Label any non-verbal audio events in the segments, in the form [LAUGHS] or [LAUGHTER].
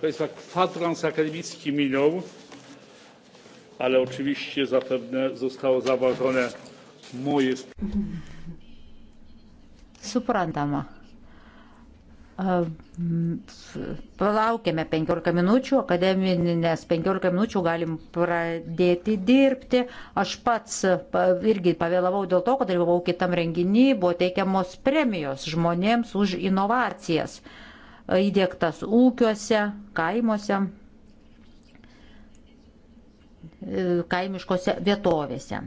Państwa, kwadrans akademicki minął, ale oczywiście zapewne zostało zauważone moje. Suprantama. Palaukėme 15 minučių, akademinės 15 minučių galim pradėti dirbti. Aš pats irgi pavėlavau dėl to, kad dalyvavau kitam renginy, buvo teikiamos premijos žmonėms už inovacijas įdėktas ūkiuose, kaimuose, e, kaimiškose vietovėse.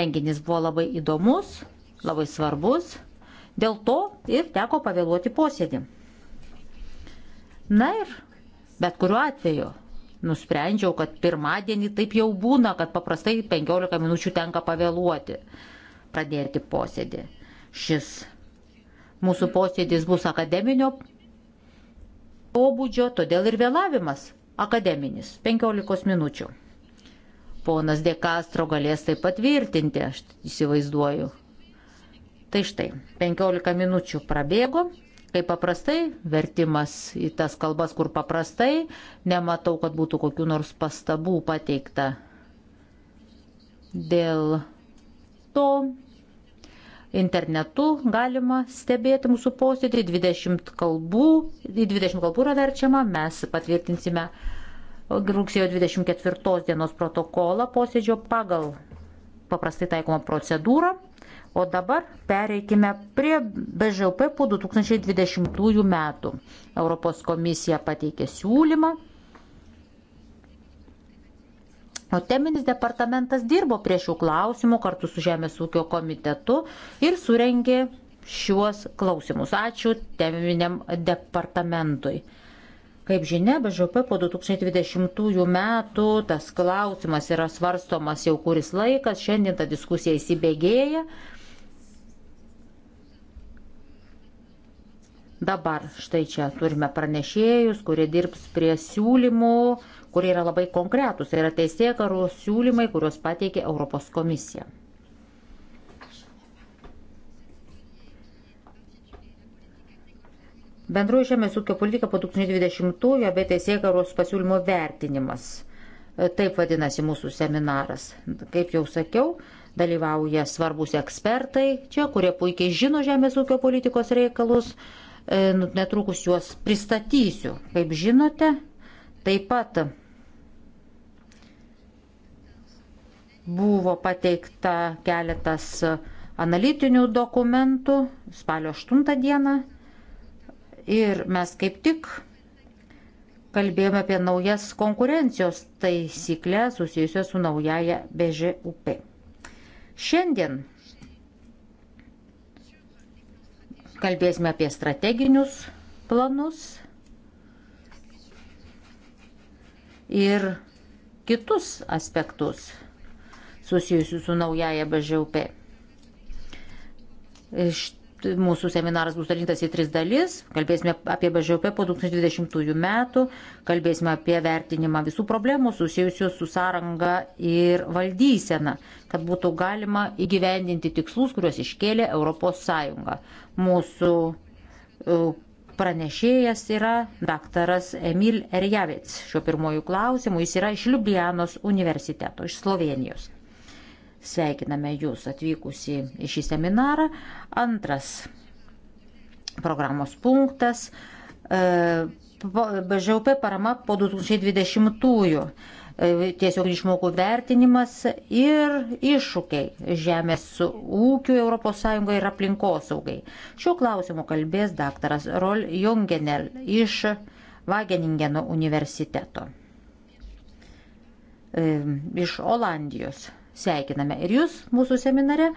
Renginys buvo labai įdomus, labai svarbus Dėl to ir teko pavėluoti posėdį. Na ir bet kuriuo atveju nusprendžiau, kad pirmadienį taip jau būna, kad paprastai 15 minučių tenka pavėluoti pradėti posėdį. Šis mūsų posėdis bus akademinio pobūdžio, todėl ir vėlavimas akademinis 15 minučių. Ponas Dekastro galės tai patvirtinti, aš įsivaizduoju. Tai štai, 15 minučių prabėgo, kaip paprastai, vertimas į tas kalbas, kur paprastai, nematau, kad būtų kokiu nors pastabų pateikta dėl to. Internetu galima stebėti mūsų posėdį, 20 kalbų, 20 kalbų yra verčiama, mes patvirtinsime rugsėjo 24 dienos protokolą posėdžio pagal paprastai taikomą procedūrą. O dabar pereikime prie BŽP po 2020 metų. Europos komisija pateikė siūlymą. O teminis departamentas dirbo prie šių klausimų kartu su Žemės ūkio komitetu ir surengė šiuos klausimus. Ačiū teminiam departamentui. Kaip žinia, BŽP po 2020 metų tas klausimas yra svarstomas jau kuris laikas, šiandien ta diskusija įsibėgėja. Dabar štai čia turime pranešėjus, kurie dirbs prie siūlymų, kurie yra labai konkretūs. Tai yra teisėkarų siūlymai, kuriuos pateikė Europos komisija. Bendroji žemės ūkio politika po 2020-ųjų bei teisėkaros pasiūlymo vertinimas. Taip vadinasi mūsų seminaras. Kaip jau sakiau, dalyvauja svarbus ekspertai čia, kurie puikiai žino žemės ūkio politikos reikalus. E, nu, netrukus juos pristatysiu. Kaip žinote, taip pat buvo pateikta keletas analitinių dokumentų spalio 8 dieną ir mes kaip tik kalbėjome apie naujas konkurencijos taisyklės susijusios su naujaja BŽUP. Šiandien Kalbėsime apie strateginius planus ir kitus aspektus susijusius su naujaja BŽUP. Iš Mūsų seminaras bus dalintas į tris dalis. Kalbėsime apie BŽP po 2020 metų, kalbėsime apie vertinimą visų problemų susijusių su sąranga ir valdysena, kad būtų galima įgyvendinti tikslus, kuriuos iškėlė ES. Mūsų e, pranešėjas yra daktaras Emil Erjavec. Šiuo pirmoju klausimu jis yra iš Ljubljanos universiteto, iš Slovenijos. Sveikiname Jūs atvykusi į šį seminarą. Antras programos punktas e, - BŽUP parama po 2020-ųjų. E, tiesiog išmokų vertinimas ir iššūkiai žemės ūkių ES ir aplinkosaugai. Šiuo klausimu kalbės daktaras Rol Jungenel iš Vageningeno universiteto e, iš Olandijos sveikiname ir jūs mūsų seminare.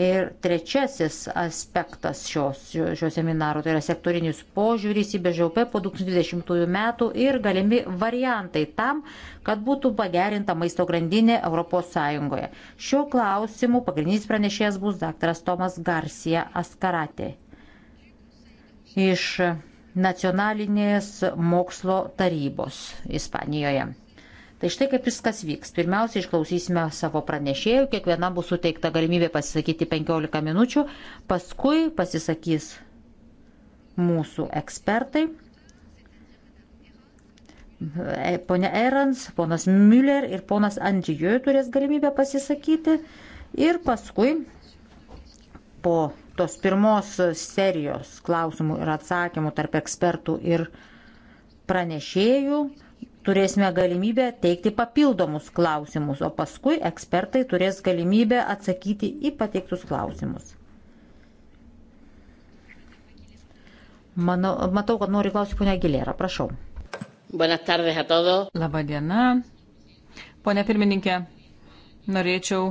Ir trečiasis aspektas šios, šio seminaro tai yra sektorinis požiūris į BŽUP po 2020 metų ir galimi variantai tam, kad būtų pagerinta maisto grandinė ES. Šiuo klausimu pagrindinis pranešėjas bus dr. Tomas Garcia Askaratė iš Nacionalinės mokslo tarybos Ispanijoje. Tai štai kaip viskas vyks. Pirmiausia, išklausysime savo pranešėjų, kiekviena bus suteikta galimybė pasisakyti 15 minučių, paskui pasisakys mūsų ekspertai. E, Pone Erans, ponas Müller ir ponas Andžijoj turės galimybę pasisakyti. Ir paskui po tos pirmos serijos klausimų ir atsakymų tarp ekspertų ir pranešėjų turėsime galimybę teikti papildomus klausimus, o paskui ekspertai turės galimybę atsakyti į pateiktus klausimus. Mano, matau, kad nori klausyti ponia Gilėra, prašau. Labą dieną. Pone pirmininkė, norėčiau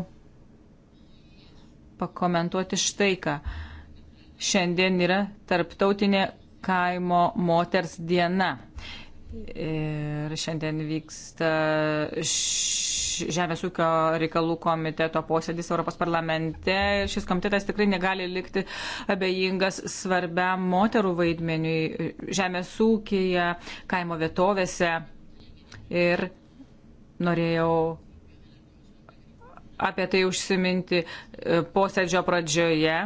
pakomentuoti štai ką. Šiandien yra tarptautinė kaimo moters diena. Ir šiandien vyksta Žemės ūkio reikalų komiteto posėdis Europos parlamente. Šis komitetas tikrai negali likti abejingas svarbiam moterų vaidmeniui Žemės ūkija, kaimo vietovėse. Ir norėjau apie tai užsiminti e, posėdžio pradžioje,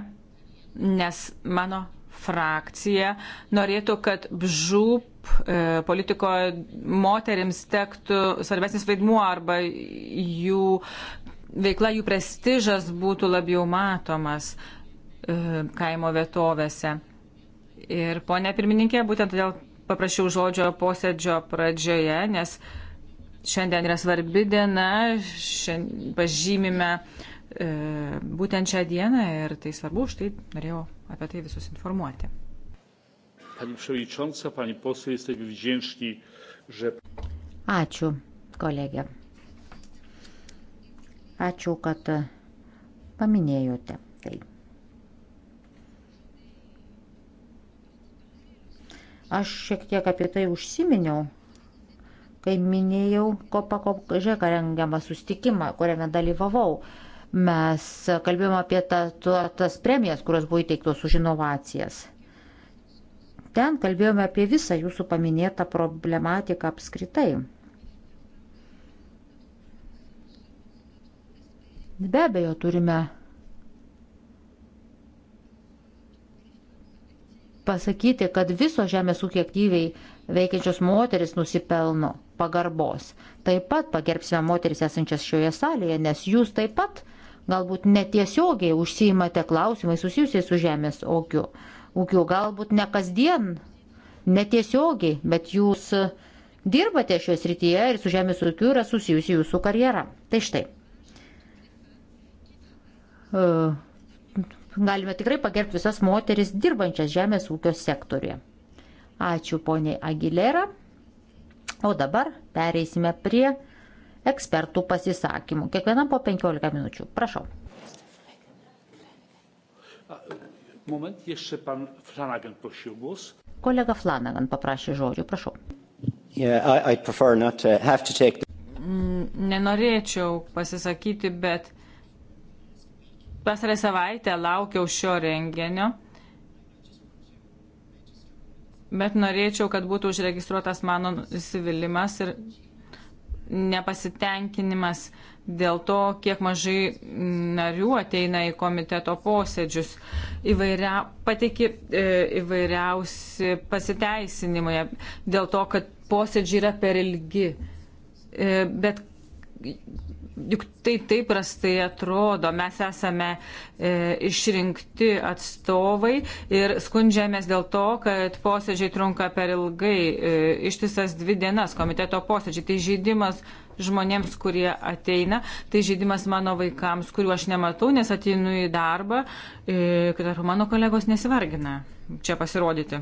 nes mano frakcija norėtų, kad BŽUP E, politikoje moterims tektų svarbesnis vaidmuo arba jų veikla, jų prestižas būtų labiau matomas e, kaimo vietovėse. Ir ponė pirmininkė, būtent todėl paprašiau žodžio posėdžio pradžioje, nes šiandien yra svarbi diena, šiandien pažymime e, būtent šią dieną ir tai svarbu, už tai norėjau apie tai visus informuoti. Pani Przewodnicząca, Pani Poseł, jesteśmy wdzięczni, że. Ačiū, kolegė. Ačiū, kad e, paminėjote tai. Aš šiek tiek apie tai užsiminiau, kai minėjau Kopako Žeką rengiamą sustikimą, kuriame dalyvavau. Mes kalbėjome apie ta, tuo, tas premijas, kurios buvo įteiktos už inovacijas. Ten kalbėjome apie visą jūsų paminėtą problematiką apskritai. Be abejo, turime pasakyti, kad visos žemės ūkio aktyviai veikiančios moteris nusipelno pagarbos. Taip pat pagerbsime moteris esančias šioje salėje, nes jūs taip pat galbūt netiesiogiai užsiimate klausimai susijusiai su žemės ūkiu. Ok ūkių, galbūt ne kasdien, netiesiogiai, bet jūs dirbate šioje srityje ir su žemės ūkiu yra susijusi jūsų karjera. Tai štai. E, galime tikrai pagerbti visas moteris dirbančias žemės ūkio sektoriuje. Ačiū poniai Agilera. O dabar pereisime prie ekspertų pasisakymų. Kiekvienam po 15 minučių. Prašau. Moment, jeszcze pan Flanagan prosił głos. Kolega Flanagan paprašė žodžių, prašau. Yeah, I, I prefer not to have to take the... Mm, nenorėčiau pasisakyti, bet pasarę savaitę laukiau šio renginio. Bet norėčiau, kad būtų užregistruotas mano nusivylimas ir nepasitenkinimas uh, dėl to, kiek mažai narių ateina į komiteto posėdžius. Įvairia, pateiki e, įvairiausi pasiteisinimai dėl to, kad posėdžiai yra per ilgi. E, bet juk tai taip prastai atrodo. Mes esame e, išrinkti atstovai ir skundžiamės dėl to, kad posėdžiai trunka per ilgai. E, ištisas dvi dienas komiteto posėdžiai. Tai žaidimas žmonėms, kurie ateina, tai žaidimas mano vaikams, kuriuo aš nematau, nes ateinu į darbą, e, kad ar mano kolegos nesivargina čia pasirodyti.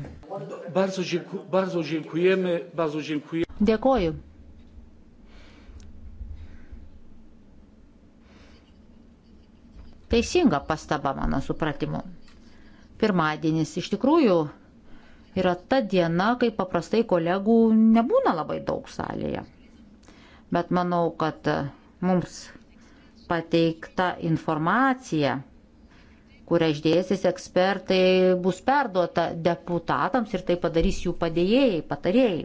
Bardzo, dėku, bardzo dėkujame, bardzo dėkujame. Dėkoju. Teisinga pastaba mano supratimu. Pirmadienis iš tikrųjų yra ta diena, kai paprastai kolegų nebūna labai daug salėje bet manau, kad e, mums pateikta informacija, kurią išdėsis ekspertai, bus perduota deputatams ir tai padarys jų padėjėjai, patarėjai.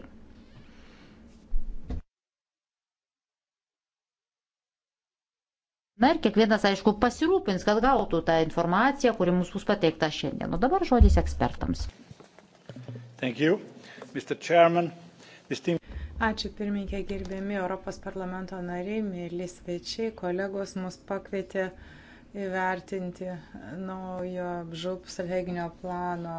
Na ir kiekvienas, aišku, pasirūpins, kad gautų tą informaciją, kuri mums bus pateikta šiandien. O dabar žodis ekspertams. Thank you, Mr. Chairman. Distinct... Ačiū pirmininkė, gerbiami Europos parlamento nariai, mėly svečiai, kolegos mus pakvietė įvertinti naujo žūp strateginio plano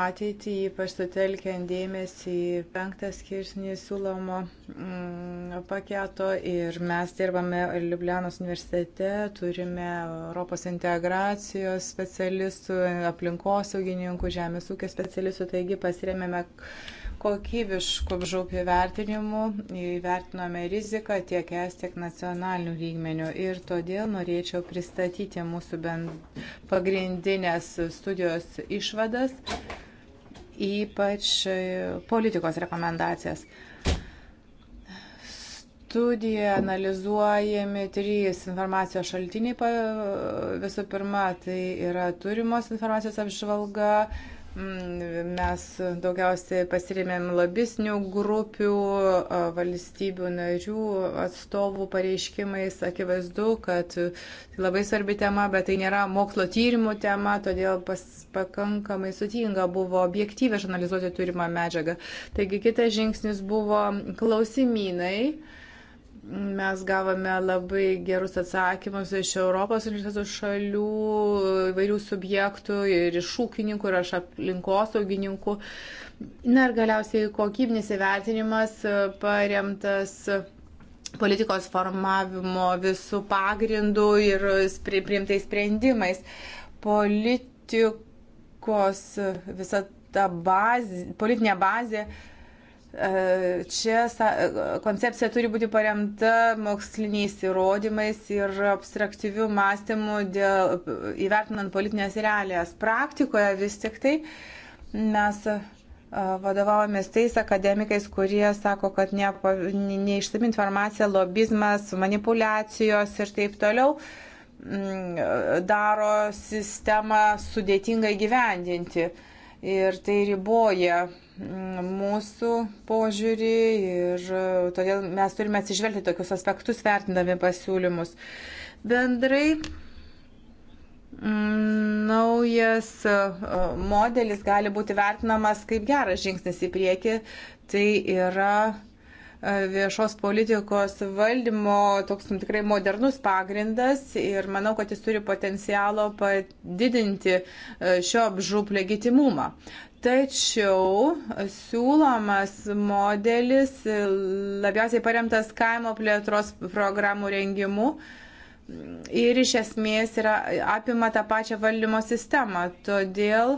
ateitį, ypač sutelkiant dėmesį į penktą skirsnį siūlomo mm, paketo. Ir mes dirbame Liublianos universitete, turime Europos integracijos specialistų, aplinkosaugininkų, žemės ūkio specialistų, taigi pasiremėme kokybiškų žūpių vertinimų, įvertinome riziką tiek es, tiek nacionalinių lygmenių. Ir todėl norėčiau pristatyti mūsų pagrindinės studijos išvadas, ypač politikos rekomendacijas studijoje analizuojami trys informacijos šaltiniai. Visų pirma, tai yra turimos informacijos apžvalga, Mm, mes daugiausiai pasirėmėm lobisnių grupių, valstybių narių atstovų pareiškimais. Akivaizdu, kad tai labai svarbi tema, bet tai nėra mokslo tyrimų tema, todėl pas, pakankamai sutinga buvo objektyviai išanalizuoti turimą medžiagą. Taigi kitas žingsnis buvo klausimynai Mes gavome labai gerus atsakymus iš Europos universitetų šalių, įvairių subjektų ir iš ūkininkų, ir iš aplinkosaugininkų. Na ir galiausiai kokybinis įvertinimas e, paremtas politikos formavimo visų pagrindų ir priimtais sprendimais. Politikos visa ta bazė, politinė bazė E, čia koncepcija turi būti paremta moksliniais įrodymais ir abstraktyvių mąstymų dėl, įvertinant politinės realijas. Praktikoje vis tik tai mes e, vadovavomės tais akademikais, kurie sako, kad ne, neišsami informacija, lobizmas, manipulacijos ir taip toliau mm, daro sistemą sudėtingai gyvendinti. Ir tai riboja mūsų požiūrį ir e, todėl mes turime atsižvelgti tokius aspektus vertindami pasiūlymus. Bendrai mm, naujas e, modelis gali būti vertinamas kaip geras žingsnis į priekį. Tai yra e, viešos politikos valdymo toks nu, tikrai modernus pagrindas ir manau, kad jis turi potencialo padidinti šio apžūp legitimumą. Tačiau siūlomas modelis labiausiai paremtas kaimo plėtros programų rengimu ir iš esmės yra, apima tą pačią valdymo sistemą. Todėl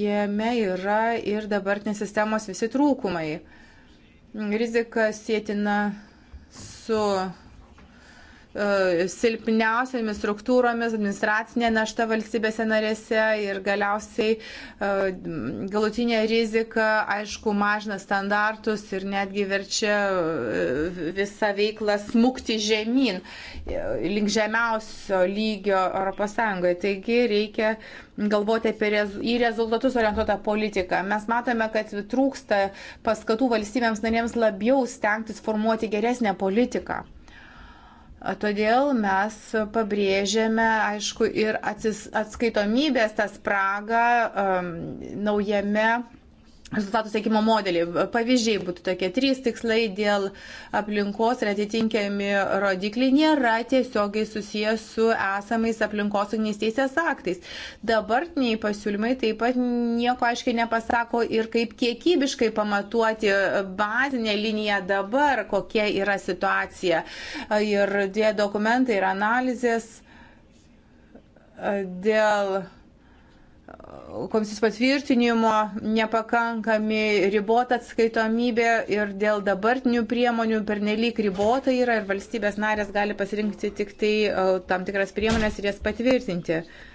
jame yra ir dabartinės sistemos visi trūkumai. Rizika sėtina su E, silpniausiamis struktūromis, administracinė našta valstybėse narėse ir galiausiai e, galutinė rizika, aišku, mažina standartus ir netgi verčia e, visą veiklą smukti žemyn, link žemiausio lygio ES. Taigi reikia galvoti apie rezu, į rezultatus orientuotą politiką. Mes matome, kad trūksta paskatų valstybėms narėms labiau stengtis formuoti geresnę politiką. Todėl mes pabrėžėme, aišku, ir atsis, atskaitomybės tą spragą um, naujame rezultatų sėkimo modelį. Pavyzdžiai būtų tokie trys tikslai dėl aplinkos ir atitinkiami rodikliai nėra tiesiogiai susijęs su esamais aplinkosauginiais teisės aktais. Dabartiniai pasiūlymai taip pat nieko aiškiai nepasako ir kaip kiekybiškai pamatuoti bazinę liniją dabar, kokia yra situacija. Ir tie dokumentai ir analizės dėl komisijos patvirtinimo nepakankami, ribota atskaitomybė ir dėl dabartinių priemonių pernelyg ribota yra ir valstybės narės gali pasirinkti tik tai e, tam tikras priemonės ir jas patvirtinti. Uh,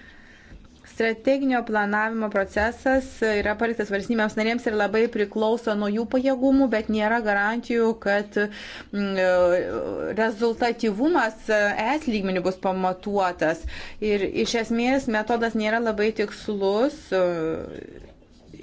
Strateginio planavimo procesas yra paliktas valstybėms narėms ir labai priklauso nuo jų pajėgumų, bet nėra garantijų, kad mm, rezultatyvumas es lygmenių bus pamatuotas. Ir iš esmės metodas nėra labai tikslus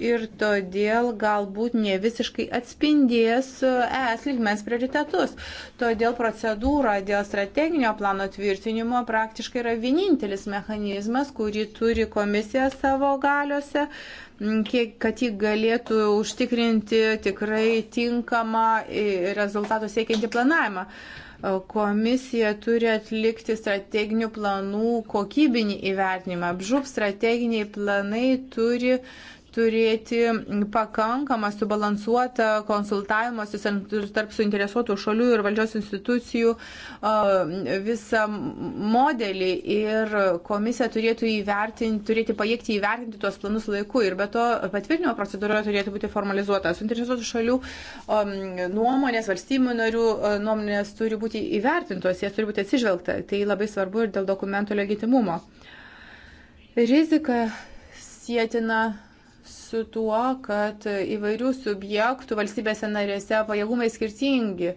ir todėl galbūt ne visiškai atspindės e, ES lygmens prioritetus. Todėl procedūra dėl strateginio plano tvirtinimo praktiškai yra vienintelis mechanizmas, kurį turi komisija savo galiuose kad ji galėtų užtikrinti tikrai tinkamą e, rezultatų siekiantį planavimą e, komisija turi atlikti strateginių planų kokybinį įvertinimą. Apžūp strateginiai planai turi uh, turėti pakankamą subalansuotą konsultavimąsi tarp suinteresuotų šalių ir valdžios institucijų visą modelį ir komisija turėtų įvertinti, turėti pajėgti įvertinti tuos planus laiku ir be to patvirtinimo procedūra turėtų būti formalizuota. Suinteresuotų šalių nuomonės, valstybių narių nuomonės turi būti įvertintos, jas turi būti atsižvelgta. Tai labai svarbu ir dėl dokumento legitimumo. Rizika sėtina su tuo, kad įvairių subjektų valstybėse narėse pajėgumai skirtingi.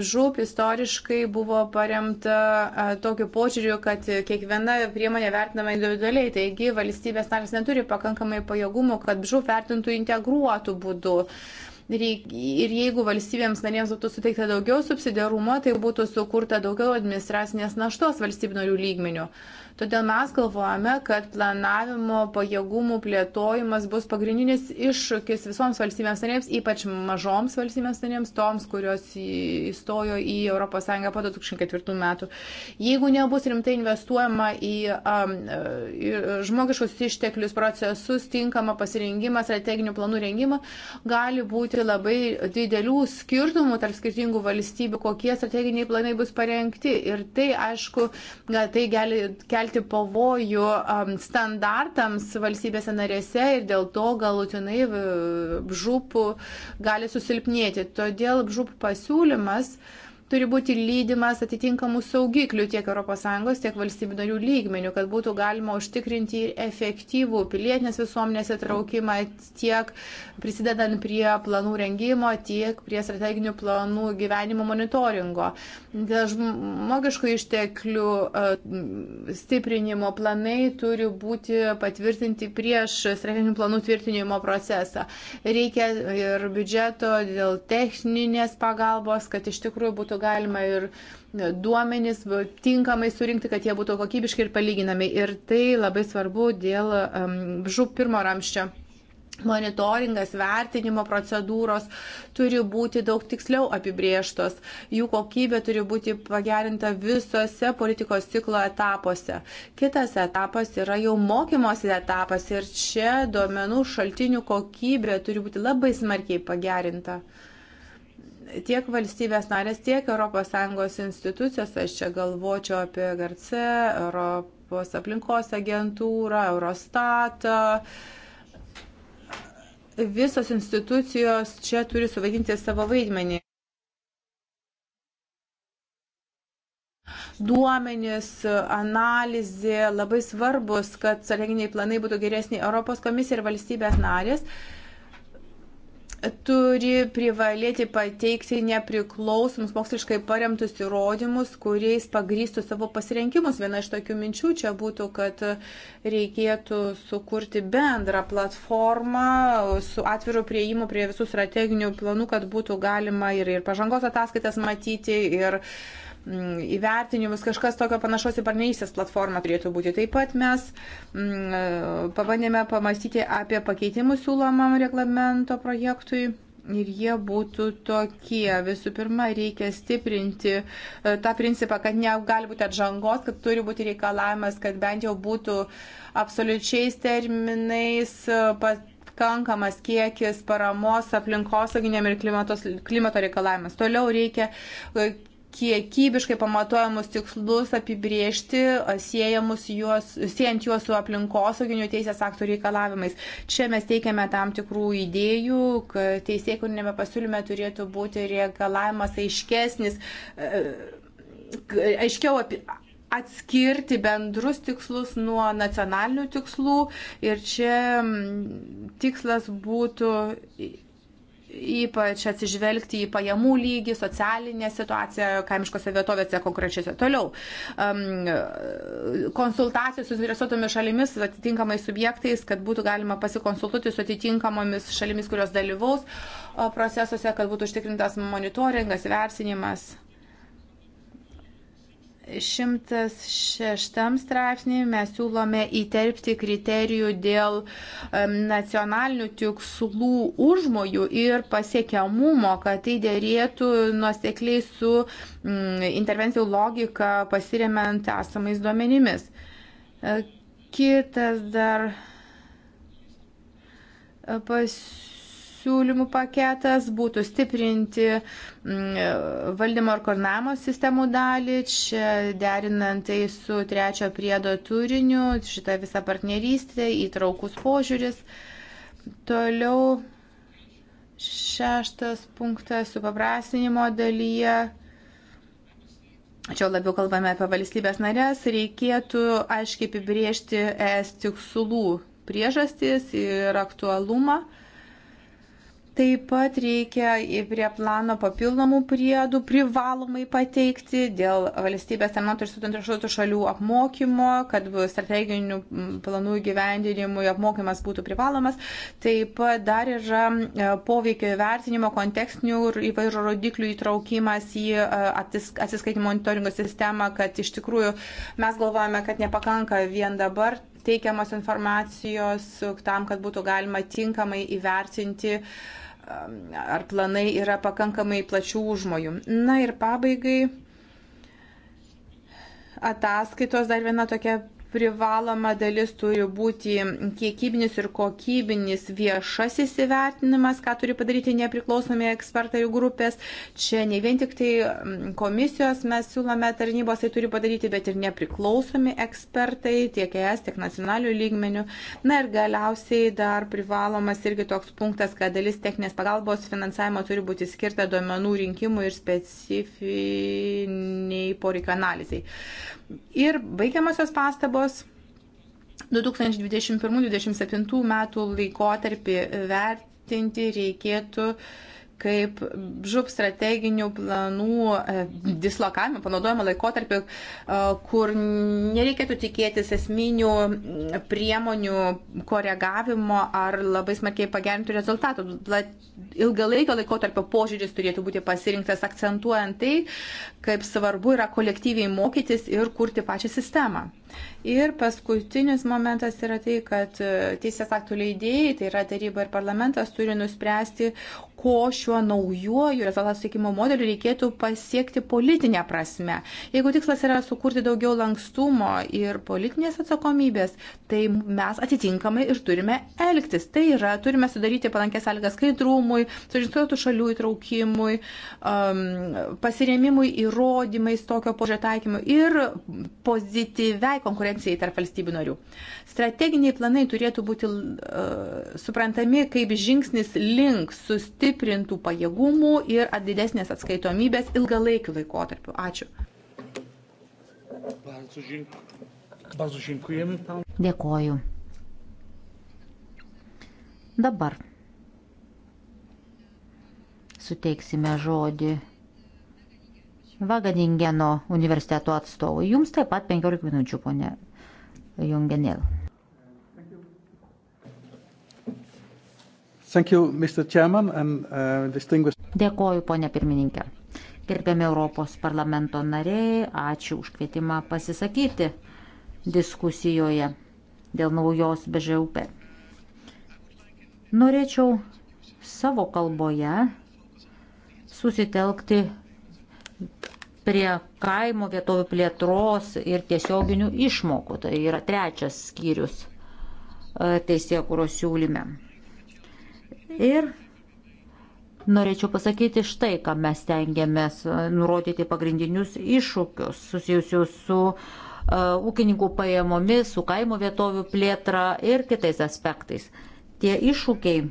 Bžūp istoriškai buvo paremta tokiu požiūriu, kad kiekviena priemonė vertinama individualiai, taigi valstybės narės neturi pakankamai pajėgumų, kad bžūp vertintų integruotų būdų ir jeigu valstybėms narėms būtų suteikta daugiau subsidiarumo, tai būtų sukurta daugiau administracinės naštos valstybinarių lygmenių. Uh, Todėl mes galvojame, kad planavimo pajėgumų plėtojimas bus pagrindinis iššūkis visoms valstybėms narėms, ypač mažoms valstybėms narėms, toms, kurios įstojo į ES po 2004 metų. Jeigu nebus rimtai investuojama į um, žmogiškus išteklius, procesus, tinkamą pasirengimą, strateginių planų rengimą, gali būti labai didelių skirtumų tarp skirtingų valstybių, kokie strateginiai planai bus parengti. Ir tai, aišku, tai gali kelti kelti pavojų um, standartams valstybėse narėse ir dėl to galutinai žūpų gali susilpnėti. Todėl žūpų pasiūlymas uh, turi būti lydimas atitinkamų saugiklių tiek ES, tiek valstybių narių lygmenių, kad būtų galima užtikrinti efektyvų pilietinės visuomenės įtraukimą tiek prisidedant prie planų rengimo, tiek prie strateginių planų gyvenimo monitoringo. Dėl žmogiškų išteklių e, stiprinimo planai turi būti patvirtinti prieš strateginių planų tvirtinimo procesą. Reikia ir biudžeto dėl techninės pagalbos, kad iš tikrųjų būtų būtų galima ir e, duomenys tinkamai surinkti, kad jie būtų kokybiški ir palyginami. Ir tai labai svarbu dėl žūp pirmo ramščio monitoringas, vertinimo procedūros turi būti daug tiksliau apibrieštos, jų kokybė turi būti pagerinta visose politikos ciklo etapuose. Kitas etapas yra jau mokymosi etapas ir čia duomenų šaltinių kokybė turi būti labai smarkiai pagerinta tiek valstybės narės, tiek ES institucijos, aš čia galvočiau apie GRC, Europos aplinkos agentūrą, Eurostatą, visos institucijos čia turi suvaidinti savo vaidmenį. duomenys, analizė labai svarbus, kad strateginiai planai būtų geresni Europos komisija ir valstybės narės. Uh, turi privalėti pateikti nepriklausomus moksliškai paremtus įrodymus, kuriais pagrįstų savo pasirinkimus. Viena iš tokių minčių čia būtų, kad reikėtų sukurti bendrą platformą su atviru prieimu prie visų strateginių planų, kad būtų galima ir, ir pažangos ataskaitas matyti, ir uh, Mm, įvertinimus, kažkas tokio panašaus į partnerystės platformą turėtų būti. Taip pat mes m, mm, pabandėme pamastyti apie pakeitimus siūlomam reglamento projektui. Ir jie būtų tokie. Visų pirma, reikia stiprinti e, tą principą, kad negali būti atžangos, kad turi būti reikalavimas, kad bent jau būtų absoliučiais terminais e, pat pakankamas kiekis paramos aplinkosauginiam ir klimatos, klimato reikalavimas. Toliau reikia e, kiekybiškai pamatuojamus tikslus apibriežti, juos, siejant juos su aplinkosauginių teisės aktų reikalavimais. Čia mes teikiame tam tikrų idėjų, kad teisėkurinėme pasiūlyme turėtų būti reikalavimas aiškesnis, e, aiškiau apie atskirti bendrus tikslus nuo nacionalinių tikslų ir čia tikslas būtų ypač atsižvelgti į pajamų lygį, socialinę situaciją kaimiškose vietovėse konkrečiose. Toliau, um, konsultacijos su interesuotomis šalimis, atitinkamai subjektais, kad būtų galima pasikonsultuoti su atitinkamomis šalimis, kurios dalyvaus uh, procesuose, kad būtų užtikrintas monitoringas, vertinimas. 106 straipsnį mes siūlome įterpti kriterijų dėl nacionalinių tikslų užmojų ir pasiekiamumo, kad tai dėrėtų nuosekliai su mm, intervencijų logika pasiremiant esamais duomenimis. E, kitas dar e, pasiūlymas pasiūlymų paketas būtų stiprinti mm, valdymo ir koordinavimo sistemų dalį, čia derinant tai su trečio priedo turiniu, šitą visą partnerystę, įtraukus požiūris. Toliau šeštas punktas supaprastinimo dalyje. Čia labiau kalbame apie valstybės narės, reikėtų aiškiai apibriežti es tikslų priežastis ir aktualumą. Taip pat reikia prie plano papildomų priedų privalomai pateikti dėl valstybės tarnautų ir sutantrašuotų šalių apmokymo, kad strateginių planų gyvendinimui apmokymas būtų privalomas. Taip pat dar yra e, poveikio įvertinimo kontekstinių ir įvairių rodiklių įtraukimas į e, atsiskaitimo monitoringo sistemą, kad iš tikrųjų mes galvojame, kad nepakanka vien dabar teikiamos informacijos tam, kad būtų galima tinkamai įvertinti uh, ar planai yra pakankamai plačių užmojų. Na ir pabaigai ataskaitos dar viena tokia privaloma dalis turi būti kiekybinis ir kokybinis viešasis įvertinimas, ką turi padaryti nepriklausomi ekspertai jų grupės. Čia ne vien tik tai komisijos mes siūlome tarnybos tai turi padaryti, bet ir nepriklausomi ekspertai tiek ES, tiek nacionalių lygmenių. Na ir galiausiai dar privalomas irgi toks punktas, kad dalis techninės pagalbos finansavimo turi būti skirta duomenų rinkimui ir specifiniai poreikio analizai. Ir baigiamosios pastabos 2021-2027 metų laikotarpį vertinti reikėtų kaip žup strateginių planų e, dislokavimo, panaudojimo laikotarpį, e, kur nereikėtų tikėtis esminių priemonių koregavimo ar labai smarkiai pagerintų rezultatų. Ilgalaikio laikotarpio požiūris turėtų būti pasirinktas akcentuojant tai, kaip svarbu yra kolektyviai mokytis ir kurti pačią sistemą. Ir paskutinis momentas yra tai, kad e, teisės aktų leidėjai, tai yra taryba ir parlamentas, turi nuspręsti, ko šių šiuo naujuoju rezultatų siekimo modeliu reikėtų pasiekti politinę prasme. Jeigu tikslas yra sukurti daugiau lankstumo ir politinės atsakomybės, tai mes atitinkamai ir turime elgtis. Tai yra, turime sudaryti palankės sąlygas skaidrumui, sužinotų šalių įtraukimui, um, pasiremimui įrodymais tokio požiūrėtaikymui ir pozityviai konkurencijai tarp valstybių narių. Strateginiai planai turėtų būti uh, suprantami kaip žingsnis link sustiprintų tų pajėgumų ir didesnės atskaitomybės ilgalaikiu laikotarpiu. Ačiū. Dėkoju. Dabar suteiksime žodį Vagadingeno universiteto atstovui. Jums taip pat 15 minučių, ponė Jungenėl. You, Chairman, and, uh, distinguished... Dėkoju, ponė pirmininkė. Gerbėme Europos parlamento nariai, ačiū už kvietimą pasisakyti diskusijoje dėl naujos BŽUP. Norėčiau savo kalboje susitelkti prie kaimo vietovių plėtros ir tiesioginių išmokų. Tai yra trečias skyrius uh, teisėkuros siūlyme. Ir norėčiau pasakyti štai, ką mes tengiamės e, nurodyti pagrindinius iššūkius susijusius su uh, ūkininkų pajamomis, su kaimo vietovių plėtra ir kitais aspektais. Tie iššūkiai e,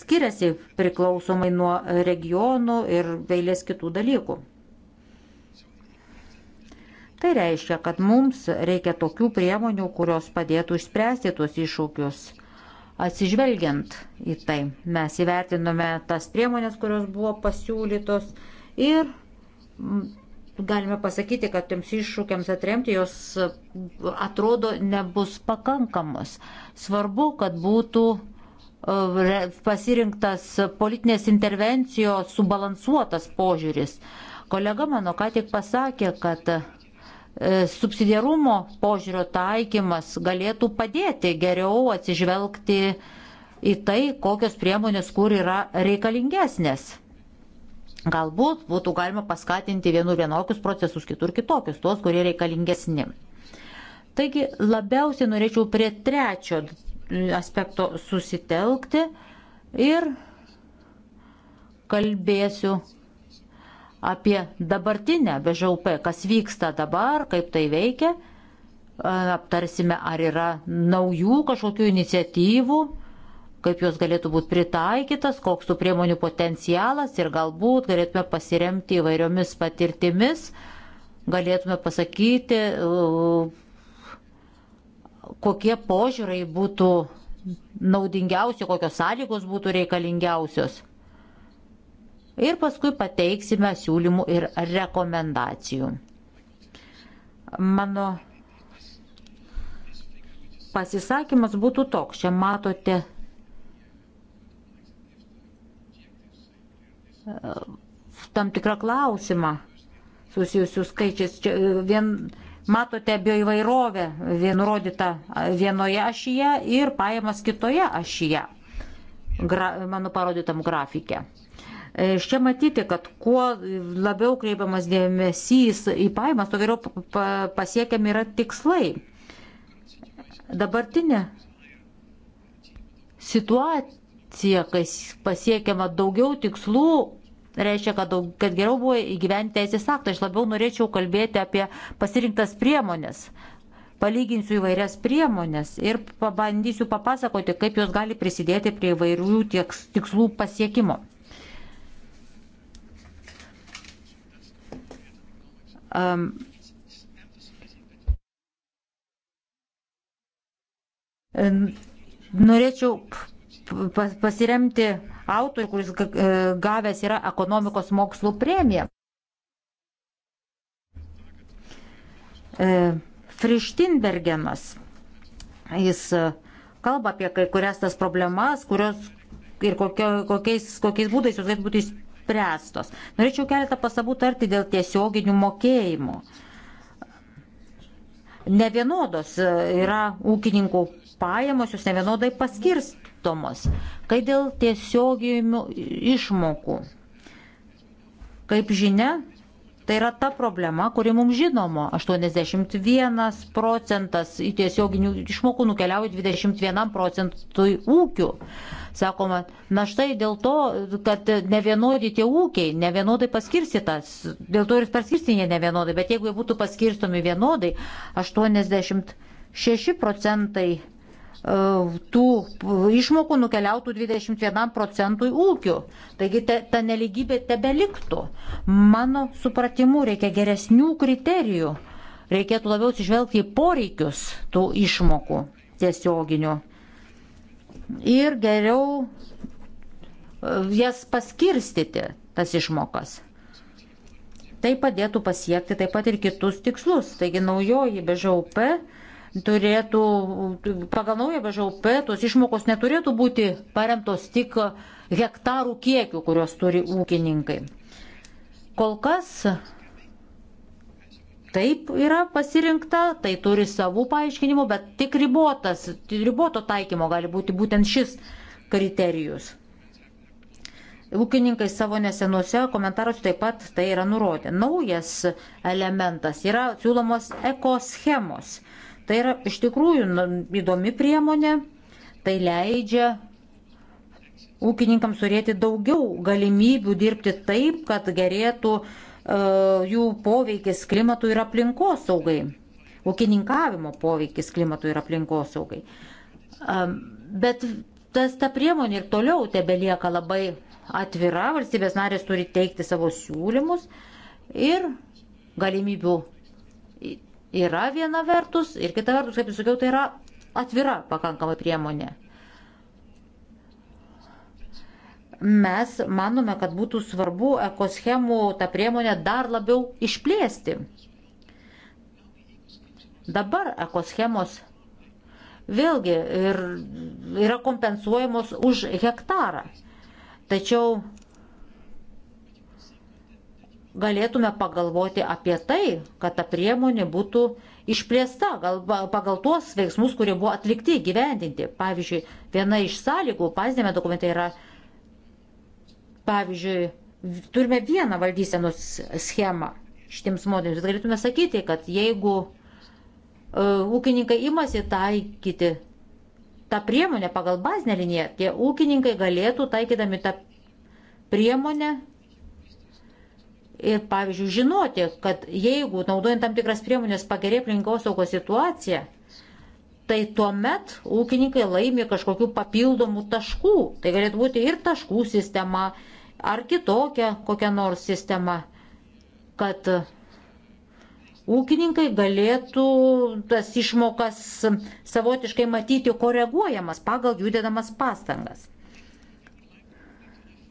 skiriasi priklausomai nuo regionų ir veilės kitų dalykų. Tai reiškia, kad mums reikia tokių priemonių, kurios padėtų išspręsti tuos iššūkius Atsižvelgiant į tai, mes įvertinome tas priemonės, kurios buvo pasiūlytos ir galime pasakyti, kad tiems iššūkiams atremti jos atrodo nebus pakankamos. Svarbu, kad būtų e, pasirinktas politinės intervencijos subalansuotas požiūris. Kolega mano ką tik pasakė, kad E, subsidiarumo požiūrio taikymas galėtų padėti geriau atsižvelgti į tai, kokios priemonės kur yra reikalingesnės. Galbūt būtų galima paskatinti vienų vienokius procesus, kitur kitokius, tuos, kurie reikalingesni. Taigi labiausiai norėčiau prie trečio aspekto susitelkti ir kalbėsiu apie dabartinę BŽUP, kas vyksta dabar, kaip tai veikia. Aptarsime, ar yra naujų kažkokių iniciatyvų, kaip jos galėtų būti pritaikytas, koks tų priemonių potencialas ir galbūt galėtume pasiremti įvairiomis patirtimis, galėtume pasakyti, kokie požiūrai būtų naudingiausi, kokios sąlygos būtų reikalingiausios ir paskui pateiksime siūlymų ir rekomendacijų. Mano pasisakymas būtų toks, čia matote e, tam tikrą klausimą susijusių skaičiais. Čia e, vien matote bioįvairovę, vien nurodyta e, vienoje ašyje ir pajamas kitoje ašyje, gra, mano parodytam grafikė. E, iš čia matyti, kad kuo labiau kreipiamas dėmesys į pajamas, tuo geriau pasiekiami yra tikslai. Dabartinė situacija, kai pasiekiama daugiau tikslų, reiškia, kad, daug, kad geriau buvo įgyventi teisės aktą. Aš labiau norėčiau kalbėti apie pasirinktas priemonės. Palyginsiu įvairias priemonės ir pabandysiu papasakoti, kaip jos gali prisidėti prie įvairių tikslų pasiekimo. um, norėčiau pasiremti autorių, kuris e, gavęs yra ekonomikos mokslų premiją. E, Frištinbergenas. Jis e, kalba apie kai kurias tas problemas, kurios ir kokio, kokiais, kokiais būdais jos galėtų būti išspręstos. Norėčiau keletą pasabų tarti dėl tiesioginių mokėjimų. Nevienodos e, yra ūkininkų pajamos, jūs nevienodai paskirstomos. Kai dėl tiesioginių išmokų. Kaip žinia, Tai yra ta problema, kuri mums žinoma. 81 procentas tiesioginių išmokų nukeliauja 21 procentui ūkių. Sakoma, na štai dėl to, kad ne vienodi tie ūkiai, ne vienodai paskirstytas, dėl to ir paskirstinė ne vienodai, bet jeigu jie būtų paskirstomi vienodai, 86 procentai E, tų išmokų nukeliautų 21 procentui ūkių. Taigi te, ta neligybė tebeliktų. Mano supratimu, reikia geresnių kriterijų. Reikėtų labiau atsižvelgti į poreikius tų išmokų tiesioginių. Ir geriau e, jas paskirstyti, tas išmokas. Tai padėtų pasiekti taip pat ir kitus tikslus. Taigi naujoji BŽUP turėtų, pagal naują BŽUP, tos išmokos neturėtų būti paremtos tik hektarų kiekiu, kurios turi ūkininkai. Kol kas taip yra pasirinkta, tai turi savų paaiškinimų, bet tik ribotas, riboto taikymo gali būti būtent šis kriterijus. Ūkininkai savo nesenuose komentaruose taip pat tai yra nurodę. Naujas elementas yra siūlomos ekoschemos. schemos Tai yra iš tikrųjų įdomi priemonė, tai leidžia ūkininkams turėti daugiau galimybių dirbti taip, kad gerėtų uh, jų poveikis klimatui ir aplinkosaugai, ūkininkavimo poveikis klimatui ir aplinkosaugai. Um, bet tas ta priemonė ir toliau tebelieka labai atvira, valstybės narės turi teikti savo siūlymus ir galimybių yra viena vertus ir kita vertus, kaip jau sakiau, tai yra atvira pakankama priemonė. Mes manome, kad būtų svarbu ekoschemų tą priemonę dar labiau išplėsti. Dabar ekoschemos vėlgi ir yra kompensuojamos už hektarą. Tačiau galėtume pagalvoti apie tai, kad ta priemonė būtų išplėsta gal, pagal tuos veiksmus, kurie buvo atlikti, gyvendinti. Pavyzdžiui, viena iš sąlygų, pazdėme dokumentai yra, pavyzdžiui, turime vieną valdysenos schemą šitiems modeliams. Galėtume sakyti, kad jeigu uh, ūkininkai imasi taikyti tą priemonę pagal bazinę liniją, tie ūkininkai galėtų taikydami tą priemonę ir, pavyzdžiui, žinoti, kad jeigu naudojant tam tikras priemonės pagerė aplinkosaugos situacija, tai tuomet ūkininkai laimi kažkokių papildomų taškų. Tai galėtų būti ir taškų sistema, ar kitokia kokia nors sistema, kad ūkininkai galėtų tas išmokas savotiškai matyti koreguojamas pagal jų dėdamas pastangas.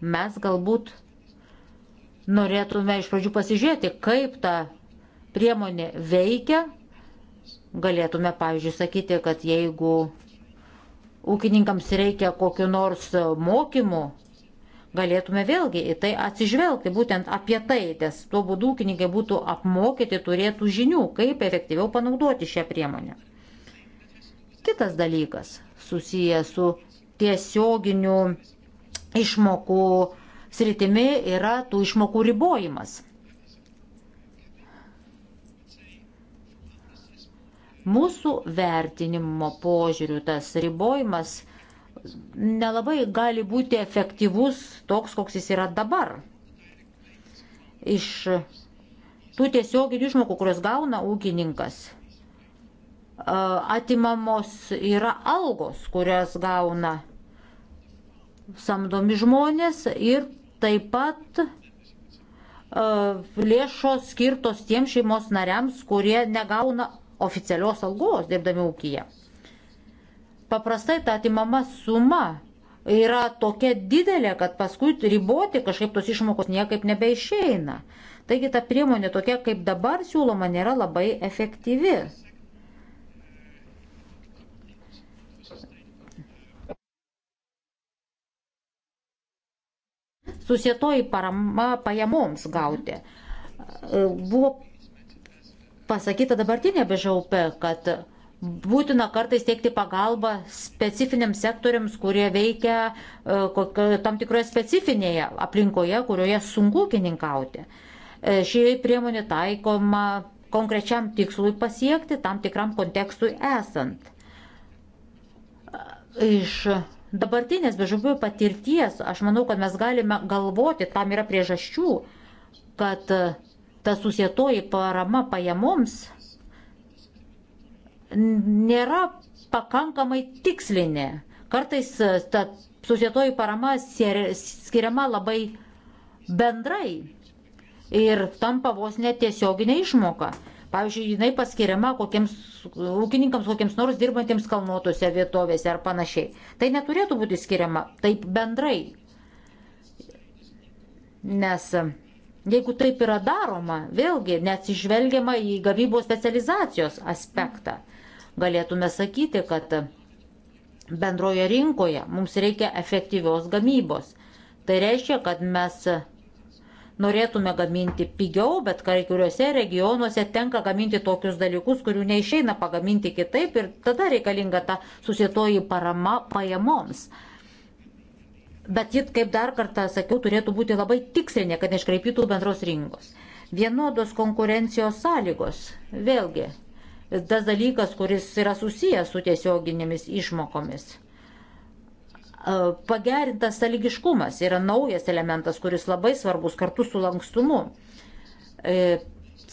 Mes galbūt norėtume iš pradžių pasižiūrėti, kaip ta priemonė veikia. Galėtume, pavyzdžiui, sakyti, kad jeigu ūkininkams reikia kokiu nors mokymu, galėtume vėlgi į tai atsižvelgti, būtent apie tai, nes tuo būdu ūkininkai būtų apmokyti, turėtų žinių, kaip efektyviau panaudoti šią priemonę. Kitas dalykas susijęs su tiesioginiu išmokų sritimi yra tų išmokų ribojimas. Mūsų vertinimo požiūrių tas ribojimas nelabai gali būti efektyvus toks, koks jis yra dabar. Iš tų tiesioginių išmokų, kurias gauna ūkininkas, atimamos yra algos, kurias gauna samdomi žmonės ir Taip pat e, lėšos skirtos tiem šeimos nariams, kurie negauna oficialios algos dirbdami ūkyje. Paprastai ta atimama suma yra tokia didelė, kad paskui riboti kažkaip tos išmokos niekaip nebeišeina. Taigi ta priemonė tokia, kaip dabar siūloma, nėra labai efektyvi. susietoji parama pajamoms gauti. E, buvo pasakyta dabartinė BŽUP, kad būtina kartais teikti pagalbą specifiniams sektoriams, kurie veikia e, tam tikroje specifinėje aplinkoje, kurioje sunku ūkininkauti. E, ši priemonė taikoma konkrečiam tikslui pasiekti, tam tikram kontekstui esant. Iš dabartinės bežuvių patirties, aš manau, kad mes galime galvoti, tam yra priežasčių, kad e, ta susietoji parama pajamoms nėra pakankamai tikslinė. Kartais e, ta susietoji parama skiriama labai bendrai ir tampa vos netiesioginė išmoka. Pavyzdžiui, jinai paskiriama kokiems ūkininkams, kokiems nors dirbantiems kalnuotose vietovėse ar panašiai. Tai neturėtų būti skiriama taip bendrai. Nes e, jeigu taip yra daroma, vėlgi neatsižvelgiama į gavybos specializacijos aspektą. Galėtume sakyti, kad e, bendroje rinkoje mums reikia efektyvios gamybos. Tai reiškia, kad mes e, norėtume gaminti pigiau, bet kai kuriuose regionuose tenka gaminti tokius dalykus, kurių neišeina pagaminti kitaip ir tada reikalinga ta susietoji parama pajamoms. Bet jit, kaip dar kartą sakiau, turėtų būti labai tikslinė, kad neiškreipytų bendros rinkos. Vienodos konkurencijos sąlygos. Vėlgi, tas dalykas, kuris yra susijęs su tiesioginėmis išmokomis. E, pagerintas saligiškumas yra naujas elementas, kuris labai svarbus kartu su lankstumu. E,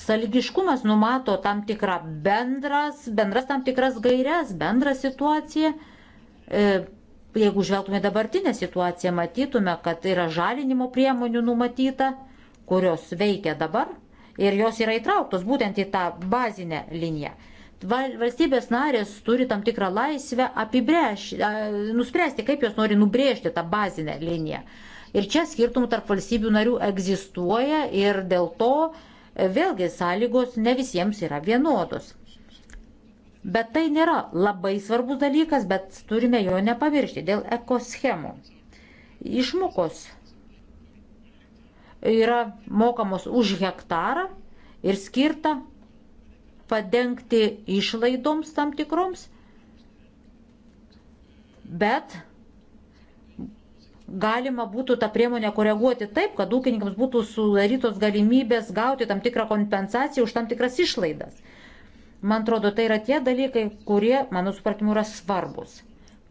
saligiškumas numato tam tikrą bendras, bendras tam tikras gairias, bendrą situaciją. E, jeigu žvelgtume dabartinę situaciją, matytume, kad yra žalinimo priemonių numatyta, kurios veikia dabar ir jos yra įtrauktos būtent į tą bazinę liniją valstybės narės turi tam tikrą laisvę apibrėž, nuspręsti, kaip jos nori nubrėžti tą bazinę liniją. Ir čia skirtumų tarp valstybių narių egzistuoja ir dėl to e, vėlgi sąlygos ne visiems yra vienodos. Bet tai nėra labai svarbus dalykas, bet turime jo nepamiršti dėl ekoschemų. Išmokos yra mokamos už hektarą ir skirta padengti išlaidoms tam tikroms, bet galima būtų tą priemonę koreguoti taip, kad ūkininkams būtų sudarytos galimybės gauti tam tikrą kompensaciją už tam tikras išlaidas. Man atrodo, tai yra tie dalykai, kurie, mano supratimu, yra svarbus.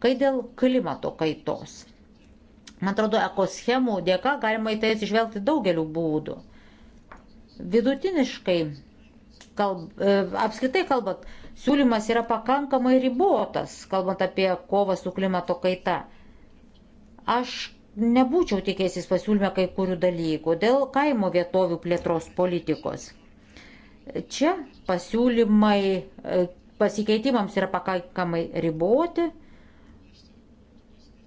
Kai dėl klimato kaitos. Man atrodo, ekoschemų dėka galima į tai atsižvelgti daugeliu būdų. Vidutiniškai kalb, e, apskritai kalbant, siūlymas yra pakankamai ribotas, kalbant apie kovą su klimato kaita. Aš nebūčiau tikėsis pasiūlymę kai kurių dalykų dėl kaimo vietovių plėtros politikos. Čia pasiūlymai e, pasikeitimams yra pakankamai riboti.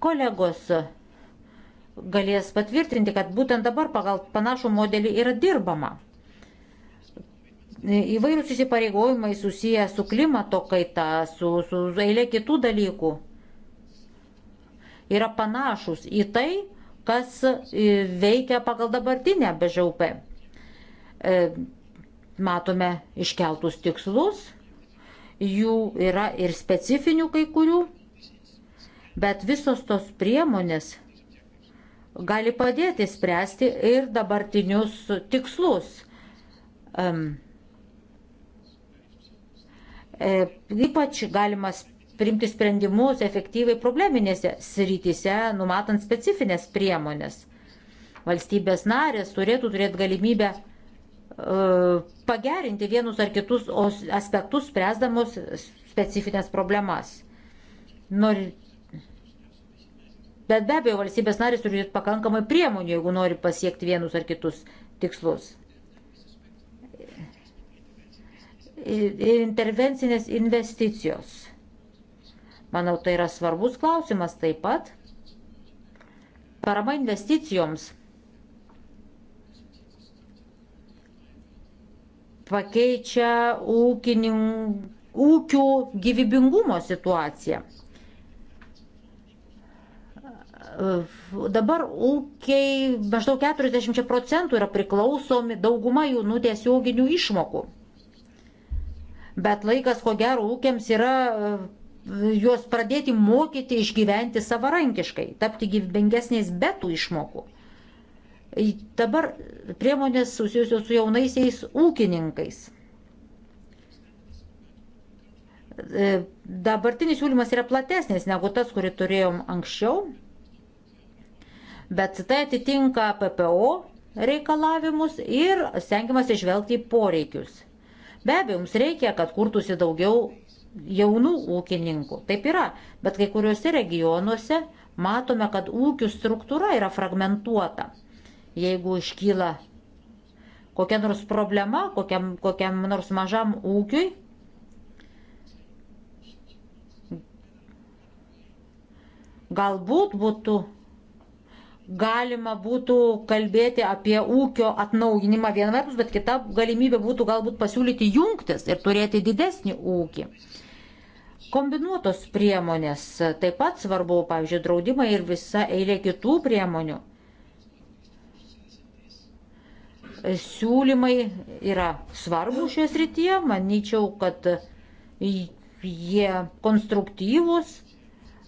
Kolegos galės patvirtinti, kad būtent dabar pagal panašų modelį yra dirbama. E, įvairūs įsipareigojimai susiję su klimato kaita, su, su eilė kitų dalykų yra panašus į tai, kas e, veikia pagal dabartinę BŽUP. E, matome iškeltus tikslus, jų yra ir specifinių kai kurių, bet visos tos priemonės gali padėti spręsti ir dabartinius tikslus. Um, E, ypač galimas priimti sprendimus efektyviai probleminėse srityse, numatant specifines priemonės. Valstybės narės turėtų turėti galimybę e, pagerinti vienus ar kitus aspektus, spręsdamos specifines problemas. Nor... Bet be abejo, valstybės narės turi pakankamai priemonių, jeigu nori pasiekti vienus ar kitus tikslus. intervencinės investicijos. Manau, tai yra svarbus klausimas taip pat. Parama investicijoms pakeičia ūkininkų, ūkių gyvybingumo situaciją. Dabar ūkiai maždaug 40 procentų yra priklausomi dauguma jų nutiesioginių išmokų bet laikas, ko gero, ūkiams yra e, juos pradėti mokyti išgyventi savarankiškai, tapti gyvybingesniais be tų išmokų. Dabar priemonės susijusios su jaunaisiais ūkininkais. E, dabartinis siūlymas yra platesnis negu tas, kurį turėjom anksčiau, bet tai atitinka PPO reikalavimus ir stengiamas išvelgti poreikius Be abejo, mums reikia, kad kurtųsi daugiau jaunų ūkininkų. Taip yra, bet kai kuriuose regionuose matome, kad ūkių struktūra yra fragmentuota. Jeigu iškyla kokia nors problema, kokiam, kokiam nors mažam ūkiui, galbūt būtų galima būtų kalbėti apie ūkio atnaujinimą viena vertus, bet kita galimybė būtų galbūt pasiūlyti jungtis ir turėti didesnį ūkį. Kombinuotos priemonės taip pat svarbu, pavyzdžiui, draudimai ir visa eilė kitų priemonių. Siūlymai yra svarbus šioje srityje, manyčiau, kad jie konstruktyvus,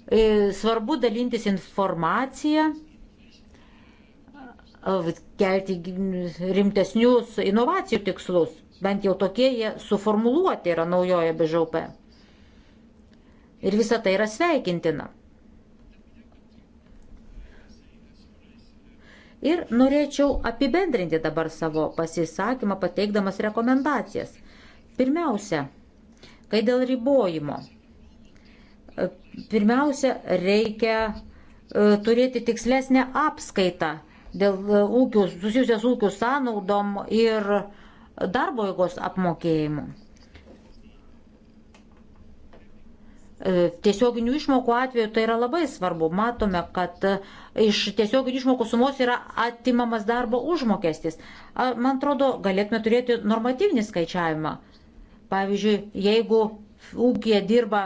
e, svarbu dalintis informaciją kelti rimtesnius inovacijų tikslus. Bent jau tokie jie suformuluoti yra naujoje BŽP. Ir visa tai yra sveikintina. Ir norėčiau apibendrinti dabar savo pasisakymą, pateikdamas rekomendacijas. Pirmiausia, kai dėl ribojimo. Pirmiausia, reikia e, turėti tikslesnę apskaitą dėl e, ūkių, susijusios ūkių sąnaudom ir darbo jėgos apmokėjimu. E, tiesioginių išmokų atveju tai yra labai svarbu. Matome, kad e, iš tiesioginių išmokų sumos yra atimamas darbo užmokestis. Man atrodo, galėtume turėti normatyvinį skaičiavimą. Pavyzdžiui, jeigu ūkija dirba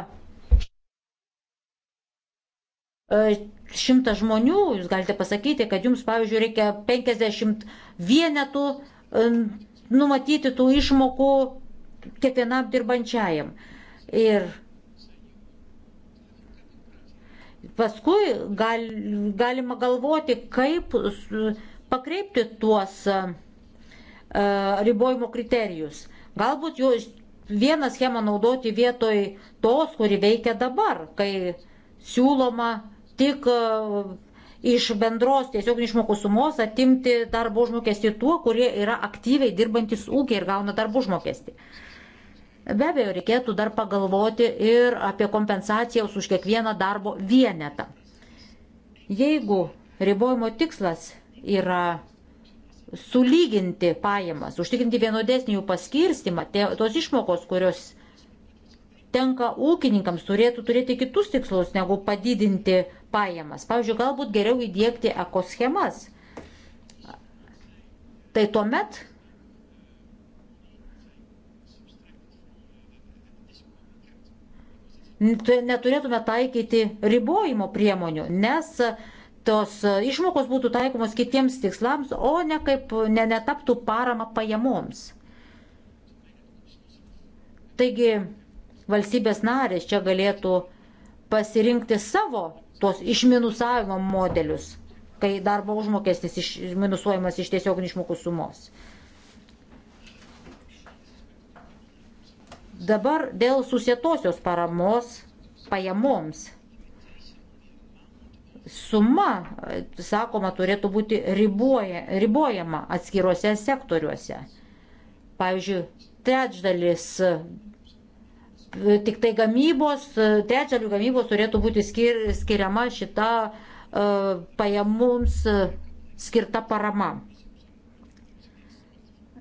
šimtą žmonių, jūs galite pasakyti, kad jums, pavyzdžiui, reikia 50 vienetų e, numatyti tų išmokų kiekvienam dirbančiajam. Ir paskui gal, galima galvoti, kaip pakreipti tuos uh, ribojimo kriterijus. Galbūt jūs vieną schemą naudoti vietoj tos, kuri veikia dabar, kai siūloma uh, tik e, iš bendros tiesiog išmokų sumos atimti darbo užmokestį tuo, kurie yra aktyviai dirbantis ūkiai ir gauna darbo užmokestį. Be abejo, reikėtų dar pagalvoti ir apie kompensacijas už kiekvieną darbo vienetą. Jeigu ribojimo tikslas yra sulyginti pajamas, užtikrinti vienodesnį jų paskirstimą, tie, tos išmokos, kurios tenka ūkininkams, turėtų turėti kitus tikslus negu padidinti pajamas. Pavyzdžiui, galbūt geriau įdėkti ekoschemas. Tai tuomet neturėtume taikyti ribojimo priemonių, nes tos išmokos būtų taikomos kitiems tikslams, o ne kaip ne, netaptų parama pajamoms. Taigi valstybės narės čia galėtų pasirinkti savo tos išminusavimo modelius, kai darbo užmokestis išminusuojamas iš tiesioginių išmokų sumos. Dabar dėl susietosios paramos pajamoms. Suma, sakoma, turėtų būti riboja, ribojama atskiruose sektoriuose. Pavyzdžiui, trečdalis E, tik tai gamybos, e, trečdalių gamybos turėtų būti skir, skiriama šita uh, pajamoms uh, skirta parama.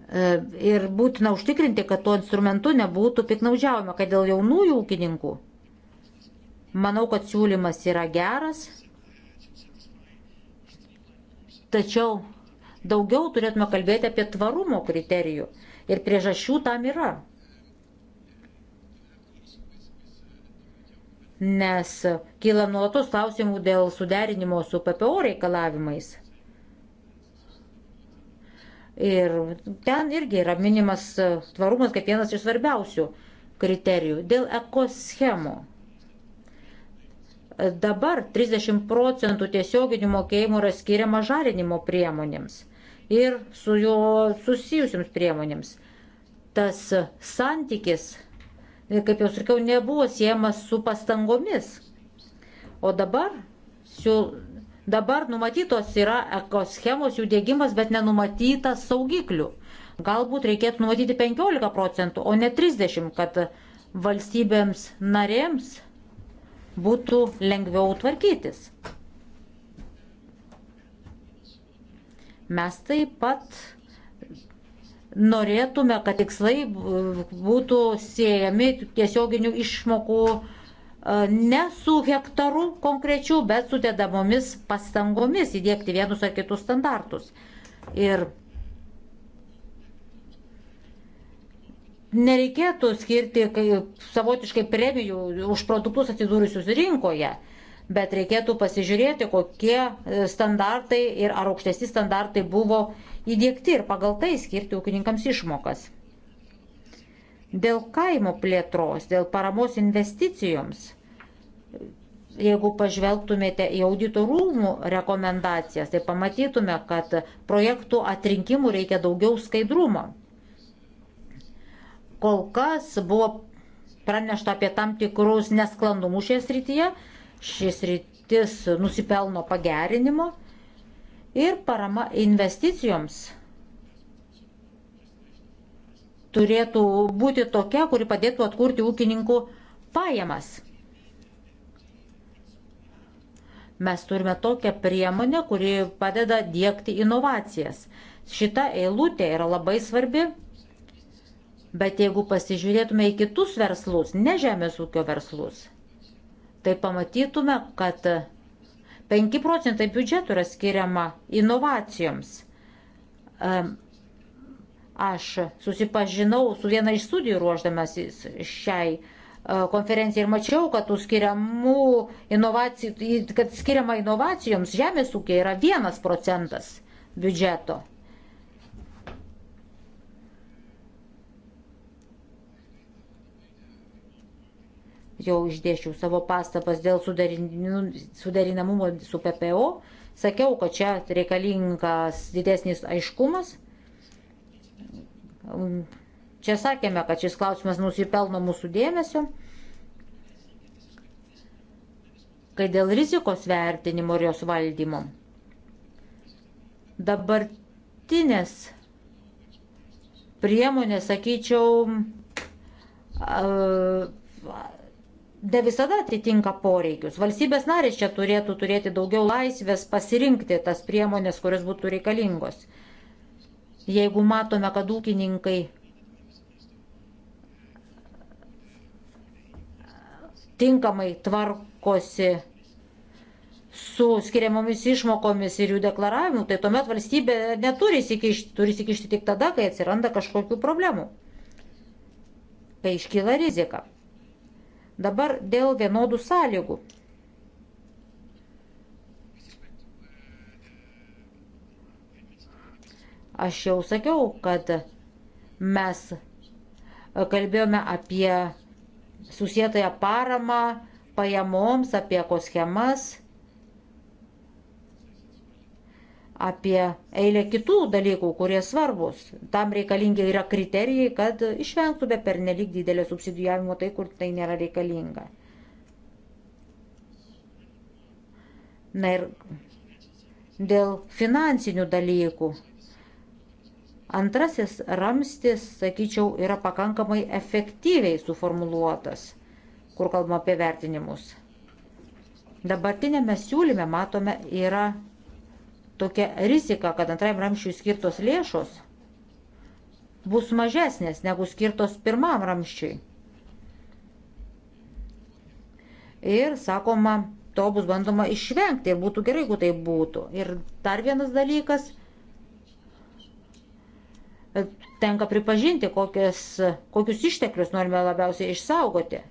Uh, ir būtina užtikrinti, kad tuo instrumentu nebūtų piknaudžiaujama, kad dėl jaunųjų ūkininkų. Manau, kad siūlymas yra geras, tačiau daugiau turėtume kalbėti apie tvarumo kriterijų ir priežasčių tam yra nes kyla nuolatos klausimų dėl suderinimo su PPO reikalavimais. Ir ten irgi yra minimas tvarumas kaip vienas iš svarbiausių kriterijų. Dėl ekoschemų. Dabar 30 procentų tiesioginių mokėjimų yra skiriama žalinimo priemonėms ir su juo susijusiams priemonėms. Tas santykis kaip jau sakiau, nebuvo siejamas su pastangomis. O dabar, siū, dabar numatytos yra ekoschemos jų dėgymas, bet nenumatytas saugiklių. Galbūt reikėtų numatyti 15 procentų, o ne 30, kad valstybėms narėms būtų lengviau tvarkytis. Mes taip pat norėtume, kad tikslai būtų siejami tiesioginių išmokų e, ne su hektaru konkrečiu, bet su dedamomis pastangomis įdėkti vienus ar kitus standartus. Ir nereikėtų skirti savotiškai premijų už produktus atsidūrusius rinkoje, bet reikėtų pasižiūrėti, kokie e, standartai ir ar aukštesni standartai buvo įdėkti ir pagal tai skirti ūkininkams išmokas. Dėl kaimo plėtros, dėl paramos investicijoms, jeigu pažvelgtumėte į audito rūmų rekomendacijas, tai pamatytume, kad projektų atrinkimų reikia daugiau skaidrumo. Kol kas buvo pranešta apie tam tikrus nesklandumus šioje srityje, šis rytis nusipelno pagerinimo ir parama investicijoms turėtų būti tokia, kuri padėtų atkurti ūkininkų pajamas. Mes turime tokią priemonę, kuri padeda dėkti inovacijas. Šita eilutė yra labai svarbi, bet jeigu pasižiūrėtume į kitus verslus, ne žemės ūkio verslus, tai pamatytume, kad 5 procentai biudžetų yra skiriama inovacijoms. Aš susipažinau su viena iš studijų ruoždamas šiai e, konferencijai ir mačiau, kad, kad skiriama inovacijoms žemės ūkė yra 1 procentas biudžeto. jau išdėščiau savo pastabas dėl suderinamumo su PPO. Sakiau, kad čia reikalingas didesnis aiškumas. Um, čia sakėme, kad šis klausimas nusipelno mūsų dėmesio. Kai dėl rizikos vertinimo ir jos valdymo dabartinės priemonės, sakyčiau, ne visada atitinka poreikius. Valstybės narės čia turėtų turėti daugiau laisvės pasirinkti tas priemonės, kurios būtų reikalingos. Jeigu matome, kad ūkininkai tinkamai tvarkosi su skiriamomis išmokomis ir jų deklaravimu, tai tuomet valstybė neturi įsikišti, turi įsikišti tik tada, kai atsiranda kažkokių problemų, kai iškyla rizika. Dabar dėl vienodų sąlygų. Aš jau sakiau, kad mes kalbėjome apie susietąją paramą pajamoms, apie ekoschemas schemas apie eilę kitų dalykų, kurie svarbus. Tam reikalingi yra kriterijai, kad išvengtume per nelik didelio subsidijavimo tai, kur tai nėra reikalinga. Na ir dėl finansinių dalykų. Antrasis ramstis, sakyčiau, yra pakankamai efektyviai suformuluotas, kur kalbama apie vertinimus. Dabartinėme siūlyme, matome, yra tokia rizika, kad antrajam ramščiui skirtos lėšos bus mažesnės negu skirtos pirmam ramščiui. Ir sakoma, to bus bandoma išvengti ir būtų gerai, jeigu tai būtų. Ir dar vienas dalykas, tenka pripažinti, kokias, kokius išteklius norime labiausiai išsaugoti.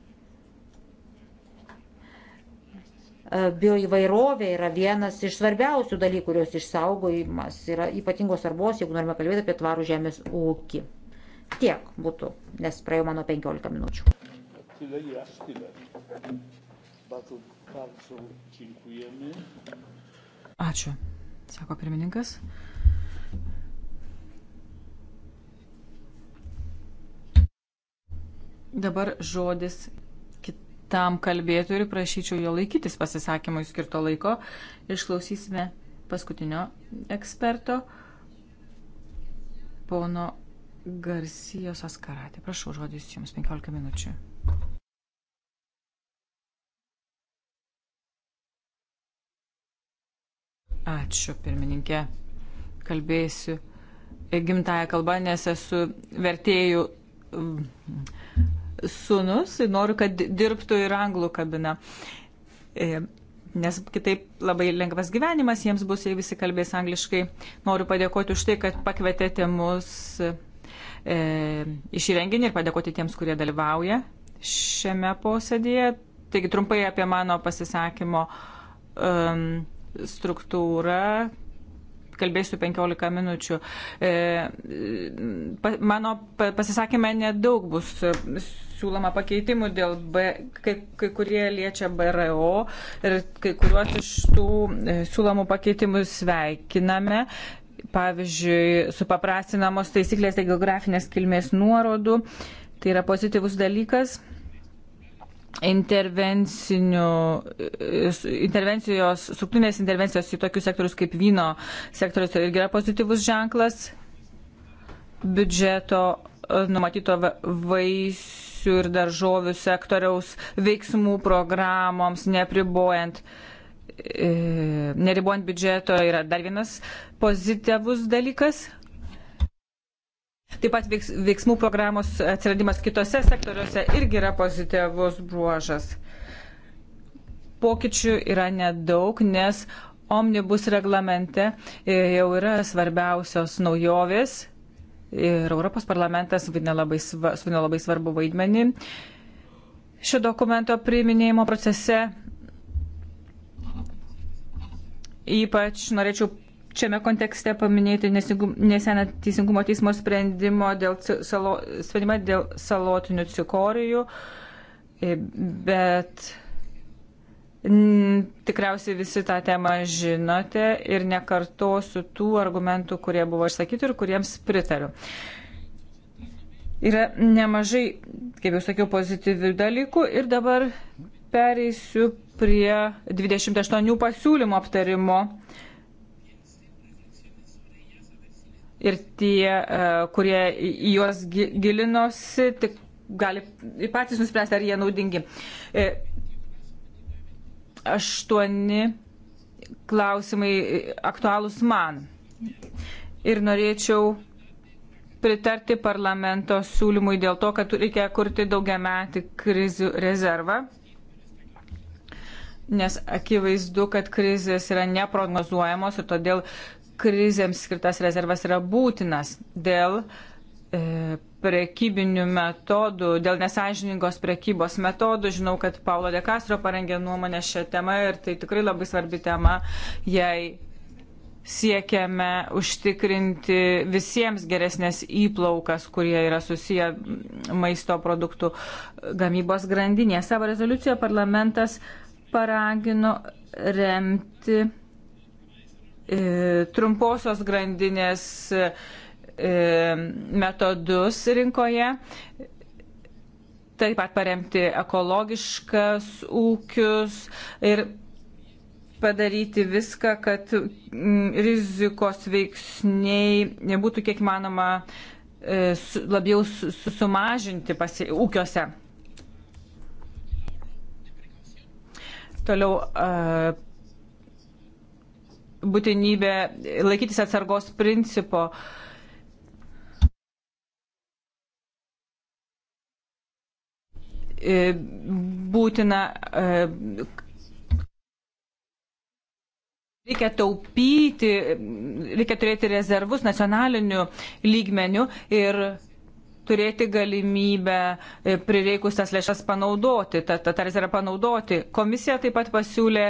E, bioįvairovė yra vienas iš svarbiausių dalykų, kurios išsaugojimas yra ypatingos svarbos, jeigu norime kalbėti apie tvarų žemės ūkį. Tiek būtų, nes praėjo mano 15 minučių. Tyle jest, tyle. Bardzo, bardzo dziękujemy. Ačiū, sako pirmininkas. Dabar žodis tam kalbėtų ir prašyčiau jo laikytis pasisakymui skirto laiko. Išklausysime paskutinio eksperto, pono Garsijos Askaratė. Prašau, žodis jums 15 minučių. Ačiū, pirmininkė. Kalbėsiu gimtają kalbą, nes esu vertėjų sunus, noriu, kad dirbtų ir anglų kabina. E, nes kitaip labai lengvas gyvenimas jiems bus, jei visi kalbės angliškai. Noriu padėkoti už tai, kad pakvietėte mus e, iš įrenginį ir padėkoti tiems, kurie dalyvauja šiame posėdėje. Taigi trumpai apie mano pasisakymo um, struktūrą, kalbėsiu 15 minučių. E, pa, mano pasisakymė nedaug bus siūloma pakeitimų dėl B, kai, kai kurie liečia BRO ir kai kuriuos iš tų e, siūlomų pakeitimų sveikiname. Pavyzdžiui, supaprastinamos taisyklės tai geografinės kilmės nuorodų. Tai yra pozityvus dalykas e, intervencijos, struktūrinės intervencijos į tokius sektorius kaip vyno sektorius tai irgi yra pozityvus ženklas biudžeto e, numatyto vais, vaisių ir daržovių sektoriaus veiksmų programoms, nepribojant, e, neribojant biudžeto. Yra dar vienas pozityvus dalykas. Taip pat veiks, veiksmų programos atsiradimas kitose sektoriuose irgi yra pozityvus bruožas. Pokyčių yra nedaug, nes omnibus reglamente e, jau yra svarbiausios naujovės ir Europos parlamentas suvaidino labai, sva, labai svarbu vaidmenį šio dokumento priiminėjimo procese. Ypač norėčiau šiame kontekste paminėti neseną teisingumo teismo sprendimo dėl, salo, sprendimą dėl salotinių cikorijų, bet Tikriausiai visi tą temą žinote ir nekartosiu tų argumentų, kurie buvo išsakyti ir kuriems pritariu. Yra nemažai, kaip jau sakiau, pozityvių dalykų ir dabar pereisiu prie 28 pasiūlymų aptarimo. Ir tie, e, kurie į juos gilinosi, tik gali patys nuspręsti, ar jie naudingi. E, aštuoni klausimai aktualūs man. Ir norėčiau pritarti parlamento siūlymui dėl to, kad reikia kurti daugiametį krizių rezervą, nes akivaizdu, kad krizės yra neprognozuojamos ir todėl krizėms skirtas rezervas yra būtinas dėl e, prekybinių metodų, dėl nesažiningos prekybos metodų. Žinau, kad Paulo De Castro parengė nuomonę šią temą ir tai tikrai labai svarbi tema, jei siekiame užtikrinti visiems geresnės įplaukas, kurie yra susiję maisto produktų gamybos grandinėje. Savo rezoliuciją parlamentas paragino remti e, trumposios grandinės e, E, metodus rinkoje, taip pat paremti ekologiškas ūkius ir padaryti viską, kad rizikos veiksniai nebūtų kiek manoma e, labiau sumažinti pasi, ūkiuose. Toliau e, būtinybė laikytis atsargos principo. Uh, E, būtina. E, reikia taupyti, reikia turėti rezervus nacionaliniu lygmeniu ir turėti galimybę e, prireikus tas lėšas panaudoti, tą, tą rezervą panaudoti. Komisija taip pat pasiūlė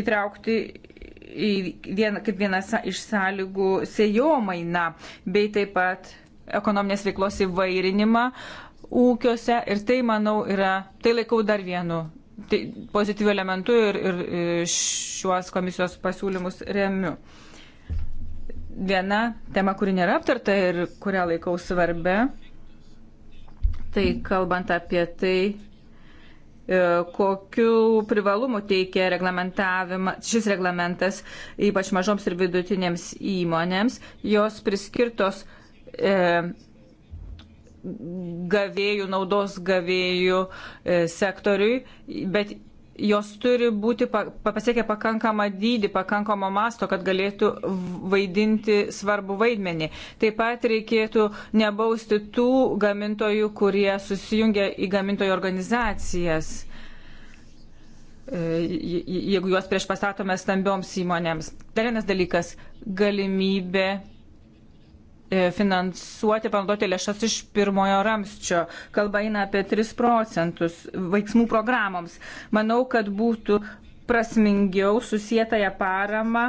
įtraukti vien, kaip vienas iš sąlygų sėjomainą, bei taip pat ekonominės veiklos įvairinimą, ūkiuose ir tai, manau, yra, tai laikau dar vienu tai pozityviu elementu ir, ir šiuos komisijos pasiūlymus remiu. Viena tema, kuri nėra aptarta ir kurią laikau svarbia, tai kalbant apie tai, e, kokiu privalumu teikia šis reglamentas, ypač mažoms ir vidutinėms įmonėms, jos priskirtos e, gavėjų, naudos gavėjų e, sektoriui, bet jos turi būti pasiekę pakankamą dydį, pakankamą masto, kad galėtų vaidinti svarbų vaidmenį. Taip pat reikėtų nebausti tų gamintojų, kurie susijungia į gamintojų organizacijas, e, jeigu juos prieš pastatome stambioms įmonėms. Dar vienas dalykas - galimybė E, finansuoti, panaudoti lėšas iš pirmojo ramsčio. Kalba eina apie 3 procentus veiksmų programoms. Manau, kad būtų prasmingiau susietąją paramą.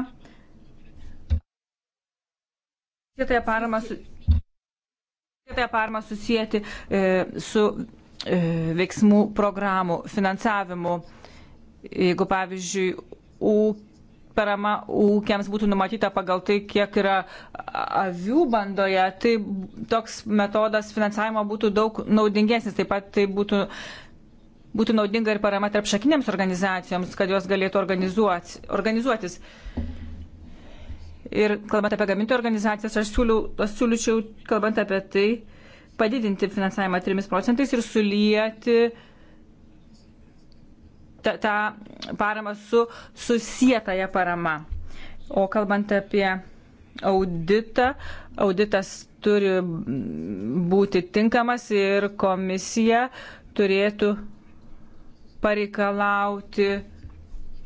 Susietąją paramą, su, susietąją paramą susijęti e, su e, veiksmų programų finansavimu. Jeigu, pavyzdžiui, ūkio parama ūkiams būtų numatyta pagal tai, kiek yra avių bandoje, tai toks metodas finansavimo būtų daug naudingesnis. Taip pat tai būtų, būtų naudinga ir parama tarp šakinėms organizacijoms, kad jos galėtų organizuotis. Ir kalbant apie gamintojų organizacijas, aš, siūliu, aš siūlyčiau, kalbant apie tai, padidinti finansavimą 3 procentais ir sulieti uh, tą paramą su susietaja parama. O kalbant apie auditą, auditas turi būti tinkamas ir komisija turėtų pareikalauti,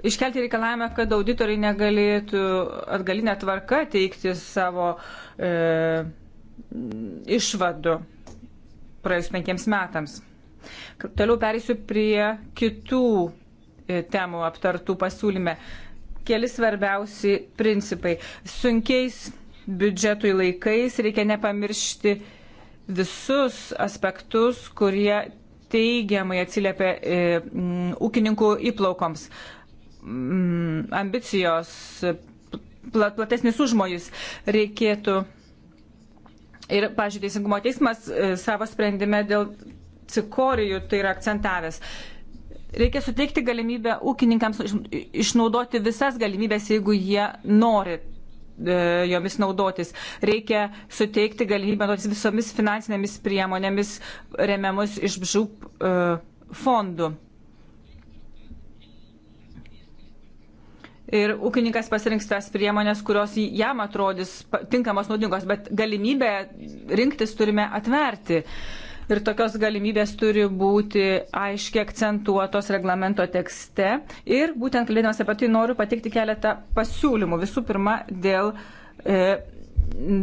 iškelti reikalavimą, kad auditoriai negalėtų atgalinę tvarką teikti savo e, išvadų praėjus penkiems metams. Toliau perėsiu prie kitų E, temų aptartų pasiūlyme. Keli svarbiausi principai. Sunkiais biudžetui laikais reikia nepamiršti visus aspektus, kurie teigiamai atsiliepia e, m, ūkininkų įplaukoms. M, ambicijos, plat, platesnis užmojus reikėtų. Ir, pažiūrėjau, Teisingumo teismas e, savo sprendime dėl cikorijų tai yra akcentavęs. Reikia suteikti galimybę ūkininkams išnaudoti visas galimybės, jeigu jie nori e, jomis naudotis. Reikia suteikti galimybę naudotis visomis finansinėmis priemonėmis remiamus iš BŽUP e, fondų. ir ūkininkas pasirinks tas priemonės, kurios jam atrodys tinkamos naudingos, bet galimybę rinktis turime atverti. Uh, ir tokios galimybės turi būti aiškiai akcentuotos reglamento tekste. Ir būtent kalbėdamas apie tai noriu pateikti keletą pasiūlymų. Visų pirma, dėl e,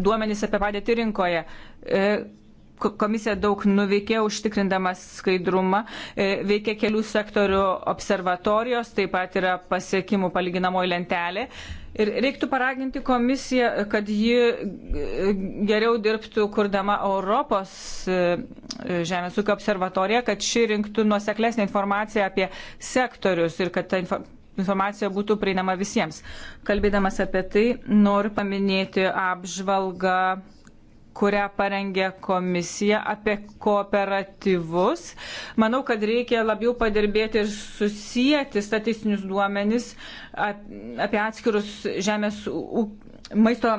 duomenys apie padėtį rinkoje. E, komisija daug nuveikė, užtikrindamas skaidrumą, e, veikia kelių sektorių observatorijos, taip pat yra pasiekimų palyginamoji lentelė. Ir reiktų paraginti komisiją, kad ji e, geriau dirbtų, kurdama Europos e, žemės ūkio observatoriją, kad ši rinktų nuoseklesnį informaciją apie sektorius ir kad ta informacija būtų prieinama visiems. Kalbėdamas apie tai, noriu paminėti apžvalgą kurią parengė komisija apie kooperatyvus. Manau, kad reikia labiau padirbėti ir susijęti statistinius duomenis apie atskirus žemės maisto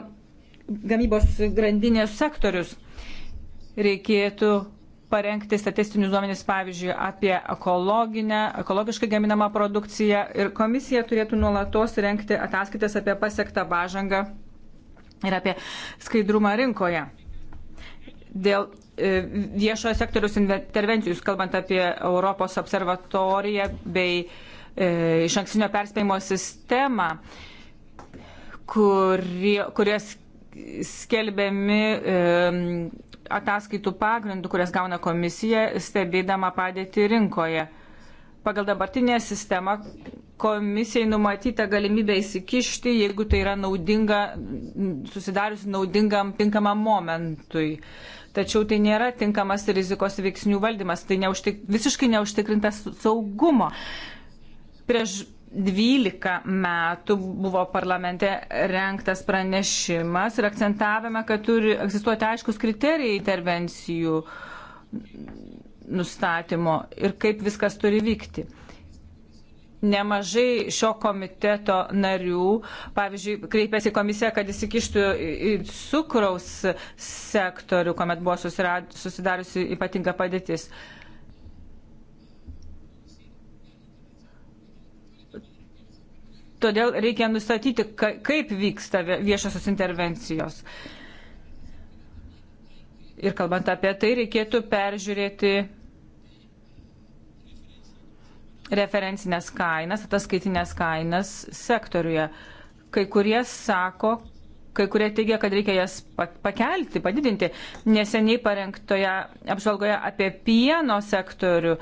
gamybos grandinės sektorius. Reikėtų parengti statistinius duomenys, pavyzdžiui, apie ekologinę, ekologiškai gaminamą produkciją ir komisija turėtų nuolatos renkti ataskaitas apie pasiektą pažangą ir apie skaidrumą rinkoje dėl e, viešojo sektoriaus intervencijų, kalbant apie Europos observatoriją bei e, iš anksinio perspėjimo sistemą, kurie, kurie skelbiami e, ataskaitų pagrindų, kurias gauna komisija, stebėdama padėti rinkoje. Pagal dabartinę sistemą komisijai numatyta galimybė įsikišti, jeigu tai yra naudinga, susidarius naudingam, tinkamam momentui. E, Tačiau tai nėra tinkamas rizikos veiksnių valdymas, tai neužtik, visiškai neužtikrintas saugumo. Prieš 12 metų buvo parlamente renktas pranešimas ir akcentavome, kad turi egzistuoti aiškus kriterijai intervencijų nustatymo ir kaip viskas turi vykti nemažai šio komiteto narių, pavyzdžiui, kreipėsi komisiją, kad įsikištų į cukraus sektorių, kuomet buvo susidariusi ypatinga padėtis. Todėl reikia nustatyti, kaip vyksta viešosios intervencijos. Ir kalbant apie tai, reikėtų peržiūrėti referencinės kainas, ataskaitinės kainas sektoriuje. Kai kurie sako, kai kurie teigia, kad reikia jas pakelti, padidinti. Neseniai parengtoje apžvalgoje apie pieno sektorių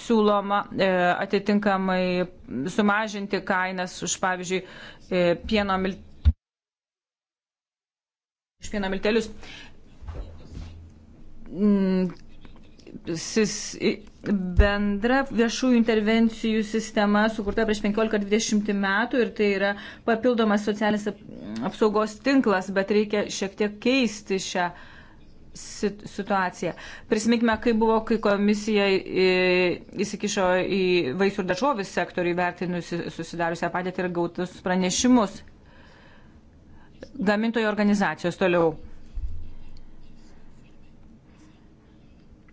siūloma e, atitinkamai sumažinti kainas už, pavyzdžiui, e, pieno, mil... už pieno miltelius. Mm, sis, bendra viešųjų intervencijų sistema sukurta prieš 15-20 metų ir tai yra papildomas socialinis apsaugos tinklas, bet reikia šiek tiek keisti šią situaciją. Prisiminkime, kai buvo, kai komisija e, įsikišo į vaisių ir daržovis sektorių įvertinusi susidariusią padėtį ir gautus pranešimus. Gamintojų organizacijos toliau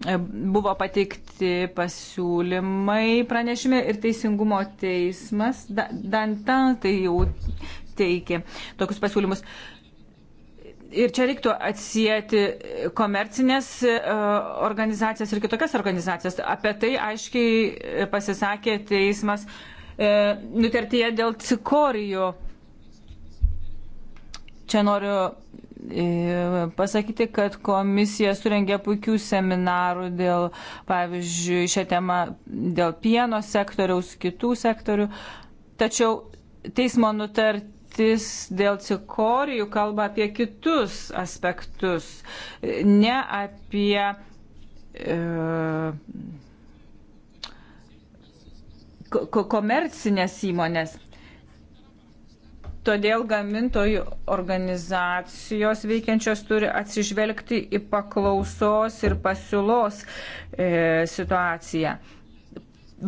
e, buvo pateikti pateikti pasiūlymai pranešime ir Teisingumo teismas, Dantan tai jau teikė tokius pasiūlymus. Ir čia reiktų atsijėti komercinės e, organizacijas ir kitokias organizacijas. Apie tai aiškiai e, pasisakė teismas e, nutartyje dėl cikorijų. Čia noriu pasakyti, kad komisija surengė puikių seminarų dėl, pavyzdžiui, šią temą dėl pieno sektoriaus, kitų sektorių. Tačiau teismo nutartis dėl cikorijų kalba apie kitus aspektus, ne apie. E, komercinės įmonės. Todėl gamintojų organizacijos veikiančios turi atsižvelgti į paklausos ir pasiūlos e, situaciją.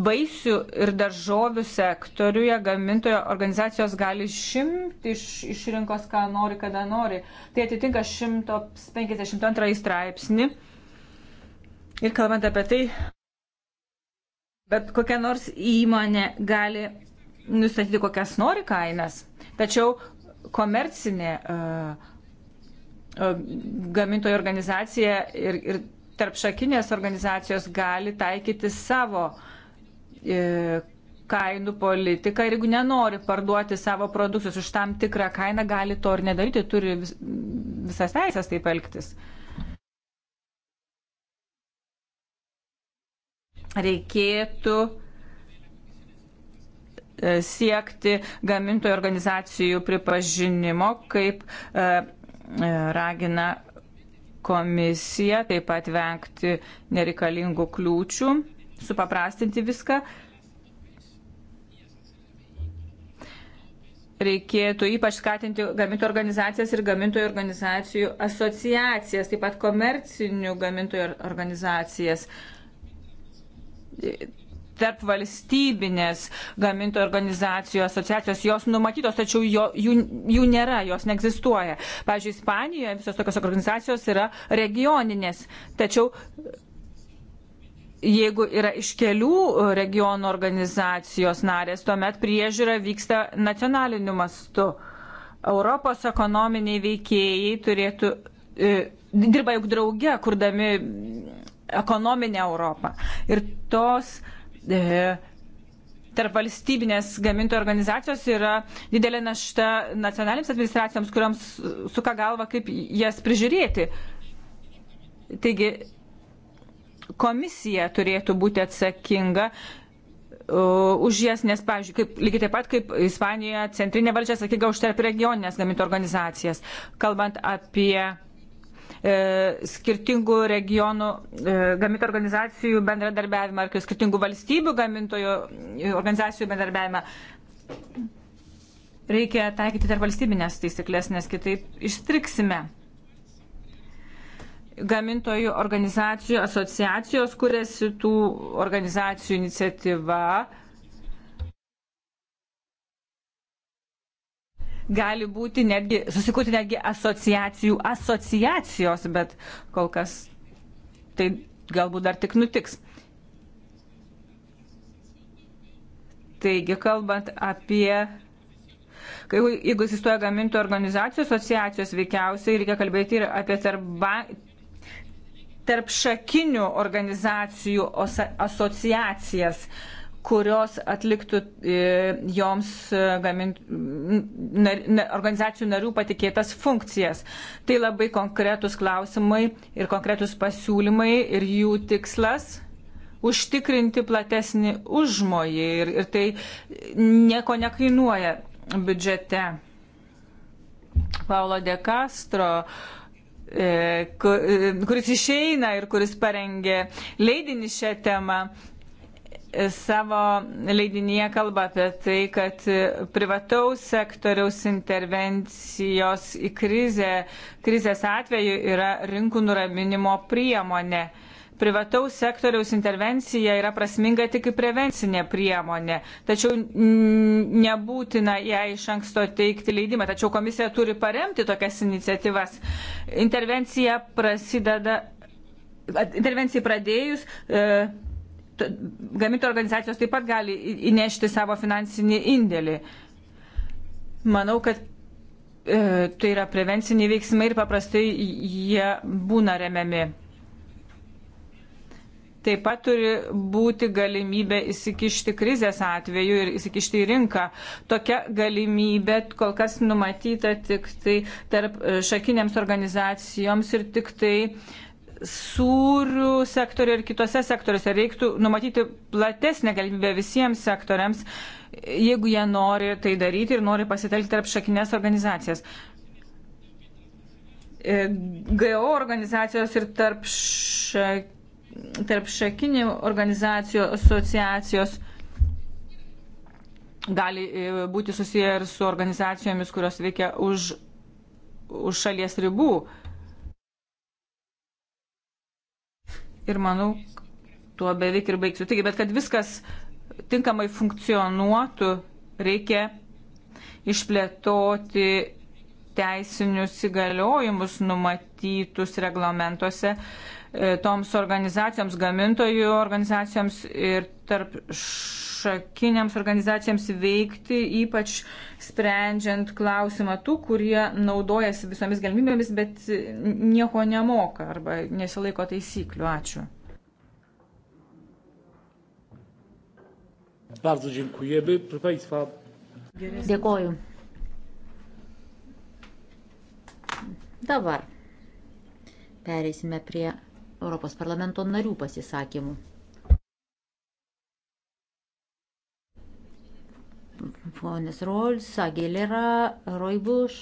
Vaisių ir daržovių sektoriuje gamintojo organizacijos gali šimti iš, iš rinkos, ką nori, kada nori. Tai atitinka 152 straipsnį. Ir kalbant apie tai, bet kokia nors įmonė gali nustatyti kokias nori kainas. Tačiau komercinė e, e, gamintojų organizacija ir, ir tarp šakinės organizacijos gali taikyti savo e, kainų politiką ir jeigu nenori parduoti savo produktus už tam tikrą kainą, gali to ir nedaryti, turi vis, visas teisės taip elgtis. Reikėtų E, siekti gamintojų organizacijų pripažinimo, kaip e, e, ragina komisija, taip pat vengti nereikalingų kliūčių, supaprastinti viską. Reikėtų ypač skatinti gamintojų organizacijas ir gamintojų organizacijų asociacijas, taip pat komercinių gamintojų organizacijas tarp valstybinės gamintojų organizacijų asociacijos, jos numatytos, tačiau jo, jų, jų nėra, jos neegzistuoja. Pavyzdžiui, Ispanijoje visos tokios organizacijos yra regioninės, tačiau jeigu yra iš kelių regionų organizacijos narės, tuomet priežiūra vyksta nacionaliniu mastu. Europos ekonominiai veikėjai turėtų, e, dirba juk drauge, kurdami ekonominę Europą. Ir tos e, E, tarp valstybinės gamintojų organizacijos yra didelė našta nacionalinėms administracijoms, kuriams suka galva, kaip jas prižiūrėti. Taigi komisija turėtų būti atsakinga e, už jas, nes, pavyzdžiui, kaip, lygiai taip pat kaip Ispanijoje centrinė valdžia atsakinga už tarp regioninės gamintojų organizacijas. Kalbant apie E, skirtingų regionų e, gamintojų organizacijų bendradarbiavimą ar skirtingų valstybių gamintojų e, organizacijų bendradarbiavimą. Reikia taikyti tarp valstybinės taisyklės, nes kitaip išstriksime gamintojų organizacijų asociacijos, kuriasi tų organizacijų iniciatyva, gali būti netgi, susikurti netgi asociacijų asociacijos, bet kol kas tai galbūt dar tik nutiks. Taigi, kalbant apie Kai, jeigu egzistuoja gamintojų organizacijų asociacijos, veikiausiai reikia kalbėti ir apie tarba, tarp šakinių organizacijų asociacijas. Uh, kurios atliktų e, joms e, gamint, nar, organizacijų narių patikėtas funkcijas. Tai labai konkretus klausimai ir konkretus pasiūlymai ir jų tikslas užtikrinti platesnį užmojį ir, ir tai nieko nekainuoja biudžete. Paulo de Castro, e, kuris išeina ir kuris parengė leidinį šią temą, savo leidinyje kalba apie tai, kad privataus sektoriaus intervencijos į krizę, krizės atveju yra rinkų nuraminimo priemonė privataus sektoriaus intervencija yra prasminga tik kaip prevencinė priemonė, tačiau nebūtina ją iš anksto teikti leidimą, tačiau komisija turi paremti tokias iniciatyvas. Intervencija prasideda, intervencijai pradėjus. E, gamintojų organizacijos taip pat gali įnešti savo finansinį indėlį. Manau, kad e, tai yra prevenciniai veiksmai ir paprastai jie būna remiami. Taip pat turi būti galimybė įsikišti krizės atveju ir įsikišti į rinką. Tokia galimybė kol kas numatyta tik tai tarp e, šakinėms organizacijoms ir tik tai uh, sūrių sektoriuje ir kitose sektoriuose. Reiktų numatyti platesnę galimybę visiems sektoriams, jeigu jie nori tai daryti ir nori pasitelkti tarp šakinės organizacijas. E, GO organizacijos ir tarp, ša, tarp šakinių organizacijų asociacijos gali e, būti susiję ir su organizacijomis, kurios veikia už, už šalies ribų. ir manau, tuo beveik ir baigsiu. Taigi, bet kad viskas tinkamai funkcionuotų, reikia išplėtoti teisinius įgaliojimus numatytus reglamentuose e, toms organizacijoms, gamintojų organizacijoms ir tarp š šakiniams organizacijams veikti, ypač sprendžiant klausimą tų, kurie naudojasi visomis galimybėmis, bet nieko nemoka arba nesilaiko taisyklių. Ačiū. Bardzo dziękujemy. Proszę Państwa. Dziękuję. Dabar pereisime prie Europos parlamento narių pasisakymų. ponas Rols, Agilera, Roibuš,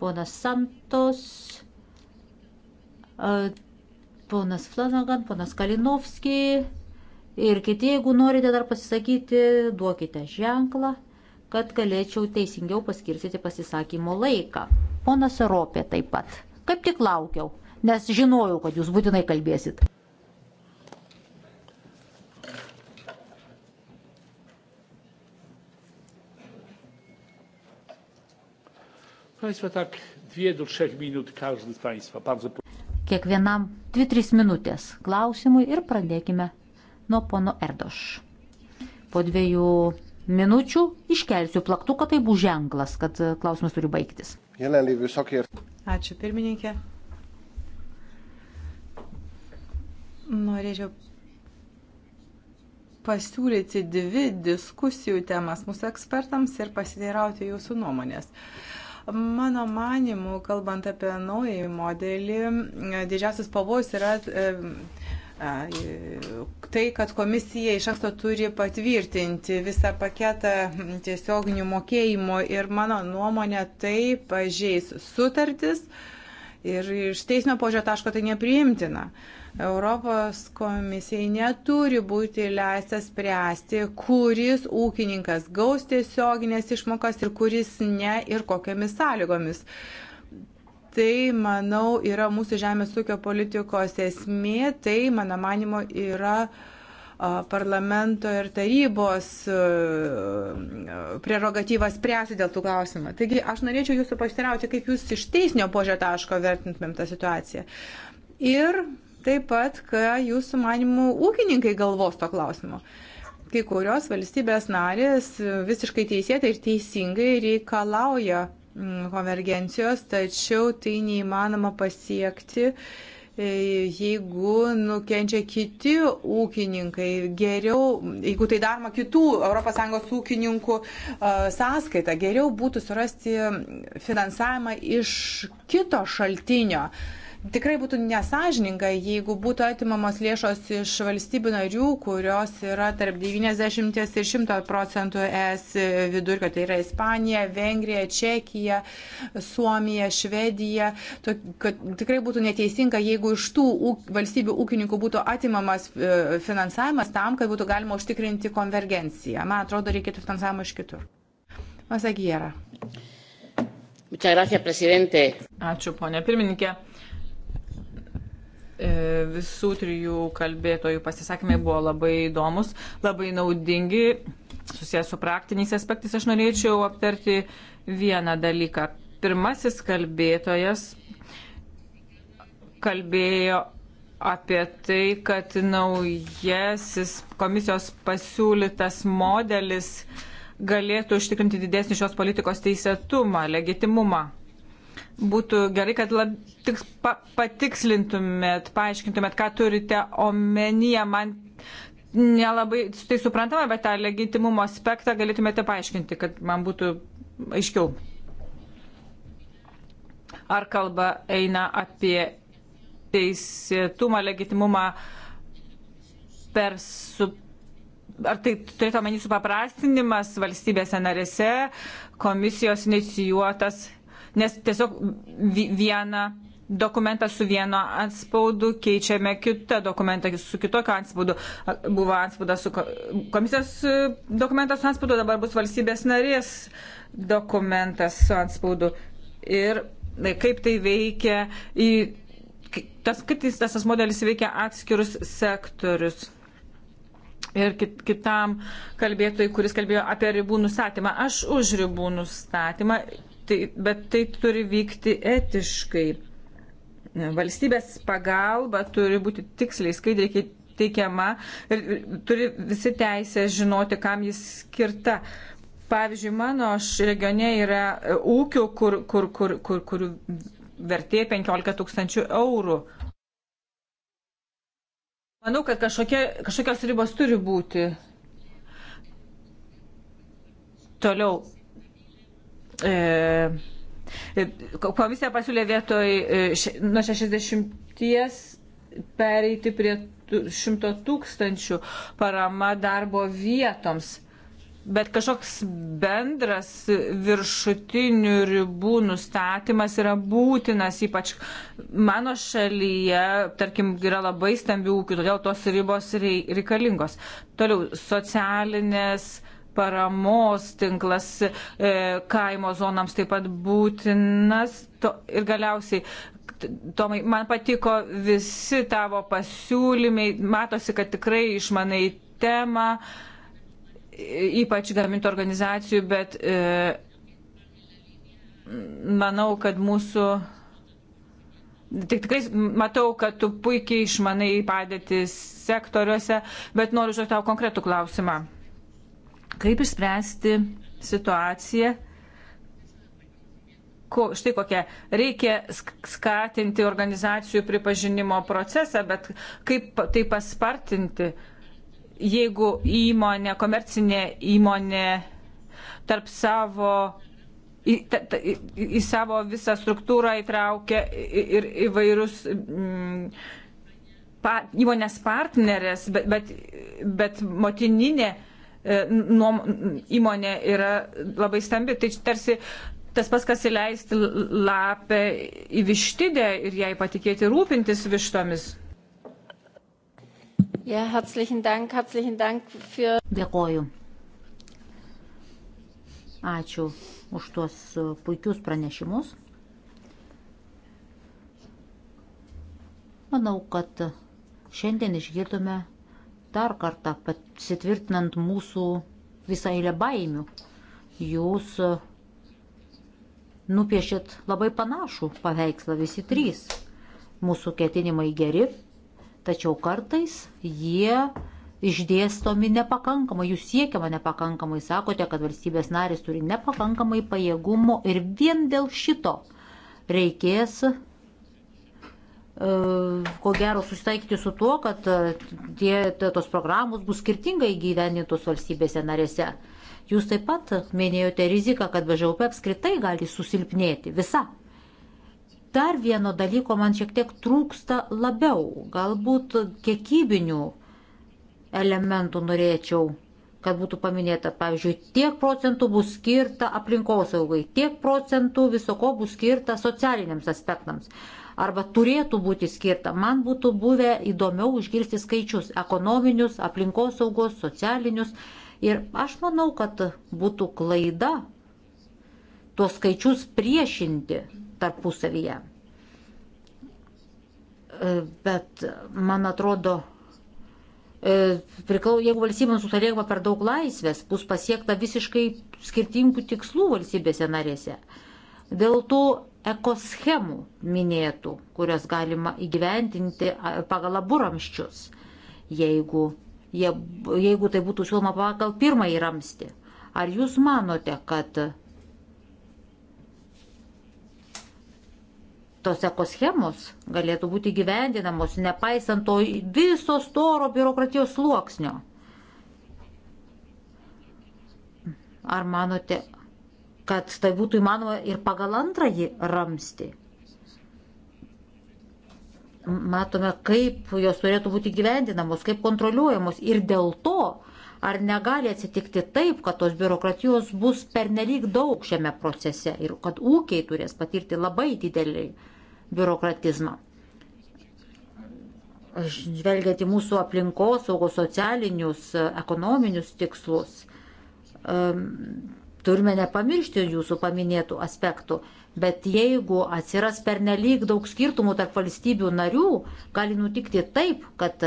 ponas Santos, ponas Flanagan, ponas Kalinovski ir kiti, jeigu norite dar pasisakyti, duokite ženklą, kad galėčiau teisingiau paskirstyti pasisakymo laiką. Ponas Ropė taip pat. Kaip tik laukiau, nes žinojau, kad jūs būtinai kalbėsit. Państwa tak 2 do 3 minut każdy z Państwa. Bardzo... Kiekvienam 2-3 minutės klausimui ir pradėkime nuo pono Erdoš. Po dviejų minučių iškelsiu plaktuką, tai bus ženklas, kad e, klausimas turi baigtis. Ačiū pirmininkė. Norėčiau pasiūlyti dvi diskusijų temas mūsų ekspertams ir pasiteirauti jūsų nuomonės. Uh, Mano manimu, kalbant apie naują modelį, didžiausias pavojus yra e, tai, kad komisija iš anksto turi patvirtinti visą paketą tiesioginių mokėjimų ir mano nuomonė tai pažeis sutartis ir iš teisinio požio taško tai nepriimtina. Uh, Europos komisijai neturi būti leista spręsti, kuris ūkininkas gaus tiesioginės išmokas ir kuris ne ir kokiamis sąlygomis. Tai, manau, yra mūsų žemės ūkio politikos esmė, tai, mano manimo, yra parlamento ir tarybos prerogatyvas spręsti dėl tų klausimų. Taigi aš norėčiau jūsų pasitirauti, kaip jūs iš teisinio požiūrio taško vertintumėm tą situaciją. Ir taip pat, ką jūsų manimų ūkininkai galvos to klausimo. Kai kurios valstybės narės visiškai teisėtai ir teisingai reikalauja mm, konvergencijos, tačiau tai neįmanoma pasiekti, e, jeigu nukenčia kiti ūkininkai. Geriau, jeigu tai daroma kitų ES ūkininkų e, sąskaita, geriau būtų surasti finansavimą iš kito šaltinio. Tikrai būtų nesažininga, jeigu būtų atimamos lėšos iš valstybių narių, kurios yra tarp 90 ir 100 procentų ES vidurkio. Tai yra Ispanija, Vengrija, Čekija, Suomija, Švedija. To, kad, tikrai būtų neteisinga, jeigu iš tų valstybių ūkininkų būtų atimamas e, finansavimas tam, kad būtų galima užtikrinti konvergenciją. Man atrodo, reikėtų finansavimo iš kitur. Masagiera. Ačiū, ponė pirmininkė. E, visų trijų kalbėtojų pasisakymai buvo labai įdomus, labai naudingi, susijęs su praktiniais aspektais. Aš norėčiau aptarti vieną dalyką. Pirmasis kalbėtojas kalbėjo apie tai, kad naujasis komisijos pasiūlytas modelis galėtų užtikrinti didesnį šios politikos teisėtumą, legitimumą būtų gerai, kad lab, tiks, pa, patikslintumėt, paaiškintumėt, ką turite omenyje. Man nelabai tai suprantama, bet tą legitimumo aspektą galėtumėte paaiškinti, kad man būtų aiškiau. Ar kalba eina apie teisėtumą, legitimumą per su. Ar tai turėtų omeny supaprastinimas valstybėse narėse, komisijos inicijuotas nes tiesiog vieną dokumentą su vienu atspaudu keičiame kitą dokumentą su kitokiu atspaudu. Buvo atspaudas su komisijos e, dokumentas su atspaudu, dabar bus valstybės narės dokumentas su atspaudu. Ir e, kaip tai veikia, į, tas, kaip tai, tas, tas modelis veikia atskirus sektorius. Ir kit, kitam kalbėtojui, kuris kalbėjo apie ribų nustatymą. Aš už ribų nustatymą tai, bet tai turi vykti etiškai. Valstybės pagalba turi būti tiksliai skaidriai teikiama ir turi visi teisę žinoti, kam jis skirta. Pavyzdžiui, mano regione yra ūkių, kur, kur, kur, kur, kur vertė 15 tūkstančių eurų. Manau, kad kažkokie, kažkokios ribos turi būti. Toliau E, komisija pasiūlė vietoj e, nuo 60 pereiti prie 100 tūkstančių parama darbo vietoms. Bet kažkoks bendras viršutinių ribų nustatymas yra būtinas, ypač mano šalyje, tarkim, yra labai stambių ūkių, todėl tos ribos reikalingos. Toliau, socialinės paramos tinklas e, kaimo zonams taip pat būtinas. To, ir galiausiai, Tomai, man patiko visi tavo pasiūlymai, matosi, kad tikrai išmanai temą, ypač gamintų organizacijų, bet e, manau, kad mūsų Tik tikrai matau, kad tu puikiai išmanai padėtis sektoriuose, bet noriu žodžiu tau konkretų klausimą. Kaip išspręsti situaciją? Ko, štai kokia. Reikia skatinti organizacijų pripažinimo procesą, bet kaip tai paspartinti, jeigu įmonė, komercinė įmonė tarp savo į, ta, ta, į, į savo visą struktūrą įtraukia ir įvairius m, mm, pa, įmonės partnerės, bet, bet, bet motininė E, nuom, įmonė yra labai stambi. Tai tarsi tas pas, kas įleisti lapę į vištidę ir jai patikėti rūpintis vištomis. Ja, herzlichen Dank, herzlichen Dank für. Dėkoju. Ačiū už tuos e, puikius pranešimus. Manau, kad šiandien išgirdome dar kartą pasitvirtinant mūsų visą eilę baimių. Jūs e, nupiešėt labai panašų paveikslą visi trys. Mūsų ketinimai geri, tačiau kartais jie išdėstomi nepakankamai, jų siekiama nepakankamai, sakote, kad valstybės narės turi nepakankamai pajėgumo ir vien dėl šito reikės E, ko gero susitaikyti su tuo, kad e, tie, tos programos bus skirtingai gyvenintos valstybėse narėse. Jūs taip pat minėjote riziką, kad BŽUP apskritai gali susilpnėti visa. Dar vieno dalyko man šiek tiek trūksta labiau, galbūt kiekybinių elementų norėčiau, kad būtų paminėta, pavyzdžiui, tiek procentų bus skirta aplinkosaugai, tiek procentų viso ko bus skirta socialiniams aspektams arba turėtų būti skirta. Man būtų buvę įdomiau užgirsti skaičius - ekonominius, aplinkosaugos, socialinius. Ir aš manau, kad būtų klaida tuos skaičius priešinti tarpusavyje. E, bet man atrodo, e, priklau, jeigu valstybėms sutarėgama per daug laisvės, bus pasiekta visiškai skirtingų tikslų valstybėse narėse. Dėl to ekoschemų minėtų, kurias galima įgyventinti pagal abu ramščius, jeigu, je, jeigu tai būtų siūloma pagal pirmąjį ramstį. Ar jūs manote, kad tos ekoschemos galėtų būti gyvendinamos, nepaisant to viso storo biurokratijos sluoksnio? Ar manote, kad tai būtų įmanoma ir pagal antrąjį ramstį. Matome, kaip jos turėtų būti gyvendinamos, kaip kontroliuojamos ir dėl to, ar negali atsitikti taip, kad tos biurokratijos bus pernelyg daug šiame procese ir kad ūkiai turės patirti labai didelį biurokratizmą. Žvelgiant į mūsų aplinkos, saugos socialinius, ekonominius tikslus, Turime nepamiršti jūsų paminėtų aspektų, bet jeigu atsiras pernelyg daug skirtumų tarp valstybių narių, gali nutikti taip, kad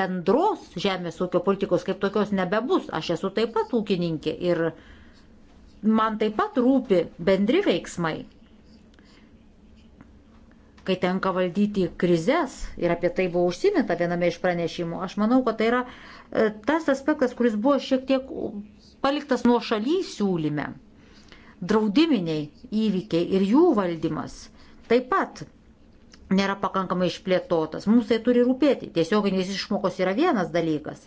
bendros žemės ūkio politikos kaip tokios nebebus. Aš esu taip pat ūkininkė ir man taip pat rūpi bendri veiksmai. Kai tenka valdyti krizės, ir apie tai buvo užsiminta viename iš pranešimų, aš manau, kad tai yra e, tas aspektas, kuris buvo šiek tiek paliktas nuo šaly siūlyme. Draudiminiai įvykiai ir jų valdymas taip pat nėra pakankamai išplėtotas. Mums tai turi rūpėti. Tiesioginės išmokos yra vienas dalykas.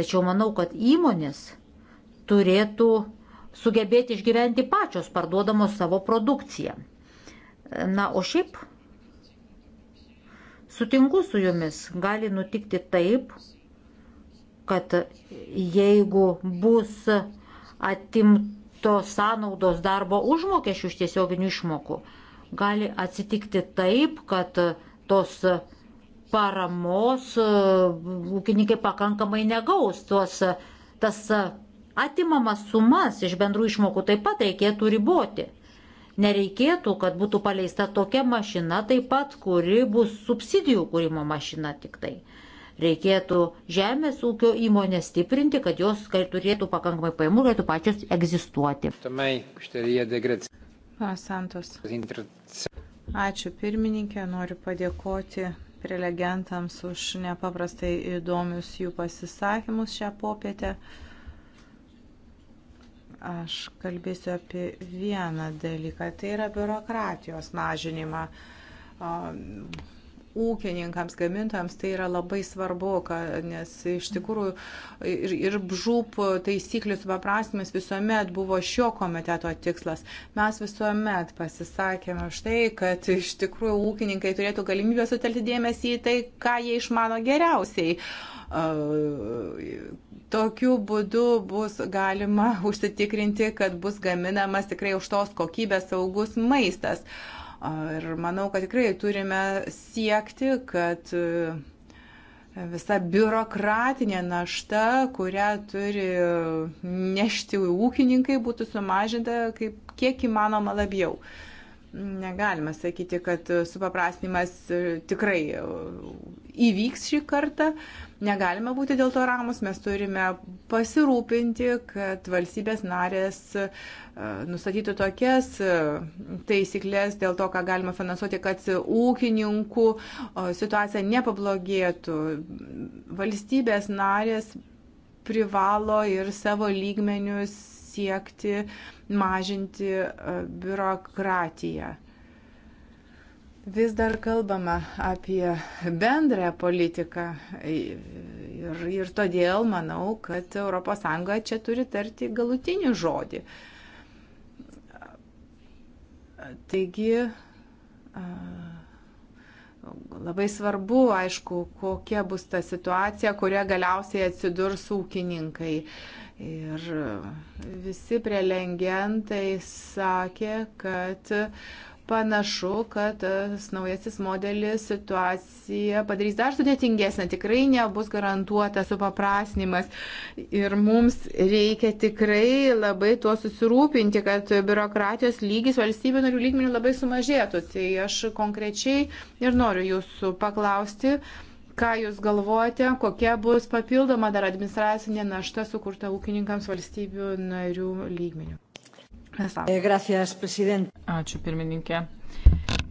Tačiau manau, kad įmonės turėtų sugebėti išgyventi pačios parduodamos savo produkciją. Na, o šiaip Sutinku su jumis, gali nutikti taip, kad jeigu bus atimtos sąnaudos darbo užmokesčių iš tiesioginių išmokų, gali atsitikti taip, kad tos paramos e, ūkininkai pakankamai negaus. Tuos, tas atimamas sumas iš bendrų išmokų taip pat reikėtų riboti nereikėtų, kad būtų paleista tokia mašina taip pat, kuri bus subsidijų kūrimo mašina tik tai. Reikėtų žemės ūkio įmonę stiprinti, kad jos kai turėtų pakankamai pajamų, galėtų pačios egzistuoti. Santos. Ačiū pirmininkė, noriu padėkoti prelegentams už nepaprastai įdomius jų pasisakymus šią popietę. Aš kalbėsiu apie vieną dalyką, tai yra biurokratijos mažinimą um, ūkininkams, gamintams tai yra labai svarbu, kad, nes iš tikrųjų ir, ir žūp taisyklių supaprastymas visuomet buvo šio komiteto tikslas. Mes visuomet pasisakėme už tai, kad iš tikrųjų ūkininkai turėtų galimybę sutelti dėmesį į tai, ką jie išmano geriausiai. Tokiu būdu bus galima užsitikrinti, kad bus gaminamas tikrai aukštos kokybės saugus maistas. Uh, Ir manau, kad tikrai turime siekti, kad e, visa biurokratinė našta, kurią turi nešti ūkininkai, būtų sumažinta kaip, kiek įmanoma labiau. Negalime sakyti, kad supaprastinimas e, tikrai e, įvyks šį kartą, Negalime būti dėl to ramus, mes turime pasirūpinti, kad valstybės narės e, nustatytų tokias e, taisyklės dėl to, ką galima finansuoti, kad ūkininkų situacija nepablogėtų. Valstybės narės privalo ir savo lygmenius siekti mažinti e, biurokratiją. Vis dar kalbama apie bendrąją politiką ir, ir todėl manau, kad ES čia turi tarti galutinį žodį. Taigi labai svarbu, aišku, kokia bus ta situacija, kurioje galiausiai atsidurs ūkininkai. Ir visi prelengentai sakė, kad uh, panašu, kad e, tas naujasis modelis situaciją padarys dar sudėtingesnę, tikrai nebus garantuotas supaprasnimas. Ir mums reikia tikrai labai tuo susirūpinti, kad biurokratijos lygis valstybių narių lygmenių labai sumažėtų. Tai aš konkrečiai ir noriu jūsų paklausti. Ką Jūs galvojate, kokia bus papildoma dar administracinė našta sukurta ūkininkams valstybių narių lygmenių? Eh, gracias, Ačiū pirmininkė.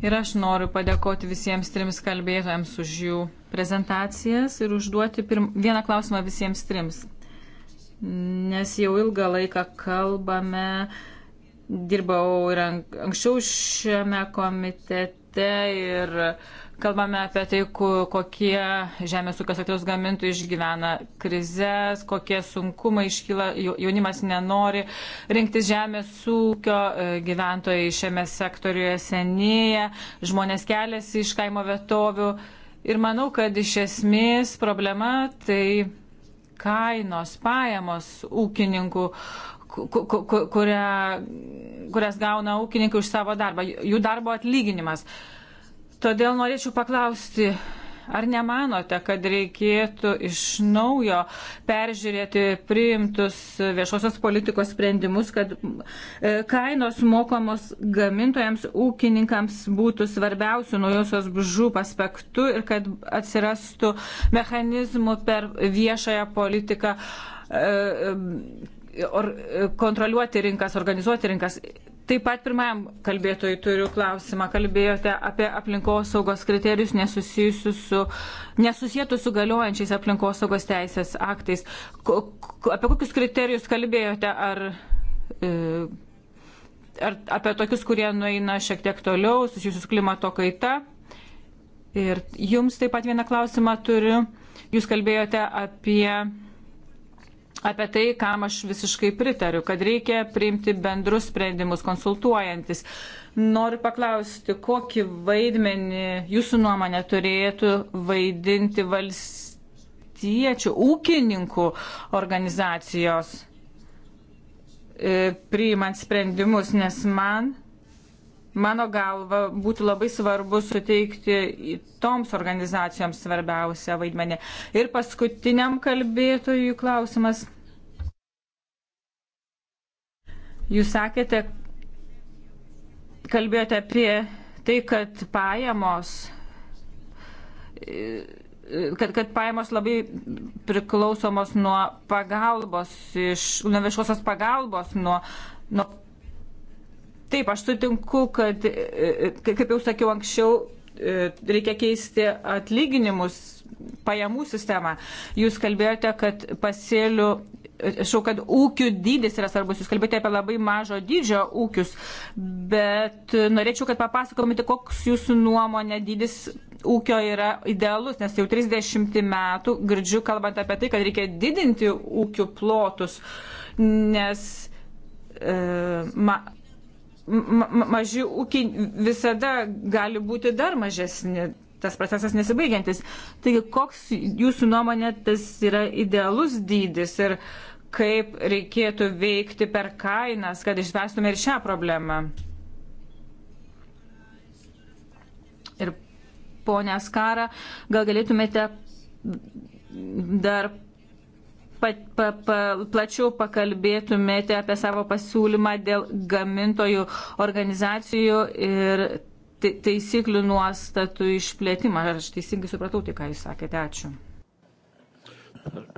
Ir aš noriu padėkoti visiems trims kalbėtojams už jų prezentacijas ir užduoti pirm... vieną klausimą visiems trims. Nes jau ilgą laiką kalbame, dirbau ir anksčiau šiame komitete ir Kalbame apie tai, kokie žemės ūkio sektoriaus gamintojai išgyvena krizės, kokie sunkumai iškyla, jaunimas nenori rinktis žemės ūkio, e, gyventojai šiame sektoriuje senėja, žmonės keliasi iš kaimo vietovių. Ir manau, kad iš esmės problema tai kainos, pajamos ūkininkų, kurią, kurias gauna ūkininkai už savo darbą, jų darbo atlyginimas. Todėl norėčiau paklausti, ar nemanote, kad reikėtų iš naujo peržiūrėti priimtus viešosios politikos sprendimus, kad e, kainos mokamos gamintojams, ūkininkams būtų svarbiausių naujosios bžūp aspektų ir kad atsirastų mechanizmų per viešąją politiką e, e, kontroliuoti rinkas, organizuoti rinkas. Taip pat pirmajam kalbėtojui turiu klausimą. Kalbėjote apie aplinkosaugos kriterijus nesusijėtus su galiojančiais aplinkosaugos teisės aktais. K apie kokius kriterijus kalbėjote? Ar, e, ar apie tokius, kurie nueina šiek tiek toliau, susijusius klimato kaita? Ir jums taip pat vieną klausimą turiu. Jūs kalbėjote apie apie tai, kam aš visiškai pritariu, kad reikia priimti bendrus sprendimus, konsultuojantis. Noriu paklausti, kokį vaidmenį jūsų nuomonė turėtų vaidinti valstiečių, ūkininkų organizacijos e, priimant sprendimus, nes man Mano galva būtų labai svarbu suteikti toms organizacijoms svarbiausią vaidmenį. Ir paskutiniam kalbėtojui klausimas. Jūs sakėte, kalbėjote apie tai, kad pajamos kad, kad pajamos labai priklausomos nuo pagalbos, iš, nuo viešosios pagalbos, nuo, nuo Taip, aš sutinku, kad, e, e, kaip jau sakiau anksčiau, e, reikia keisti atlyginimus, pajamų sistemą. Jūs kalbėjote, kad pasėlių, šau, kad ūkių dydis yra svarbus, jūs kalbėjote apie labai mažo dydžio ūkius, bet norėčiau, kad papasakomite, koks jūsų nuomonė dydis ūkio yra idealus, nes jau 30 metų girdžiu kalbant apie tai, kad reikia didinti ūkių plotus, nes e, ma, maži ūkiai visada gali būti dar mažesni, tas procesas nesibaigiantis. Taigi, koks jūsų nuomonė tas yra idealus dydis ir kaip reikėtų veikti per kainas, kad išspręstume ir šią problemą? Ir ponia Skara, gal galėtumėte dar pa, pa, pa, plačiau pakalbėtumėte apie savo pasiūlymą dėl gamintojų organizacijų ir taisyklių nuostatų išplėtimą. Ar aš teisingai supratau tai, ką jūs sakėte? Ačiū.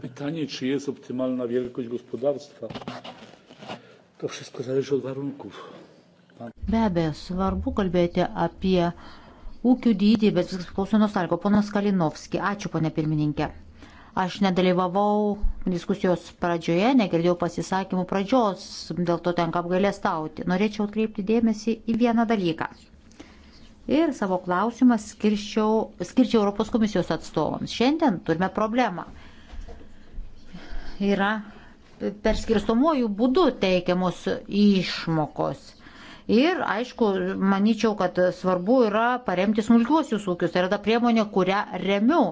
Pytanie, czy jest optymalna wielkość gospodarstwa, to wszystko zależy od warunków. Pan... Be abejo, svarbu kalbėti apie ūkių dydį, bet viskas priklauso nuo sąlygo. Ponas Kalinovski, ačiū, ponė pirmininkė. Aš nedalyvavau diskusijos pradžioje, negirdėjau pasisakymų pradžios, dėl to tenka apgailestauti. Norėčiau atkreipti dėmesį į vieną dalyką. Ir savo klausimą skirčiau Europos komisijos atstovams. Šiandien turime problemą. Yra perskirstomuoju būdu teikiamos išmokos. Ir, aišku, manyčiau, kad svarbu yra paremti smulkiuosius ūkius. Tai yra ta priemonė, kurią remiu.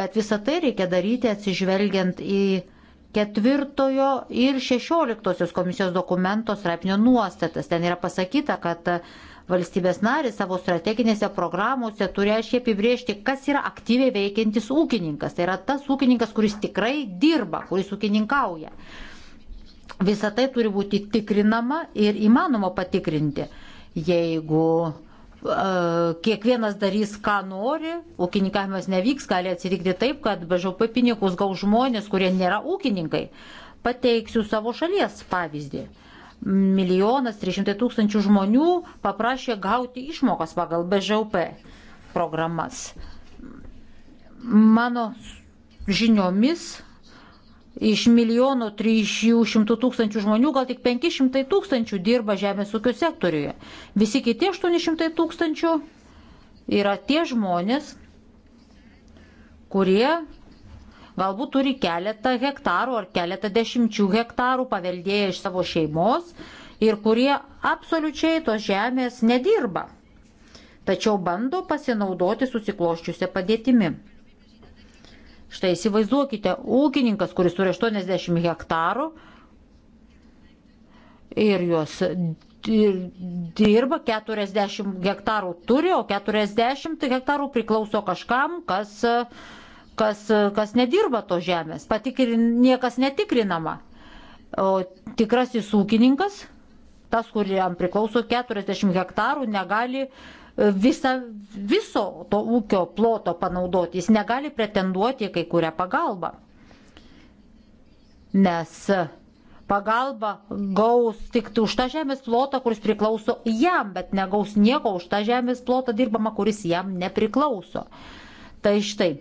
Bet visą tai reikia daryti atsižvelgiant į ketvirtojo ir šešioliktosios komisijos dokumento straipsnio nuostatas. Ten yra pasakyta, kad valstybės narys savo strateginėse programuose turi aiškiai apibriežti, kas yra aktyviai veikiantis ūkininkas. Tai yra tas ūkininkas, kuris tikrai dirba, kuris ūkininkauja. Visą tai turi būti tikrinama ir įmanoma patikrinti. Jeigu kiekvienas darys, ką nori, ūkininkavimas nevyks, gali atsitikti taip, kad BŽP pinigus gaus žmonės, kurie nėra ūkininkai. Pateiksiu savo šalies pavyzdį. Milijonas 300 tūkstančių žmonių paprašė gauti išmokas pagal BŽP programas. Mano žiniomis Iš milijono 300 tūkstančių žmonių gal tik 500 tūkstančių dirba žemės ūkio sektoriuje. Visi kiti 800 tūkstančių yra tie žmonės, kurie galbūt turi keletą hektarų ar keletą dešimčių hektarų paveldėję iš savo šeimos ir kurie absoliučiai tos žemės nedirba, tačiau bando pasinaudoti susikloščiusią padėtimi. Štai įsivaizduokite, ūkininkas, kuris turi 80 hektarų ir juos dirba, 40 hektarų turi, o 40 hektarų priklauso kažkam, kas, kas, kas nedirba to žemės. Patikrin, niekas netikrinama. O tikrasis ūkininkas, tas, kuriam priklauso 40 hektarų, negali visa, viso to ūkio ploto panaudoti. Jis negali pretenduoti kai kurią pagalbą. Nes pagalba gaus tik už tą žemės plotą, kuris priklauso jam, bet negaus nieko už tą žemės plotą dirbamą, kuris jam nepriklauso. Tai štai,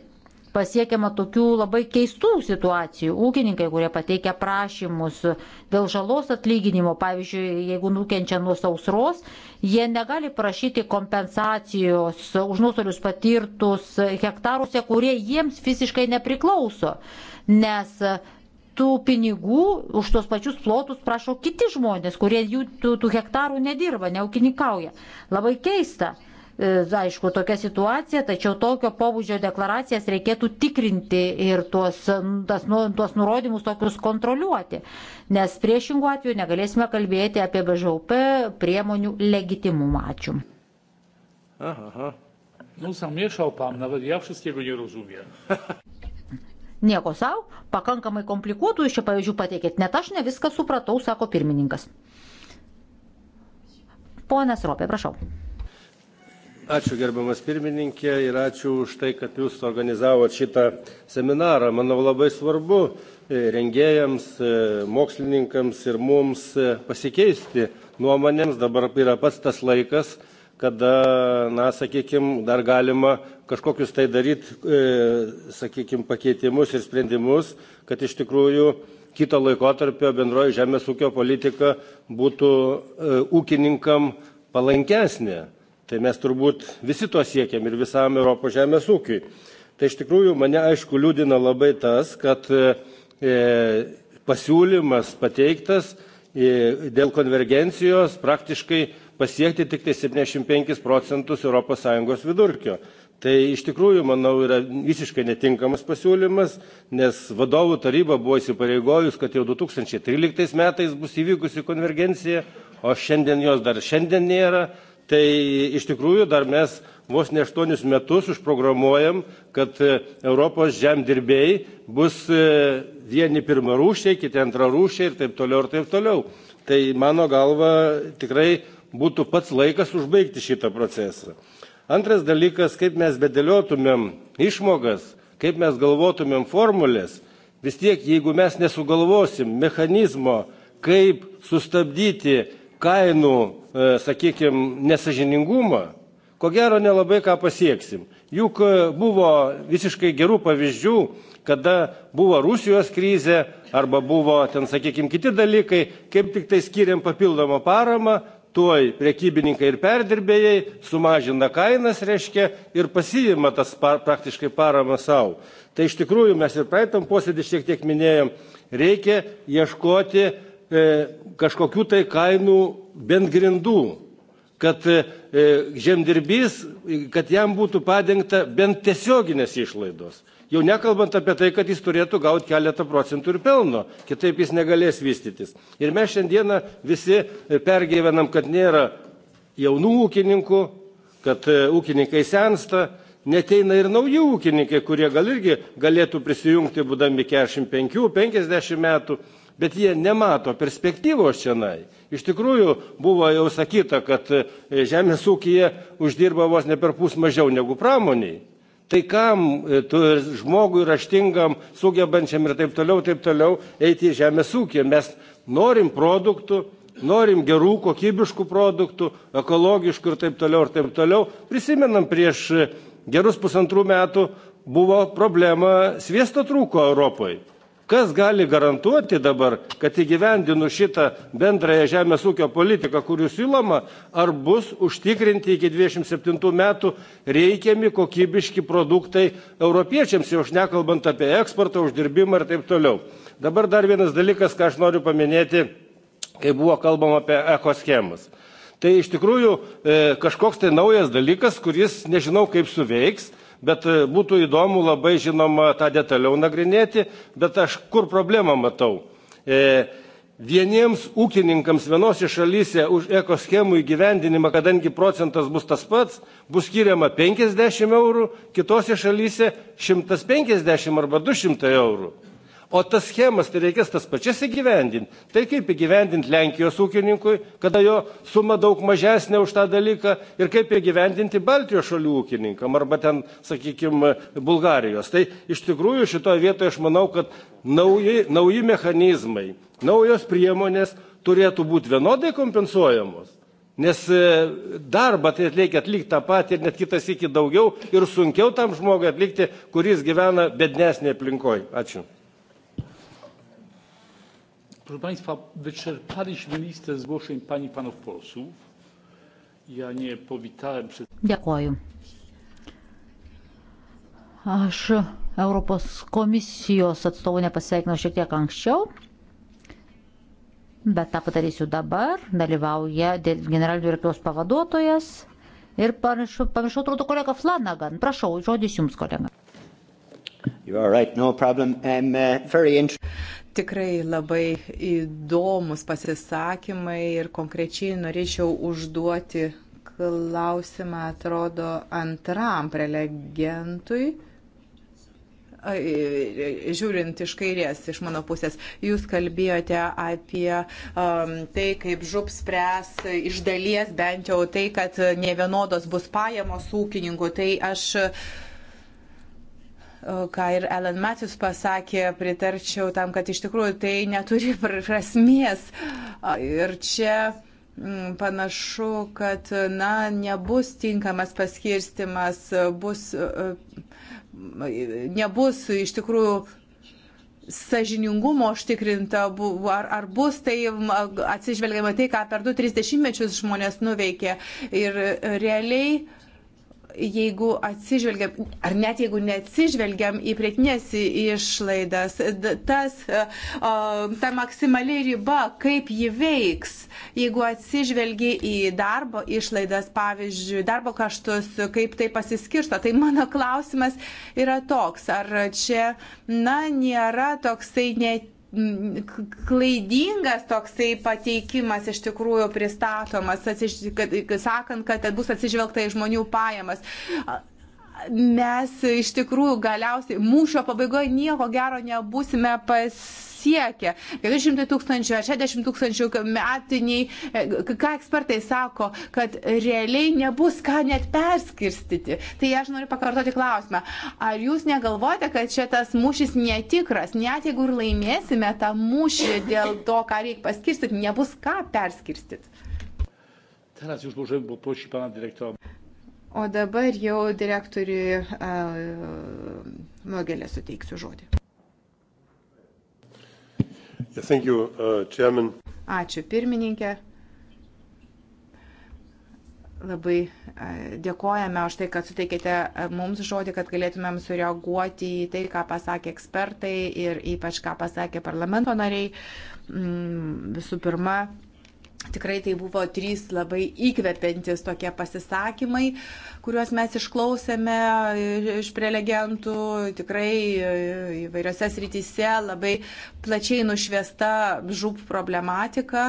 pasiekiama tokių labai keistų situacijų. Ūkininkai, kurie pateikia prašymus dėl žalos atlyginimo, pavyzdžiui, jeigu nukenčia nuo sausros, jie negali prašyti kompensacijos už nuostolius patirtus hektaruose, kurie jiems fiziškai nepriklauso, nes tų pinigų už tos pačius plotus prašo kiti žmonės, kurie jų tų, tų hektarų nedirba, neūkininkauja. Labai keista. E, aišku, tokia situacija, tačiau tokio pobūdžio deklaracijas reikėtų tikrinti ir tuos, tas, nu, tuos nurodymus tokius kontroliuoti, nes priešingų atveju negalėsime kalbėti apie BŽUP priemonių legitimumą. Ačiū. Aha, aha. Nu, zamiešau pam, nawet ja wszystkiego nie rozumiem. [LAUGHS] Nieko savo, pakankamai komplikuotų iš čia pavyzdžių pateikėt, net aš ne viską supratau, sako pirmininkas. Ponas Ropė, prašau. Ačiū gerbiamas pirmininkė ir ačiū už tai, kad jūs organizavote šitą seminarą. Manau labai svarbu e, rengėjams, e, mokslininkams ir mums e, pasikeisti nuomonėms. Dabar yra pats tas laikas, kada, na, sakykime, dar galima kažkokius tai daryti, sakykime, pakeitimus ir sprendimus, kad iš tikrųjų kito laikotarpio bendroji žemės ūkio politika būtų ūkininkam palankesnė. Tai mes turbūt visi to siekiam ir visam Europos žemės ūkiui. Tai iš tikrųjų mane aišku liūdina labai tas, kad e, e, pasiūlymas pateiktas e, dėl konvergencijos praktiškai pasiekti tik tai 75 procentus ES vidurkio. Tai iš tikrųjų, manau, yra visiškai netinkamas pasiūlymas, nes vadovų taryba buvo įsipareigojus, kad jau 2013 metais bus įvykusi konvergencija, o šiandien jos dar šiandien nėra tai iš tikrųjų dar mes vos ne aštuonius metus užprogramuojam kad e, europos žemdirbiai bus e, vieni pirmarūšiai kiti antrarūšiai ir taip toliau ir taip toliau tai mano galva tikrai būtų pats laikas užbaigti šitą procesą antras dalykas kaip mes bedėliotumėm išmokas kaip mes galvotumėm formules vis tiek jeigu mes nesugalvosim mechanizmo kaip sustabdyti kainų, e, sakykime, nesažiningumą, ko gero nelabai ką pasieksim. Juk e, buvo visiškai gerų pavyzdžių, kada buvo Rusijos krizė arba buvo ten, sakykime, kiti dalykai, kaip tik tai skiriam papildomą paramą, tuoj prekybininkai ir perdirbėjai sumažina kainas, reiškia, ir pasiima tas par, praktiškai paramą savo. Tai iš tikrųjų mes ir praeitam posėdį šiek tiek minėjom, reikia ieškoti E, kažkokių tai kainų bent grindų, kad e, e, žemdirbys, kad jam būtų padengta bent tiesioginės išlaidos. Jau nekalbant apie tai, kad jis turėtų gauti keletą procentų ir pelno, kitaip jis negalės vystytis. Ir mes šiandieną visi pergyvenam, kad nėra jaunų ūkininkų, kad ūkininkai sensta, neteina ir nauji ūkininkai, kurie gal irgi galėtų prisijungti būdami 45-50 metų bet jie nemato perspektyvos šiandien. Iš tikrųjų, buvo jau sakyta, kad e, žemės ūkija uždirba vos ne per pus mažiau negu pramoniai. Tai kam e, tu žmogui raštingam, sugebančiam ir taip toliau, taip toliau eiti į žemės ūkį? Mes norim produktų, norim gerų, kokybiškų produktų, ekologiškų ir taip toliau, ir taip toliau. Prisimenam, prieš e, gerus pusantrų metų buvo problema sviesto trūko Europoje. Kas gali garantuoti dabar, kad įgyvendinu šitą bendrąją žemės ūkio politiką, kurių siūloma, ar bus užtikrinti iki 27 metų reikiami kokybiški produktai europiečiams, jau aš nekalbant apie eksportą, uždirbimą ir taip toliau. Dabar dar vienas dalykas, ką aš noriu paminėti, kai buvo kalbama apie ekoschemas. Tai iš tikrųjų e, kažkoks tai naujas dalykas, kuris nežinau kaip suveiks bet e, būtų įdomu labai žinoma tą detaliau nagrinėti, bet aš kur problemą matau. E, vieniems ūkininkams vienose šalyse už ekoschemų įgyvendinimą, kadangi procentas bus tas pats, bus skiriama 50 eurų, kitose šalyse 150 arba 200 eurų. O tas schemas tai reikės tas pačias įgyvendinti. Tai kaip įgyvendinti Lenkijos ūkininkui, kada jo suma daug mažesnė už tą dalyką ir kaip įgyvendinti Baltijos šalių ūkininkam arba ten, sakykime, Bulgarijos. Tai iš tikrųjų šitoje vietoje aš manau, kad nauji, nauji mechanizmai, naujos priemonės turėtų būti vienodai kompensuojamos. Nes e, darbą tai reikia atlikti tą patį ir net kitas iki daugiau ir sunkiau tam žmogui atlikti, kuris gyvena bednesnėje aplinkoje. Ačiū. Proszę Państwa, wyczerpaliśmy listę zgłoszeń pani i panów posłów. Ja nie powitałem przed... Dėkoju. Aš Europos komisijos atstovų nepasveikinau šiek tiek anksčiau, bet tą padarysiu dabar. Dalyvauja generalinio direktoriaus pavaduotojas ir pamiršau, pamiršau atrodo, kolega Flanagan. Prašau, žodis jums, kolega. You're all right, no problem. Um, uh, very interesting tikrai labai įdomus pasisakymai ir konkrečiai norėčiau užduoti klausimą, atrodo, antram prelegentui. Žiūrint iš kairės, iš mano pusės, jūs kalbėjote apie um, tai, kaip žup spręs iš dalies bent jau tai, kad ne vienodos bus pajamos ūkininkų. Tai aš uh, E, ką ir Alan Matthews pasakė, pritarčiau tam, kad iš tikrųjų tai neturi [LAUGHS] prasmės. Ir čia mm, panašu, kad, na, nebus tinkamas paskirstimas, bus, e, e, nebus iš tikrųjų sažiningumo užtikrinta, ar, ar bus tai atsižvelgiama tai, ką per 2-30 mečius žmonės nuveikė. Ir realiai jeigu atsižvelgiam, ar net jeigu neatsižvelgiam į prietinės išlaidas, tas, e, ta maksimali riba, kaip ji veiks, jeigu atsižvelgi į darbo išlaidas, pavyzdžiui, darbo kaštus, kaip tai pasiskirsto, tai mano klausimas yra toks, ar čia, na, nėra toksai net klaidingas toksai pateikimas iš tikrųjų pristatomas, atsiž... kad, sakant, kad bus atsižvelgta į žmonių pajamas mes iš tikrųjų galiausiai mūšio pabaigoje nieko gero nebusime pas siekia. 400 tūkstančių, 60 tūkstančių metiniai. E, ką ekspertai sako, kad realiai nebus ką net perskirstyti. Tai aš noriu pakartoti klausimą. Ar jūs negalvojate, kad šitas mūšis netikras? Net jeigu ir laimėsime tą mūšį dėl to, ką reikia paskirstyti, nebus ką perskirstyti. Teraz już możemy poprosić pana dyrektora. O dabar jau direktoriui uh, e, Mogelė suteiksiu žodį. Thank you, uh, chairman. Ačiū pirmininkė. Labai dėkojame už tai, kad suteikėte mums žodį, kad galėtumėm sureaguoti į tai, ką pasakė ekspertai ir ypač ką pasakė parlamento nariai. Mm, visų pirma, Tikrai tai buvo trys labai įkvepiantis tokie pasisakymai, kuriuos mes išklausėme iš prelegentų. Tikrai e, įvairiose srityse labai plačiai nušviesta žūp problematika,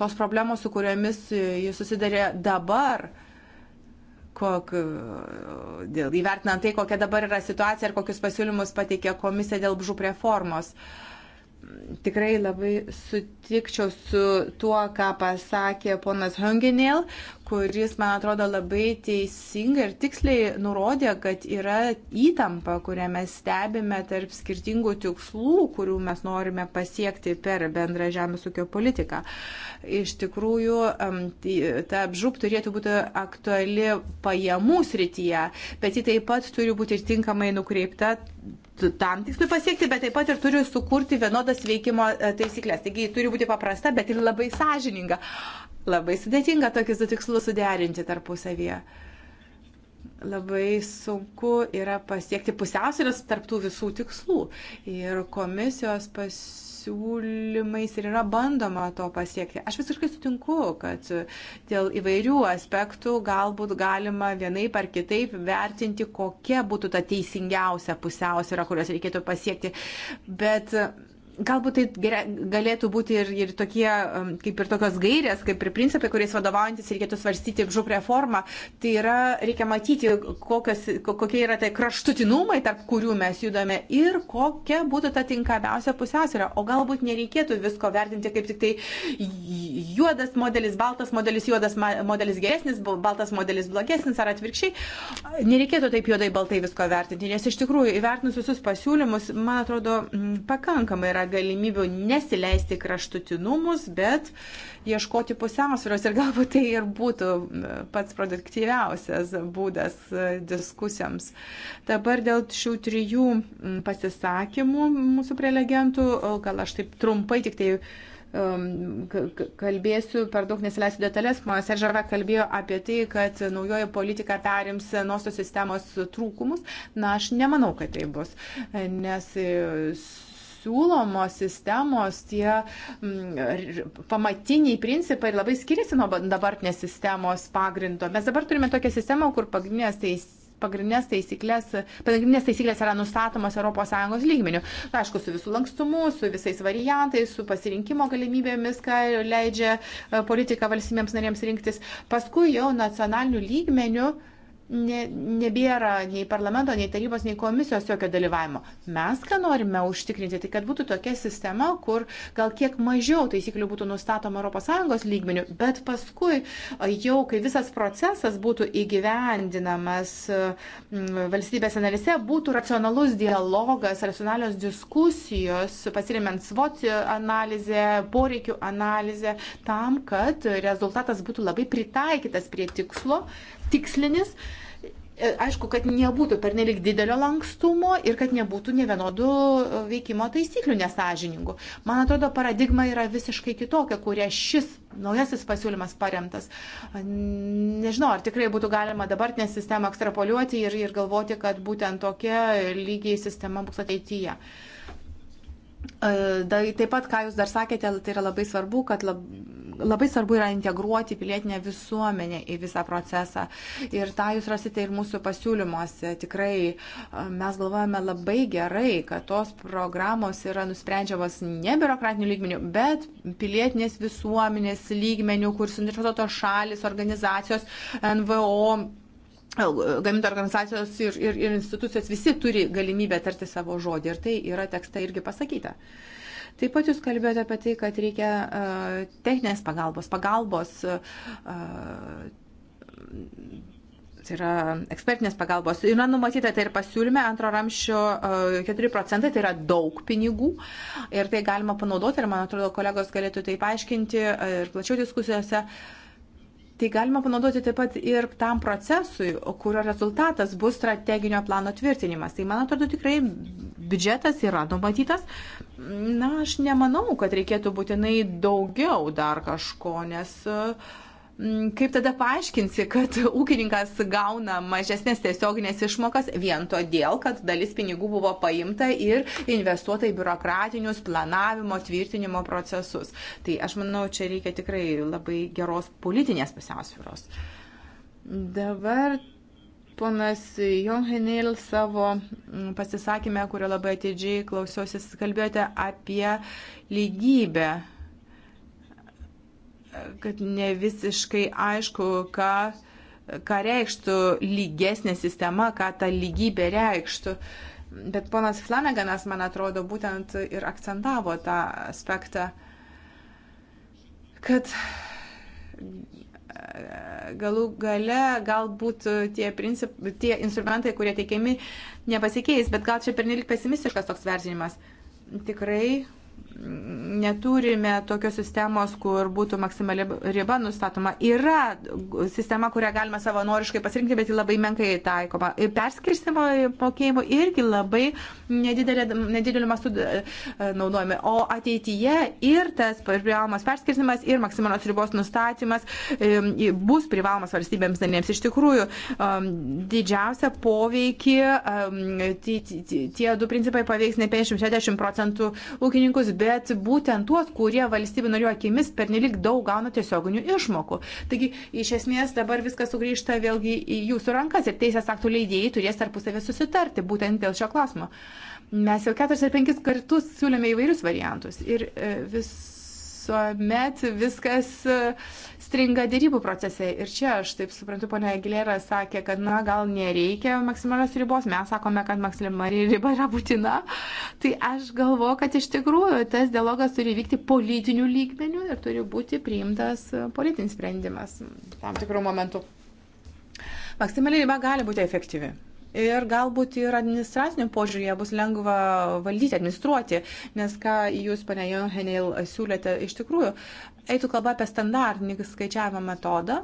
tos problemos, su kuriomis e, jis susidarė dabar. Kok, e, dėl, įvertinant tai, kokia dabar yra situacija ir kokius pasiūlymus pateikė komisija dėl žūp reformos. Uh, tikrai labai sutikčiau su tuo, ką pasakė ponas Hungenėl, kuris, man atrodo, labai teisingai ir tiksliai nurodė, kad yra įtampa, kurią mes stebime tarp skirtingų tikslų, kurių mes norime pasiekti per bendrą žemės ūkio politiką. Iš tikrųjų, tai ta apžūp turėtų būti aktuali pajamų srityje, bet ji taip pat turi būti ir tinkamai nukreipta tam tikslui pasiekti, bet taip pat ir turi sukurti vienodas veikimo e, taisyklės. Taigi turi būti paprasta, bet ir labai sąžininga. Labai sudėtinga tokius du tikslus suderinti tarpusavyje. Labai sunku yra pasiekti pusiausvėros tarptų visų tikslų. Ir komisijos pasiūlymas pasiūlymais ir yra bandoma to pasiekti. Aš visiškai sutinku, kad dėl įvairių aspektų galbūt galima vienaip ar kitaip vertinti, kokia būtų ta teisingiausia pusiausvėra, kurios reikėtų pasiekti. Bet Galbūt tai galėtų būti ir, ir tokie, um, kaip ir tokios gairės, kaip ir principai, kuriais vadovaujantis reikėtų svarstyti žūp reformą. Tai yra, reikia matyti, kokios, kokie yra tai kraštutinumai, tarp kurių mes judame ir kokia būtų ta tinkamiausia pusiausvėra. O galbūt nereikėtų visko vertinti kaip tik tai juodas modelis, baltas modelis, juodas modelis geresnis, baltas modelis blogesnis ar atvirkščiai. Nereikėtų taip juodai baltai visko vertinti, nes iš tikrųjų įvertinus visus pasiūlymus, man atrodo, mm, pakankamai yra galimybių nesileisti kraštutinumus, bet ieškoti pusiausvėros. Ir galbūt tai ir būtų pats produktyviausias būdas e, diskusijoms. Dabar dėl šių trijų pasisakymų mūsų prelegentų, gal aš taip trumpai tik tai um, kalbėsiu, per daug nesileisiu detalės, mano Seržava kalbėjo apie tai, kad naujoji politika perims senosios sistemos trūkumus. Na, aš nemanau, kad tai bus, nes e, siūlomos sistemos, tie m, mm, pamatiniai principai labai skiriasi nuo dabartinės sistemos pagrindo. Mes dabar turime tokią sistemą, kur pagrindinės teisės pagrindinės taisyklės, pagrindinės taisyklės yra nustatomos ES lygmenių. Aišku, su visų lankstumu, su visais variantais, su pasirinkimo galimybėmis, ką leidžia e, politika valstybėms narėms rinktis. Paskui jau nacionalinių lygmenių uh, ne, nebėra nei parlamento, nei tarybos, nei komisijos jokio dalyvavimo. Mes ką norime užtikrinti, tai kad būtų tokia sistema, kur gal kiek mažiau taisyklių būtų nustatoma ES lygmenių, bet paskui jau, kai visas procesas būtų įgyvendinamas valstybės analise, būtų racionalus dialogas, racionalios diskusijos, pasirimant svot analizę, poreikių analizę, tam, kad rezultatas būtų labai pritaikytas prie tikslo tikslinis. E, aišku, kad nebūtų pernelik didelio lankstumo ir kad nebūtų ne vienodų e, veikimo taisyklių nesažiningų. Man atrodo, paradigma yra visiškai kitokia, kuria šis naujasis pasiūlymas paremtas. E, nežinau, ar tikrai būtų galima dabartinę sistemą ekstrapoliuoti ir, ir galvoti, kad būtent tokia lygiai sistema bus ateityje. Uh, Taip pat, ką Jūs dar sakėte, tai yra labai svarbu, kad lab, labai svarbu yra integruoti pilietinę visuomenę į visą procesą. Ir tą Jūs rasite ir mūsų pasiūlymuose. Tikrai mes galvojame labai gerai, kad tos programos yra nusprendžiamas ne biurokratinių lygmenių, bet pilietinės visuomenės lygmenių, kur suinteresuotos šalis, organizacijos, NVO gamintojų organizacijos ir, ir, ir institucijos visi turi galimybę tarti savo žodį ir tai yra tekste irgi pasakyta. Taip pat jūs kalbėjote apie tai, kad reikia uh, techninės pagalbos, pagalbos. Uh, tai yra ekspertinės pagalbos. Yra numatyta tai ir pasiūlyme antro ramščio 4 procentai, tai yra daug pinigų ir tai galima panaudoti ir man atrodo kolegos galėtų tai paaiškinti ir plačiau diskusijose. Uh, tai galima panaudoti taip pat ir tam procesui, kurio rezultatas bus strateginio plano tvirtinimas. Tai man atrodo tikrai biudžetas yra numatytas. Na, aš nemanau, kad reikėtų būtinai daugiau dar kažko, nes uh, Mm, kaip tada paaiškinsi, kad ūkininkas gauna mažesnės tiesioginės išmokas vien todėl, kad dalis pinigų buvo paimta ir investuota į biurokratinius planavimo, tvirtinimo procesus. Tai aš manau, čia reikia tikrai labai geros politinės pusiausvyros. Dabar ponas Jonhenil savo mm, pasisakymę, kurio labai atidžiai klausiausi, kalbėjote apie lygybę kad ne visiškai aišku, ką, ką reikštų lygesnė sistema, ką ta lygybė reikštų. Bet ponas Flanaganas, man atrodo, būtent ir akcentavo tą aspektą, kad e, galų gale galbūt tie, princip, tie instrumentai, kurie teikiami, nepasikeis, bet gal čia pernelik pesimistiškas toks vertinimas. Tikrai neturime tokios sistemos, kur būtų maksimali riba nustatoma. Yra sistema, kurią galima savanoriškai pasirinkti, bet ji labai menkai taikoma. Ir perskirstimo mokėjimų irgi labai nedideliu mastu e, e, naudojami. O ateityje ir tas privalomas perskirstimas, ir maksimalios ribos nustatymas e, bus privalomas valstybėms narėms. Iš tikrųjų, didžiausia poveikį tie du principai paveiks ne 50-60 procentų ūkininkus, bet bet būtent tuos, kurie valstybių narių akimis pernelik daug gauna tiesioginių išmokų. Taigi, iš esmės dabar viskas sugrįžta vėlgi į jūsų rankas ir teisės aktų leidėjai turės tarpusavį susitarti būtent dėl šio klausimo. Mes jau keturis ar penkis kartus siūlėme įvairius variantus ir e, vis visuomet viskas e, stringa dėrybų procese. Ir čia aš taip suprantu, ponia Gilėra sakė, kad na gal nereikia maksimalios ribos, mes sakome, kad maksimali riba yra būtina. Tai aš galvoju, kad iš tikrųjų tas dialogas turi vykti politinių lygmenių ir turi būti priimtas e, politinis sprendimas tam tikrų momentų. Maksimaliai riba gali būti efektyvi ir galbūt ir administracinių požiūrį ją bus lengva valdyti, administruoti, nes ką jūs, pane Johenil, siūlėte iš tikrųjų, eitų kalba apie standartinį skaičiavimo metodą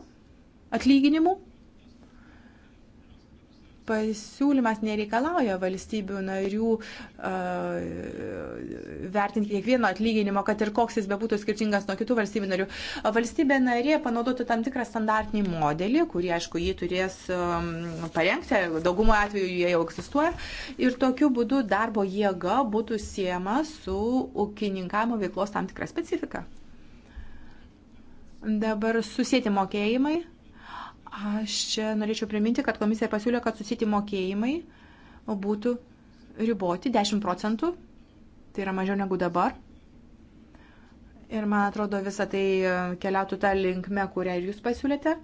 atlyginimų pasiūlymas nereikalauja valstybių narių uh, vertinti kiekvieno atlyginimo, kad ir koks jis bebūtų skirtingas nuo kitų valstybių narių. Valstybė narė panaudotų tam tikrą standartinį modelį, kurį, aišku, jį turės um, parengti, daugumo atveju jie jau egzistuoja, ir tokiu būdu darbo jėga būtų siema su ūkininkavimo veiklos tam tikra specifika. Dabar susėti mokėjimai Aš čia norėčiau priminti, kad komisija pasiūlė, kad susiti mokėjimai būtų riboti 10 procentų, tai yra mažiau negu dabar. Ir man atrodo, visa tai e, keliautų tą linkmę, kurią ir jūs pasiūlėte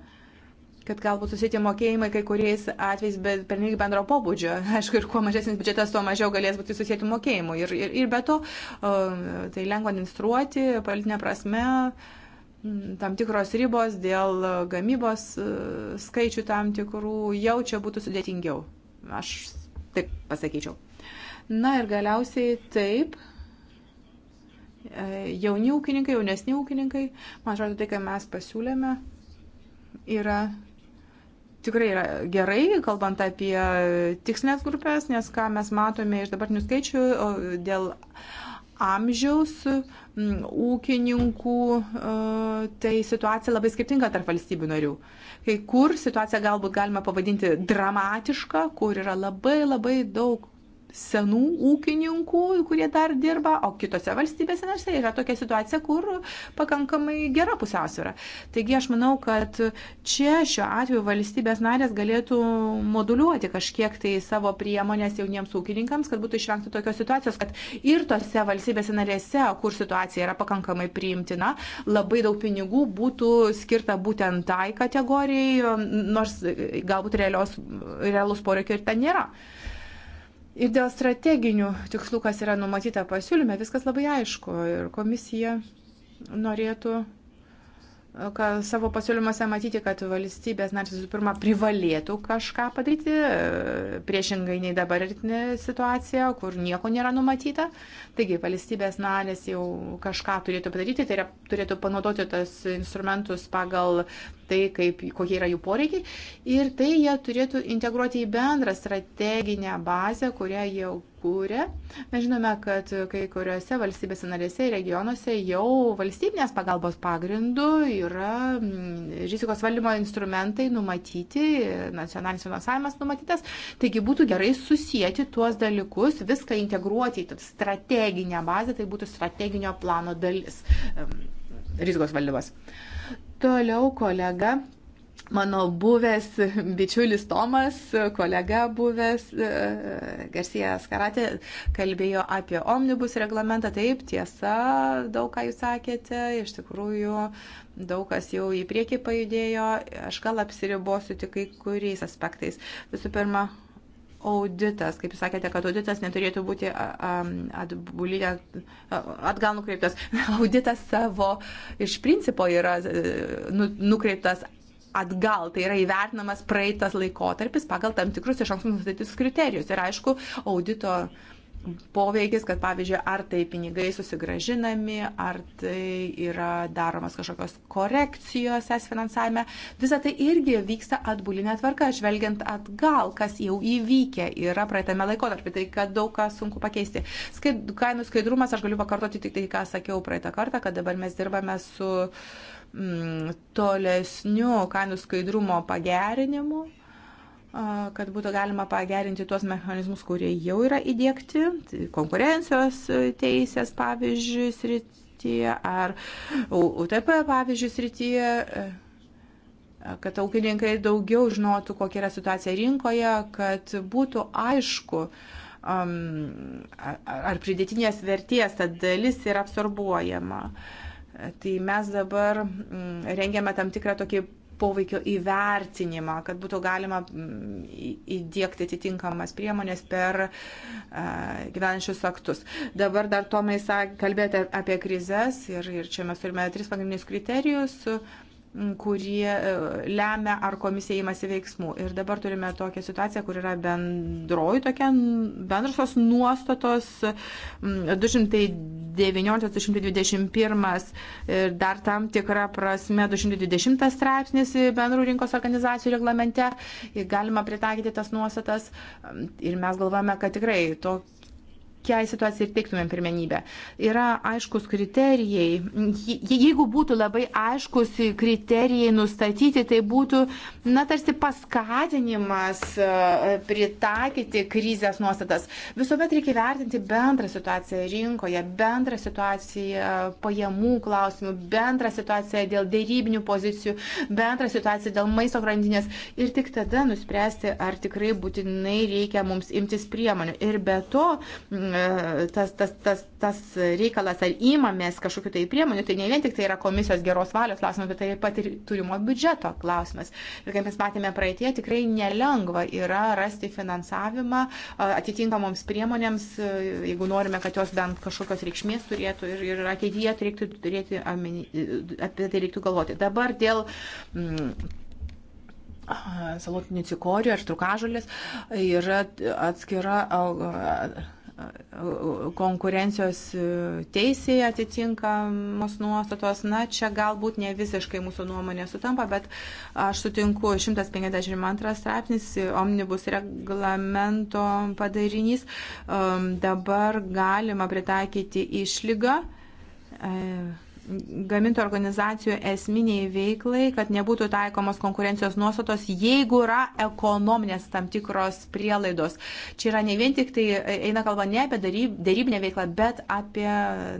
kad galbūt susitė mokėjimai kai kuriais atvejais bet pernelyg bendro pobūdžio. [LAUGHS] Aišku, ir kuo mažesnis biudžetas, tuo mažiau galės būti susijęti mokėjimų. Ir, ir, ir be to, e, tai lengva administruoti, politinė prasme, uh, tam tikros ribos dėl gamybos e, skaičių tam tikrų, jau čia būtų sudėtingiau. Aš taip pasakyčiau. Na ir galiausiai taip, e, jauni ūkininkai, jaunesni ūkininkai, man atrodo, tai, ką mes pasiūlėme, yra tikrai yra gerai, kalbant apie tikslinės grupės, nes ką mes matome iš dabartinių skaičių dėl amžiaus, ūkininkų, tai situacija labai skirtinga tarp valstybių narių. Kai kur situaciją galbūt galima pavadinti dramatišką, kur yra labai labai daug senų ūkininkų, kurie dar dirba, o kitose valstybėse narse yra tokia situacija, kur pakankamai gera pusiausvėra. Taigi aš manau, kad čia šiuo atveju valstybės narės galėtų moduliuoti kažkiek tai savo priemonės jauniems ūkininkams, kad būtų išvengta tokios situacijos, kad ir tose valstybėse narėse, kur situacija yra pakankamai priimtina, labai daug pinigų būtų skirta būtent tai kategorijai, nors galbūt realios, realus poreikio ir ten nėra. Ir dėl strateginių tikslų, kas yra numatyta pasiūlyme, viskas labai aišku. Ir komisija norėtų e, savo pasiūlymuose matyti, kad valstybės narės visų pirma privalėtų kažką padaryti, e, priešingai nei dabartinė situacija, kur nieko nėra numatyta. Taigi valstybės narės jau kažką turėtų padaryti, tai yra, turėtų panaudoti tas instrumentus pagal tai, kaip, kokie yra jų poreikiai. Ir tai jie turėtų integruoti į bendrą strateginę bazę, kurią jie kūrė. Mes žinome, kad kai kuriuose valstybėse narėse ir regionuose jau valstybinės pagalbos pagrindų yra mm, rizikos valdymo instrumentai numatyti, nacionalinis finansavimas numatytas. Taigi būtų gerai susijęti tuos dalykus, viską integruoti į strateginę bazę, tai būtų strateginio plano dalis rizikos valdymas. Uh, Toliau kolega mano buvęs bičiulis Tomas, kolega buvęs e, Garcija Skaratė, kalbėjo apie omnibus reglamentą. Taip, tiesa, daug ką jūs sakėte, iš tikrųjų daug kas jau į priekį pajudėjo. Aš gal apsiribosiu tik kai kuriais aspektais. Visų pirma, auditas, kaip jūs sakėte, kad auditas neturėtų būti atbulinė, atgal nukreiptas. [LAUGHS] Auditas savo iš principo yra e, nu, nukreiptas atgal, tai yra įvertinamas praeitas laikotarpis pagal tam tikrus iš anksto nustatytus kriterijus. Ir aišku, audito uh, poveikis, kad pavyzdžiui, ar tai pinigai susigražinami, ar tai yra daromas kažkokios korekcijos es finansavime. Visa tai irgi vyksta atbulinė tvarka, žvelgiant atgal, kas jau įvykę yra praeitame laikotarpį, tai kad daug ką sunku pakeisti. Skaid, kainų skaidrumas, aš galiu pakartoti tik tai, ką sakiau praeitą kartą, kad dabar mes dirbame su mm, tolesniu kainų skaidrumo pagerinimu kad būtų galima pagerinti tuos mechanizmus, kurie jau yra įdėkti, tai konkurencijos e, teisės pavyzdžiui srityje ar UTP pavyzdžiui srityje e, kad ūkininkai daugiau žinotų, kokia yra situacija rinkoje, kad būtų aišku, um, ar pridėtinės vertės ta dalis yra absorbuojama. E, tai mes dabar rengiame tam tikrą tokį poveikio įvertinimą, kad būtų galima mm, įdėkti atitinkamas priemonės per e, gyvenančius aktus. Dabar dar Tomai kalbėjote apie krizės ir, ir čia mes turime tris pagrindinius kriterijus. Uh, kurie e, lemia, ar komisija įmasi veiksmų. Ir dabar turime tokią situaciją, kur yra bendroji tokia, bendrosios nuostatos 219-221 ir e, dar tam tikra prasme 220 straipsnis bendrų rinkos organizacijų reglamente. Ir galima pritaikyti tas nuostatas e, ir mes galvojame, kad tikrai tokia kokiai situacijai ir teiktumėm pirmenybę. Yra aiškus kriterijai. Jeigu būtų labai aiškus kriterijai nustatyti, tai būtų, na, tarsi paskatinimas e, pritaikyti krizės nuostatas. Visuomet reikia vertinti bendrą situaciją rinkoje, bendrą situaciją pajamų klausimų, bendrą situaciją dėl dėrybinių pozicijų, bendrą situaciją dėl maisto grandinės ir tik tada nuspręsti, ar tikrai būtinai reikia mums imtis priemonių. Ir be to, E, tas, tas, tas, tas reikalas, ar įmamės kažkokiu tai priemonių, tai ne vien tik tai yra komisijos geros valios klausimas, bet taip pat ir turimo biudžeto klausimas. Ir kaip mes matėme praeitie, tikrai nelengva yra rasti finansavimą e, atitinkamoms priemonėms, e, jeigu norime, kad jos bent kažkokios reikšmės turėtų ir, ir ateityje reiktų turėti, apie tai reiktų galvoti. Dabar dėl. Mm, salotinių cikorių ar trukažolės yra atskira konkurencijos teisėje atitinkamos nuostatos. Na, čia galbūt ne visiškai mūsų nuomonė sutampa, bet aš sutinku, 152 straipsnis omnibus reglamento padarinys. Dabar galima pritaikyti išlygą. E, gamintojų organizacijų esminiai veiklai, kad nebūtų taikomos konkurencijos nuostatos, jeigu yra ekonominės tam tikros prielaidos. Čia yra ne vien tik tai e, eina kalba ne apie darybinę veiklą, bet apie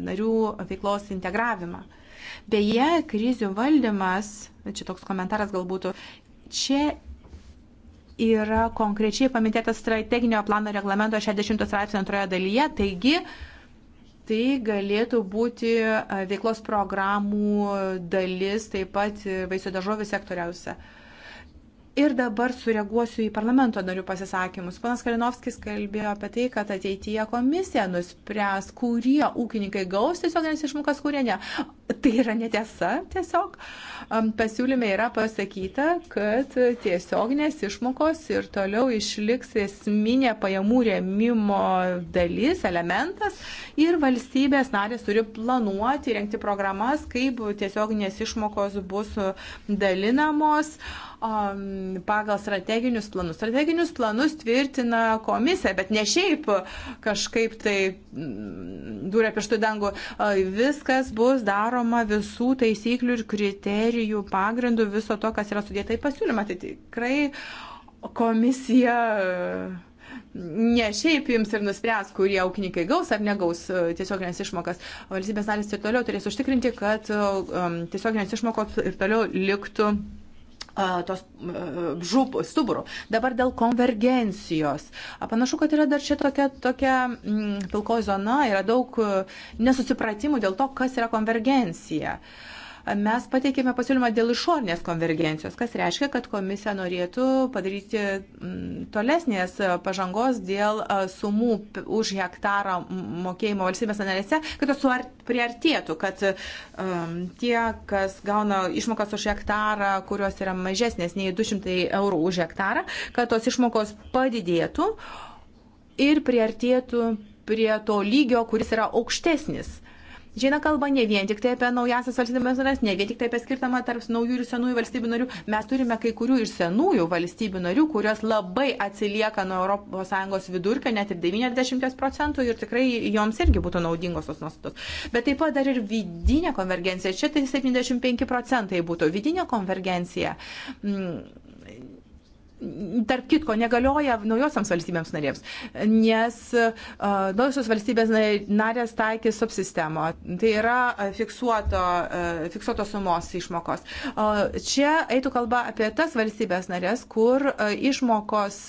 narių veiklos integravimą. Beje, krizių valdymas, čia toks komentaras galbūt, čia yra konkrečiai paminėtas strateginio plano reglamento 60 straipsnio antroje dalyje, taigi tai galėtų būti e, veiklos programų dalis taip pat e, vaisių daržovių sektoriausia. Ir dabar sureaguosiu į parlamento narių pasisakymus. Panas Kalinovskis kalbėjo apie tai, kad ateityje komisija nuspręs, kurie ūkininkai gaus tiesioginės išmokas, kurie ne. Tai yra netiesa tiesiog. Pasiūlyme yra pasakyta, kad tiesioginės išmokos ir toliau išliks esminė pajamų rėmimo dalis, elementas ir valstybės narės turi planuoti, renkti programas, kaip tiesioginės išmokos bus dalinamos. Uh, pagal strateginius planus. Strateginius planus tvirtina komisija, bet ne šiaip kažkaip tai mm, dūrė pirštų dangų. Viskas bus daroma visų taisyklių ir kriterijų pagrindų viso to, kas yra sudėta į pasiūlymą. Tai tikrai komisija ne šiaip jums ir nuspręs, kurie ūkininkai gaus ar negaus tiesioginės išmokas. Valstybės narės ir toliau turės užtikrinti, kad tiesioginės išmokos ir toliau liktų tos žūp, stuburų. Dabar dėl konvergencijos. Panašu, kad yra dar čia tokia, tokia mm, pilkoji zona, yra daug nesusipratimų dėl to, kas yra konvergencija. Uh, Mes pateikėme pasiūlymą dėl išornės konvergencijos, kas reiškia, kad komisija norėtų padaryti mm, tolesnės pažangos dėl sumų už hektarą mokėjimo valstybės narėse, kad jos priartėtų, kad um, tie, kas gauna išmokas už hektarą, kurios yra mažesnės nei 200 eurų už hektarą, kad tos išmokos padidėtų ir priartėtų prie to lygio, kuris yra aukštesnis Žina kalba ne vien tik tai apie naujasias valstybės narės, ne vien tik tai apie skirtumą tarp naujų ir senųjų valstybių narių. Mes turime kai kurių ir senųjų valstybių narių, kurios labai atsilieka nuo ES vidurkio, net ir 90 procentų ir tikrai joms irgi būtų naudingos tos nuostatos. Bet taip pat dar ir vidinė konvergencija, čia tai 75 procentai būtų vidinė konvergencija. Mm tarp kitko, negalioja naujosiams valstybėms narėms, nes uh, naujosios valstybės narės taikys subsistemo. Tai yra fiksuoto, uh, fiksuotos sumos išmokos. Uh, čia eitų kalba apie tas valstybės narės, kur uh, išmokos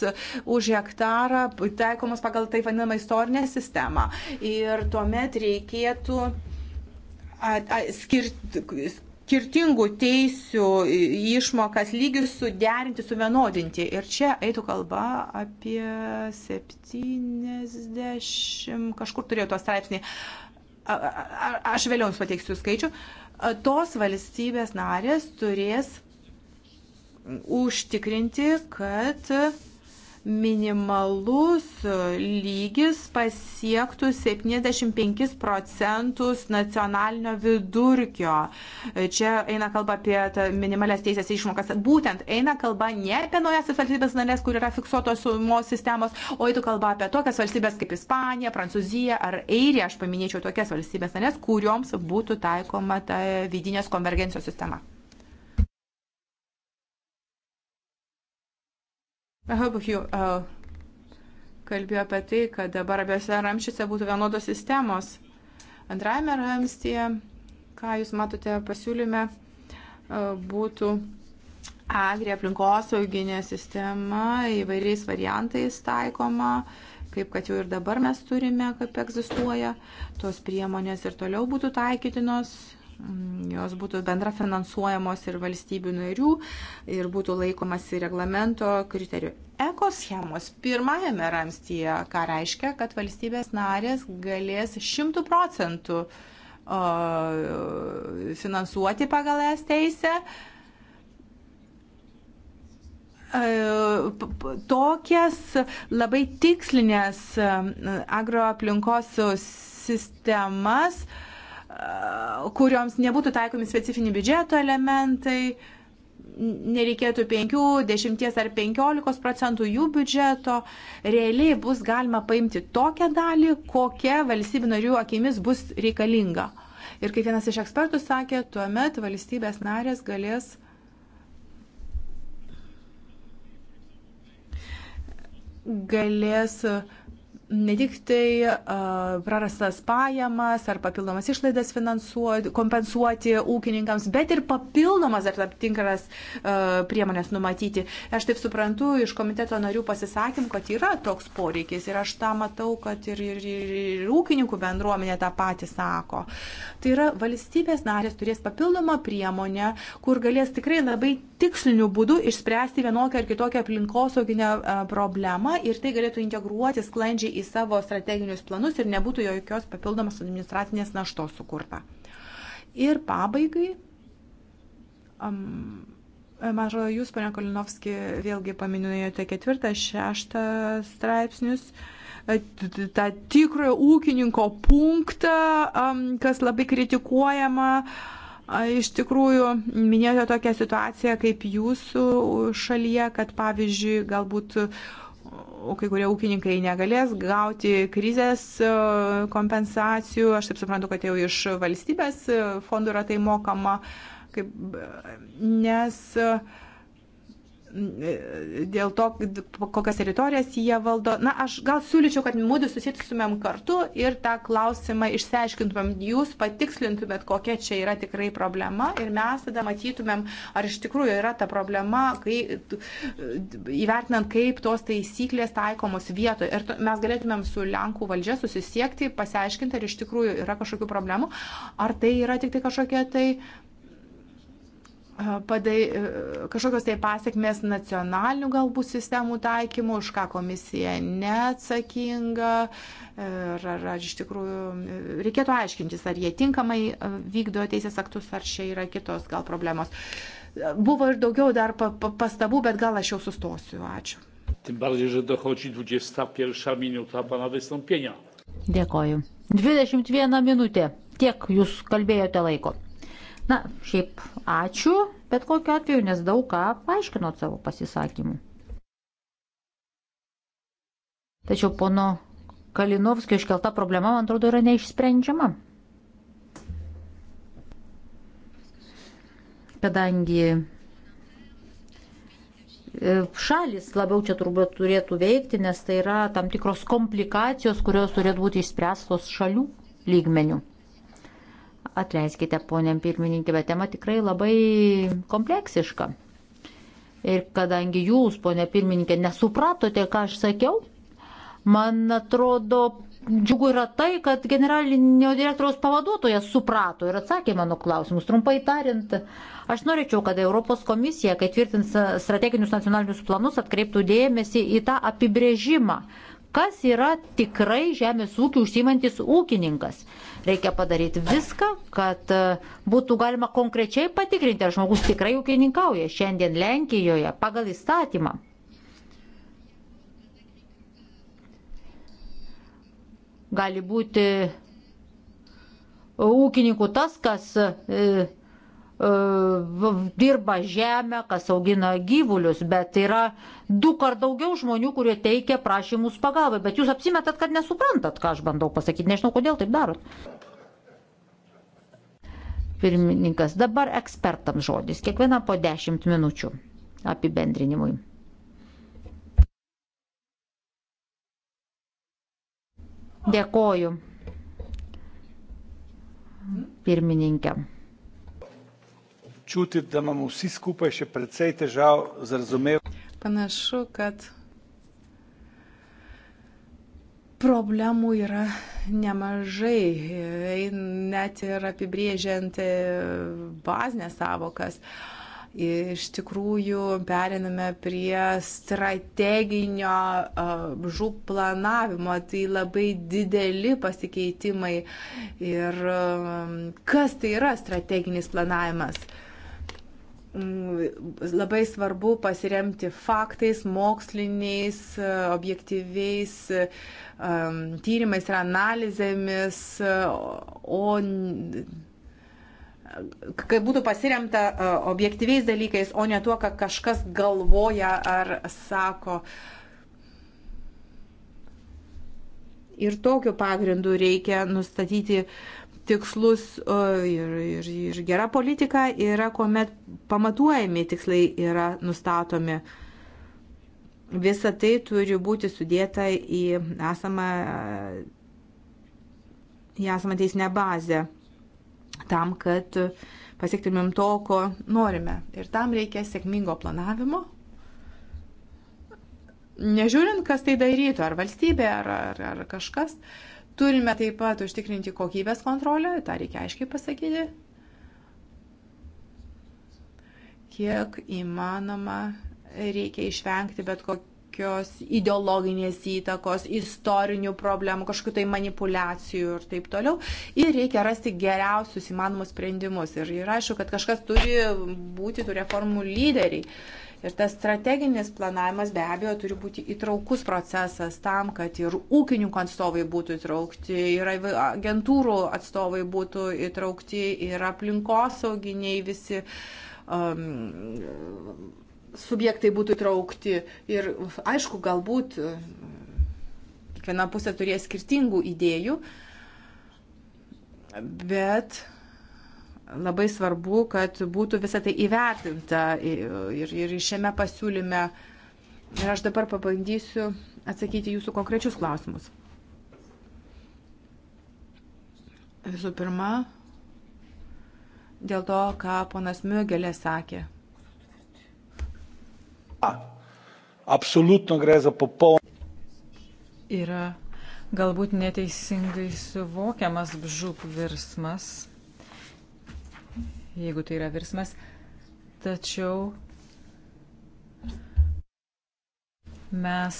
už hektarą taikomos pagal tai vadinamą istorinę sistemą. Ir tuomet reikėtų skirti skirtingų teisių išmokas lygius suderinti, suvienodinti. Ir čia eitų kalba apie 70, kažkur turėjau to straipsnį, a, a, aš vėliau jums pateiksiu skaičių, a, tos valstybės narės turės užtikrinti, kad minimalus lygis pasiektų 75 procentus nacionalinio vidurkio. Čia eina kalba apie minimalias teisės išmokas. Būtent eina kalba ne apie naujasis valstybės narės, kur yra fiksuotos sumos sistemos, o eitų kalba apie tokias valstybės kaip Ispanija, Prancūzija ar Airija. Aš paminėčiau tokias valstybės narės, kurioms būtų taikoma ta vidinės konvergencijos sistema. Helbuhiu kalbėjo apie tai, kad dabar abiejose ramščiuose būtų vienodos sistemos. Antrajame ramstyje, ką jūs matote pasiūlyme, būtų agri aplinkosauginė sistema įvairiais variantais taikoma, kaip kad jau ir dabar mes turime, kaip egzistuoja. Tos priemonės ir toliau būtų taikytinos Mm, jos būtų bendra finansuojamos ir valstybių narių ir būtų laikomasi reglamento kriterijų. Ekoschemos pirmajame ramstyje, ką reiškia, kad valstybės narės galės šimtų procentų finansuoti pagal es teisę e, tokias labai tikslinės e, agroaplinkos sistemas, uh, kurioms nebūtų taikomi specifiniai biudžeto elementai, nereikėtų 5, 10 ar 15 procentų jų biudžeto, realiai bus galima paimti tokią dalį, kokia valstybių narių akimis bus reikalinga. Ir kaip vienas iš ekspertų sakė, tuomet valstybės narės galės galės uh, ne tik tai prarastas pajamas ar papildomas išlaidas finansuoti, kompensuoti ūkininkams, bet ir papildomas ar tam tikras priemonės numatyti. Aš taip suprantu iš komiteto narių pasisakym, kad yra toks poreikis ir aš tą matau, kad ir, ir, ir, ir ūkininkų bendruomenė tą patį sako. Tai yra valstybės narės turės papildomą priemonę, kur galės tikrai labai tiksliniu būdu išspręsti vienokią ar kitokią aplinkosauginę problemą ir tai galėtų integruoti sklandžiai į į savo strateginius planus ir nebūtų jokios papildomos administracinės naštos sukurta. Ir pabaigai, um, mažo jūs, ponia Kalinovski, vėlgi paminėjote ketvirtą, šeštą straipsnius e, tą tikrojo ūkininko punktą, kas labai kritikuojama. Iš tikrųjų, minėjote tokią situaciją kaip jūsų šalyje, kad pavyzdžiui, galbūt kai kurie ūkininkai negalės gauti krizės e, kompensacijų. Aš taip suprantu, kad jau iš valstybės e, fondų yra tai mokama, kaip, e, nes uh, dėl to, kokias teritorijas jie valdo. Na, aš gal siūlyčiau, kad mūdį susitiksumėm kartu ir tą klausimą išsiaiškintumėm, jūs patikslintumėt, kokia čia yra tikrai problema ir mes tada matytumėm, ar iš tikrųjų yra ta problema, kai, įvertinant, kaip tos taisyklės taikomos vietoje. Ir to, mes galėtumėm su Lenkų valdžia susisiekti, pasiaiškinti, ar iš tikrųjų yra kažkokių problemų, ar tai yra tik tai kažkokie tai padai, kažkokios tai pasiekmes nacionalinių galbūt sistemų taikymų, už ką komisija neatsakinga, ar, ar, ar iš tikrųjų reikėtų aiškintis, ar jie tinkamai e, vykdo teisės aktus, ar čia yra kitos gal problemos. Buvo ir daugiau dar pa, pa, pastabų, bet gal aš jau sustosiu. Ačiū. Tym bardziej, że dochodzi 21 minuta pana wystąpienia. Dėkoju. 21 minutė. Tiek jūs kalbėjote laiko. Na, šiaip ačiū, bet kokiu atveju, nes daug ką paaiškinot savo pasisakymu. Tačiau pono Kalinovskio iškelta problema, man atrodo, yra neišsprendžiama. Kadangi e, šalis labiau čia turbūt turėtų veikti, nes tai yra tam tikros komplikacijos, kurios turėtų būti išspręstos šalių lygmenių. Atleiskite, ponėm pirmininkė, bet tema tikrai labai kompleksiška. Ir kadangi jūs, ponė pirmininkė, nesupratote, ką aš sakiau, man atrodo, džiugu yra tai, kad generalinio direktoriaus pavaduotojas suprato ir atsakė mano klausimus. Trumpai tariant, aš norėčiau, kad Europos komisija, kai tvirtins strateginius nacionalinius planus, atkreiptų dėmesį į tą apibrėžimą kas yra tikrai žemės ūkių užsimantis ūkininkas. Reikia padaryti viską, kad e, būtų galima konkrečiai patikrinti, ar žmogus tikrai ūkininkauja šiandien Lenkijoje pagal įstatymą. Gali būti ūkininkų tas, kas e, dirba žemę, kas augina gyvulius, bet yra du kart daugiau žmonių, kurie teikia prašymus pagalbai, bet jūs apsimetat, kad nesuprantat, ką aš bandau pasakyti, nežinau, kodėl taip darot. Pirmininkas, dabar ekspertams žodis, kiekviena po 10 minučių apibendrinimui. Dėkoju. Pirmininkė čuti, da imamo vsi skupaj še precej težav z razumevanjem. Panašu, kad problemų yra nemažai, e, net ir apibrėžiant e, bazinės savokas. Iš tikrųjų, periname prie strateginio e, žūp planavimo, tai labai dideli pasikeitimai. Ir kas tai yra strateginis planavimas? Mm, labai svarbu pasiremti faktais, moksliniais, objektyviais um, tyrimais ir analizėmis, o kad būtų pasiremta uh, objektyviais dalykais, o ne tuo, ką kažkas galvoja ar sako. Ir tokiu pagrindu reikia nustatyti uh, tikslus ir, ir, ir gera politika yra, kuomet pamatuojami tikslai yra nustatomi. Visa tai turi būti sudėta į esamą, į esamą teisinę bazę tam, kad pasiektumėm to, ko norime. Ir tam reikia sėkmingo planavimo, nežiūrint, kas tai darytų, ar valstybė, ar, ar, ar kažkas. Uh, Turime taip pat užtikrinti kokybės kontrolę, tą reikia aiškiai pasakyti, kiek įmanoma reikia išvengti bet kokios ideologinės įtakos, istorinių problemų, kažkokių tai manipulacijų ir taip toliau. Ir reikia rasti geriausius įmanomus sprendimus. Ir, ir aišku, kad kažkas turi būti tų reformų lyderiai. Uh, Ir tas strateginis planavimas be abejo turi būti įtraukus procesas tam, kad ir ūkininkų atstovai būtų įtraukti, ir agentūrų atstovai būtų įtraukti, ir aplinkosauginiai visi. Um, subjektai būtų įtraukti ir aišku, galbūt kiekviena pusė turės skirtingų idėjų, bet Labai svarbu, kad būtų visą tai įvertinta ir, ir šiame pasiūlyme. Ir aš dabar pabandysiu atsakyti jūsų konkrečius klausimus. Visų pirma, dėl to, ką ponas Miugelė sakė. A, absoliutno gre za popoln. Yra galbūt neteisingai suvokiamas bžūp virsmas jeigu tai yra virsmas. Tačiau mes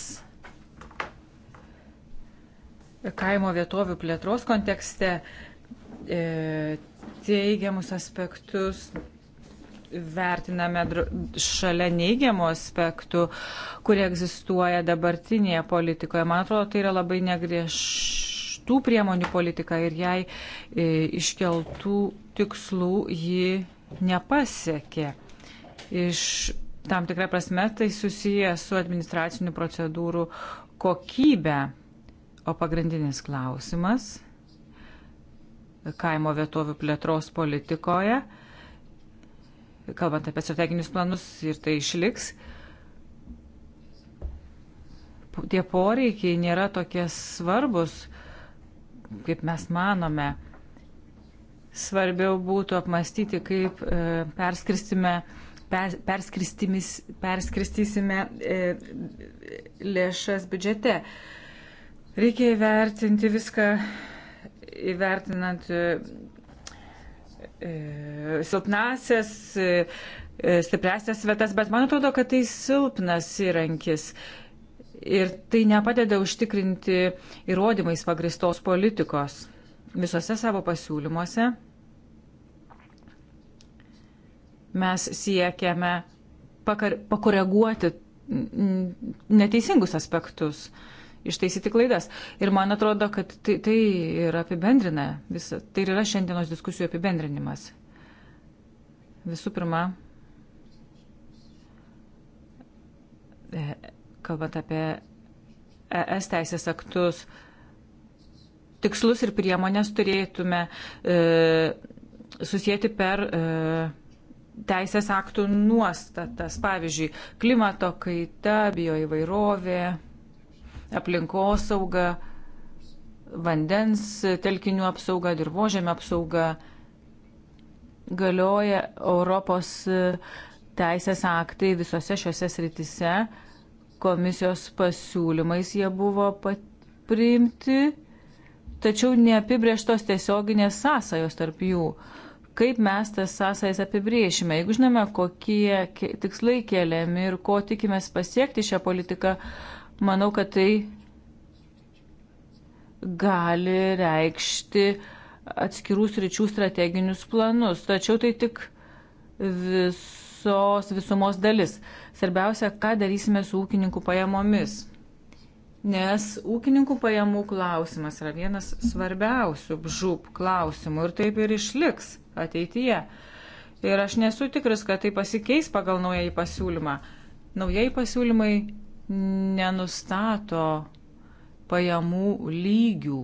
kaimo vietovių plėtros kontekste e, teigiamus aspektus vertiname šalia neigiamų aspektų, kurie egzistuoja dabartinėje politikoje. Man atrodo, tai yra labai negrieš kitų priemonių politiką ir jai e, iškeltų tikslų ji nepasiekė. Iš tam tikrą prasme tai susiję su administracinių procedūrų kokybė. O pagrindinis klausimas kaimo vietovių plėtros politikoje, kalbant apie strateginius planus ir tai išliks, tie poreikiai nėra tokie svarbus kaip mes manome, svarbiau būtų apmastyti, kaip e, perskristime, per, perskristysime e, lėšas biudžete. Reikia įvertinti viską, įvertinant e, e silpnasias, e, e, stipresias vietas, bet man atrodo, kad tai silpnas įrankis. E, Ir tai nepadeda užtikrinti įrodymais pagristos politikos. Visose savo pasiūlymuose mes siekiame pakar, pakoreguoti neteisingus aspektus, ištaisyti klaidas. Ir man atrodo, kad tai, tai ir apibendrina visą, tai ir yra šiandienos diskusijų apibendrinimas. Visų pirma, e, kalbant apie ES teisės aktus, tikslus ir priemonės turėtume e, susijęti per e, teisės aktų nuostatas, pavyzdžiui, klimato kaita, bioįvairovė, aplinkosauga, vandens telkinių apsauga, dirbožėmio apsauga galioja Europos e, teisės aktai visose šiuose sritise komisijos pasiūlymais jie buvo priimti, tačiau neapibrieštos tiesioginės sąsajos tarp jų. Kaip mes tas sąsajas apibriešime? Jeigu žinome, kokie tikslai keliami ir ko tikimės pasiekti šią politiką, manau, kad tai gali reikšti atskirų sričių strateginius planus. Tačiau tai tik visos visumos dalis. Svarbiausia, ką darysime su ūkininkų pajamomis. Nes ūkininkų pajamų klausimas yra vienas svarbiausių žūp klausimų ir taip ir išliks ateityje. Ir aš nesu tikras, kad tai pasikeis pagal naująjį pasiūlymą. Naujai pasiūlymai nenustato pajamų lygių.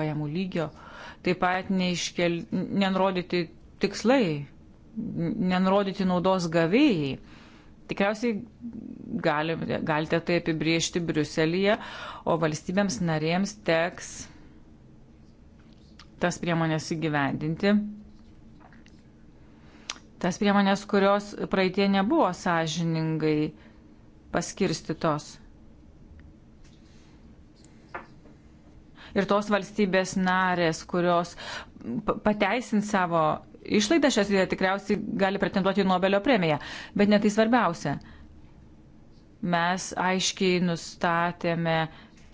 Pajamų lygio. Taip pat neiškel... nenurodyti tikslai, nenurodyti naudos gavėjai. Tikriausiai gali, galite tai apibriežti Briuselėje, o valstybėms narėms teks tas priemonės įgyvendinti. Tas priemonės, kurios praeitie nebuvo sąžiningai paskirstytos. Ir tos valstybės narės, kurios pateisint savo išlaidas šias idėjas tikriausiai gali pretenduoti į Nobelio premiją. Bet netai svarbiausia. Mes aiškiai nustatėme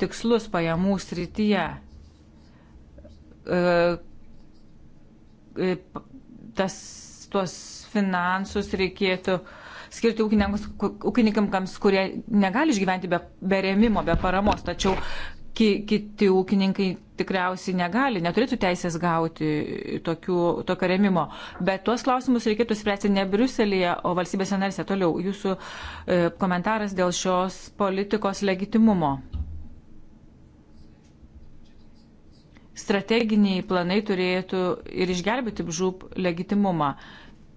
tikslus pajamų srityje. E, e, tas, tuos finansus reikėtų skirti ūkininkams, kurie negali išgyventi be, be remimo, be paramos, tačiau ki, kiti ūkininkai tikriausiai negali, neturėtų teisės gauti tokių, tokio remimo. Bet tuos klausimus reikėtų spręsti ne Briuselėje, o valstybėse narse. Toliau, jūsų e, komentaras dėl šios politikos legitimumo. Strateginiai planai turėtų ir išgelbėti žūp legitimumą.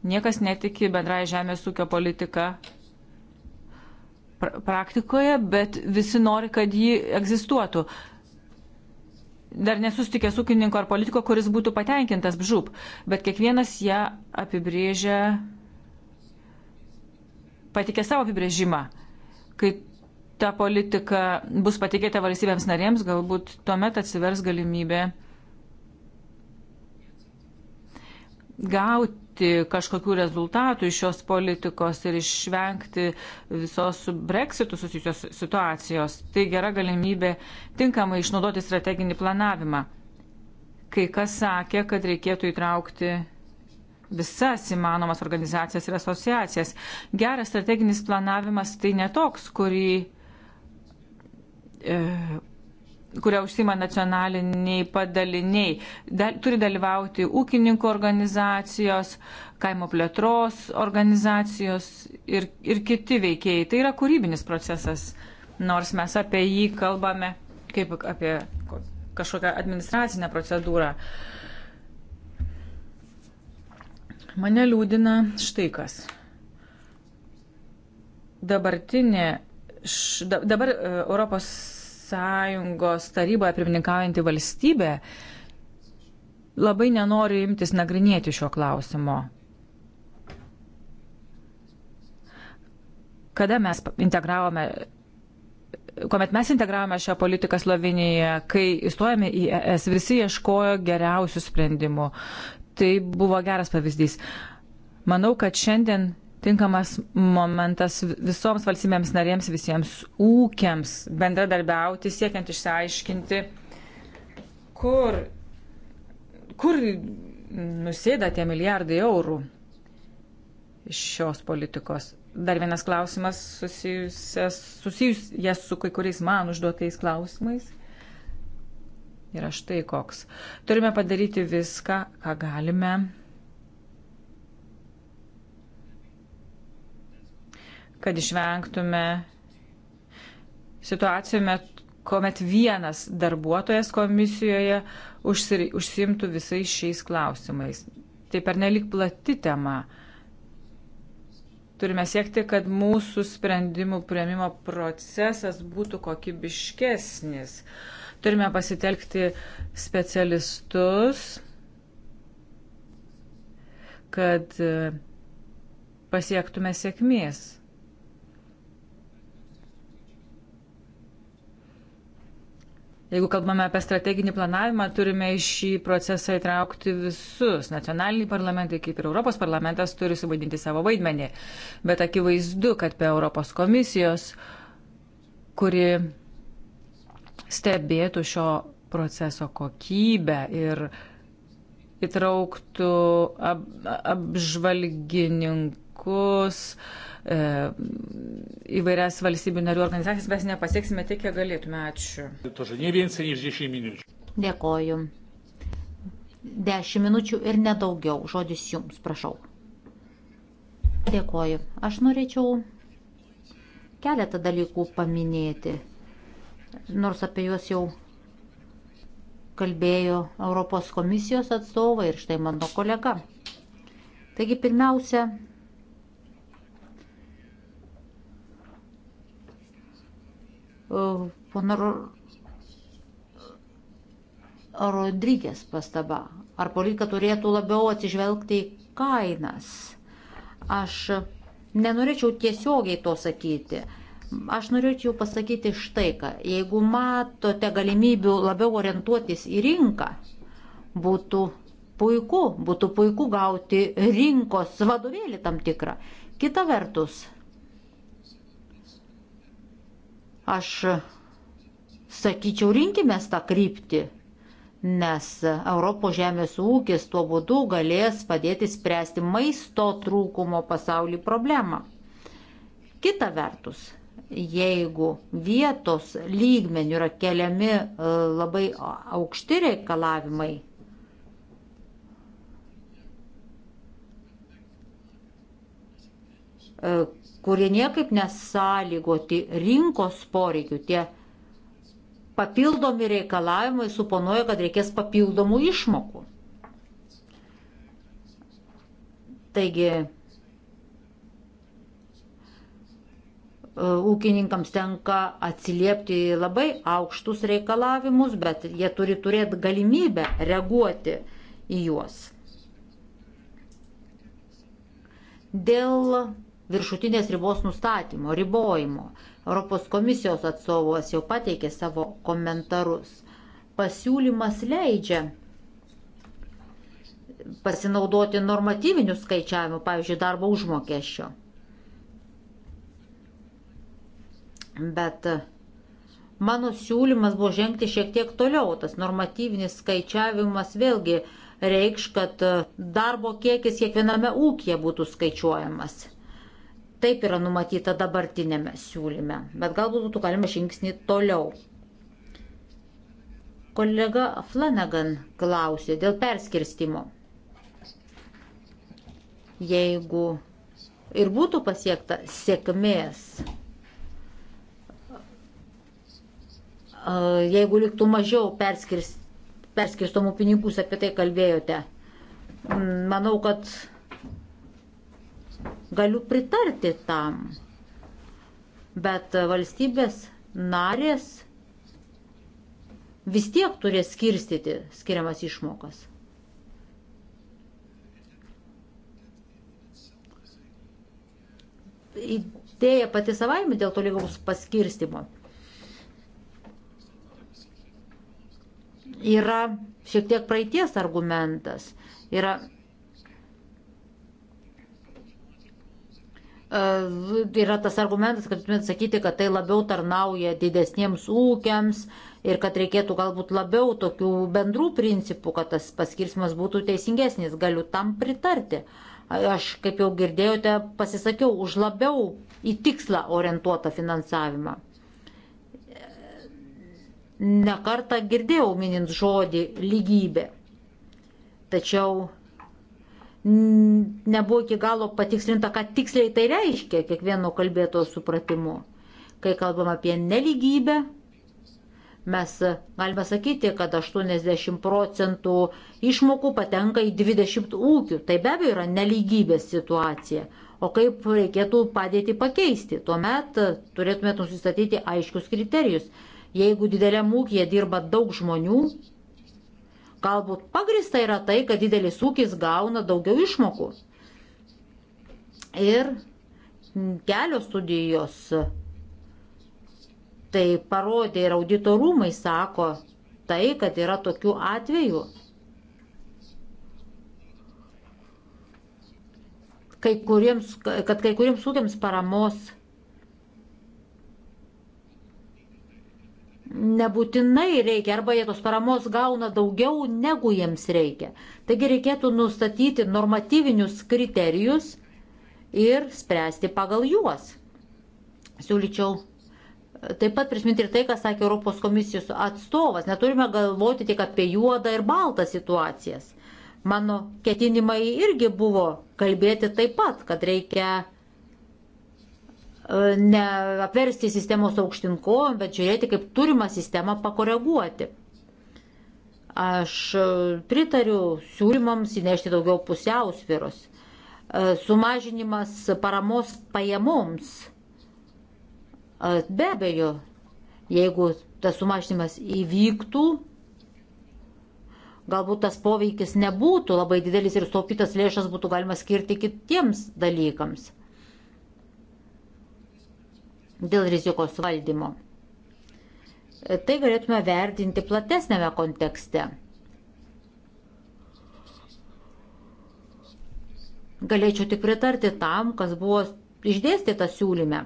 Niekas netiki bendrai žemės ūkio politika praktikoje, bet visi nori, kad ji egzistuotų. Dar nesustikęs ūkininko ar politiko, kuris būtų patenkintas bžūp, bet kiekvienas ją apibrėžia, patikė savo apibrėžimą. Kai ta politika bus patikėta valstybėms narėms, galbūt tuomet atsivers galimybė gauti pasiekti kažkokių rezultatų iš šios politikos ir išvengti visos su breksitu susijusios situacijos. Tai gera galimybė tinkamai išnaudoti strateginį planavimą. Kai kas sakė, kad reikėtų įtraukti visas įmanomas organizacijas ir asociacijas. Geras strateginis planavimas tai netoks, kurį e, kurią užsima nacionaliniai padaliniai. Dal, turi dalyvauti ūkininkų organizacijos, kaimo plėtros organizacijos ir, ir kiti veikėjai. Tai yra kūrybinis procesas, nors mes apie jį kalbame kaip apie kažkokią administracinę procedūrą. Mane liūdina štai kas. Dabartinė, š, dabar e, Europos ES taryboje pirmininkaujanti valstybė labai nenori imtis nagrinėti šio klausimo. Kada mes integravome, kuomet mes integravome šią politiką Slovenijoje, kai įstojame į ES, visi ieškojo geriausių sprendimų. Tai buvo geras pavyzdys. Manau, kad šiandien tinkamas momentas visoms valstybėms narėms, visiems ūkiams bendradarbiauti, siekiant išsiaiškinti, kur, kur nusėda tie milijardai eurų iš šios politikos. Dar vienas klausimas susijęs susijus, su kai kuriais man užduotais klausimais. Yra štai koks. Turime padaryti viską, ką galime kad išvengtume situacijų, kuomet vienas darbuotojas komisijoje užsimtų visais šiais klausimais. Tai per nelik plati tema. Turime siekti, kad mūsų sprendimų prieimimo procesas būtų kokybiškesnis. Turime pasitelkti specialistus, kad pasiektume sėkmės. Jeigu kalbame apie strateginį planavimą, turime į šį procesą įtraukti visus. Nacionaliniai parlamentai, kaip ir Europos parlamentas, turi suvaidinti savo vaidmenį. Bet akivaizdu, kad be Europos komisijos, kuri stebėtų šio proceso kokybę ir įtrauktų ab, apžvalgininką bankus, e, įvairias valstybių narių organizacijas, mes nepasieksime tiek, kiek galėtume. Ačiū. Dėkoju. Dešimt minučių ir nedaugiau. Žodis jums, prašau. Dėkoju. Aš norėčiau keletą dalykų paminėti, nors apie juos jau kalbėjo Europos komisijos atstovai ir štai mano kolega. Taigi pirmiausia, Pono Rodrygės pastaba. Ar politika turėtų labiau atsižvelgti į kainas? Aš nenorėčiau tiesiogiai to sakyti. Aš norėčiau pasakyti štai ką. Jeigu matote galimybių labiau orientuotis į rinką, būtų puiku, būtų puiku gauti rinkos vadovėlį tam tikrą. Kita vertus, Aš sakyčiau, rinkime tą kryptį, nes Europos žemės ūkis tuo būdu galės padėti spręsti maisto trūkumo pasaulį problemą. Kita vertus, jeigu vietos lygmenių yra keliami e, labai aukšti reikalavimai, e, kurie niekaip nesąlygoti rinkos poreikių. Tie papildomi reikalavimai suponuoja, kad reikės papildomų išmokų. Taigi, ūkininkams tenka atsiliepti labai aukštus reikalavimus, bet jie turi turėti galimybę reaguoti į juos. Dėl viršutinės ribos nustatymo, ribojimo. Europos komisijos atstovas jau pateikė savo komentarus. Pasiūlymas leidžia pasinaudoti normatyvinių skaičiavimų, pavyzdžiui, darbo užmokesčio. Bet mano siūlymas buvo žengti šiek tiek toliau. Tas normatyvinis skaičiavimas vėlgi reikš, kad darbo kiekis kiekviename ūkija būtų skaičiuojamas. Taip yra numatyta dabartinėme siūlyme, bet galbūt būtų galima žingsnį toliau. Kolega Flanagan klausė dėl perskirstimo. Jeigu ir būtų pasiekta sėkmės, jeigu liktų mažiau perskirstomų pinigus, apie tai kalbėjote, manau, kad Galiu pritarti tam. Bet valstybės narės vis tiek turės skirstyti skiriamas išmokas. Idėja pati savaime dėl to lygaus paskirstimo yra šiek tiek praeities argumentas. Yra E, yra tas argumentas, kad turėtume sakyti, kad tai labiau tarnauja didesniems ūkiams ir kad reikėtų galbūt labiau tokių bendrų principų, kad tas paskirsimas būtų teisingesnis. Galiu tam pritarti. Aš, kaip jau girdėjote, pasisakiau už labiau į tikslą orientuotą finansavimą. Nekartą girdėjau minint žodį lygybė. Tačiau nebuvo iki galo patikslinta, ką tiksliai tai reiškia kiekvieno kalbėtojo supratimu. Kai kalbam apie neligybę, mes galime sakyti, kad 80 procentų išmokų patenka į 20 ūkių. Tai be abejo yra neligybės situacija. O kaip reikėtų padėti pakeisti? Tuomet turėtumėt nusistatyti aiškius kriterijus. Jeigu dideliam ūkija dirba daug žmonių, Galbūt pagrista yra tai, kad didelis ūkis gauna daugiau išmokų. Ir kelios studijos tai parodė ir auditorumai sako tai, kad yra tokių atvejų. Kai kuriems, kad kai kuriems ūkiams paramos nebūtinai reikia, arba jie tos paramos gauna daugiau negu jiems reikia. Taigi reikėtų nustatyti normatyvinius kriterijus ir spręsti pagal juos. Siūlyčiau e, taip pat prisiminti ir tai, ką sakė Europos komisijos atstovas. Neturime galvoti tik apie juodą ir baltą situacijas. Mano ketinimai irgi buvo kalbėti taip pat, kad reikia E, neapversti sistemos aukštinko, bet žiūrėti, kaip turimą sistemą pakoreguoti. Aš e, pritariu siūlymams įnešti daugiau pusiausviros. E, sumažinimas paramos pajamoms. Be abejo, jeigu tas sumažinimas įvyktų, galbūt tas poveikis nebūtų labai didelis ir sutaupytas lėšas būtų galima skirti kitiems dalykams dėl rizikos valdymo. Tai galėtume vertinti platesnėme kontekste. Galėčiau tik pritarti tam, kas buvo išdėstyta siūlyme.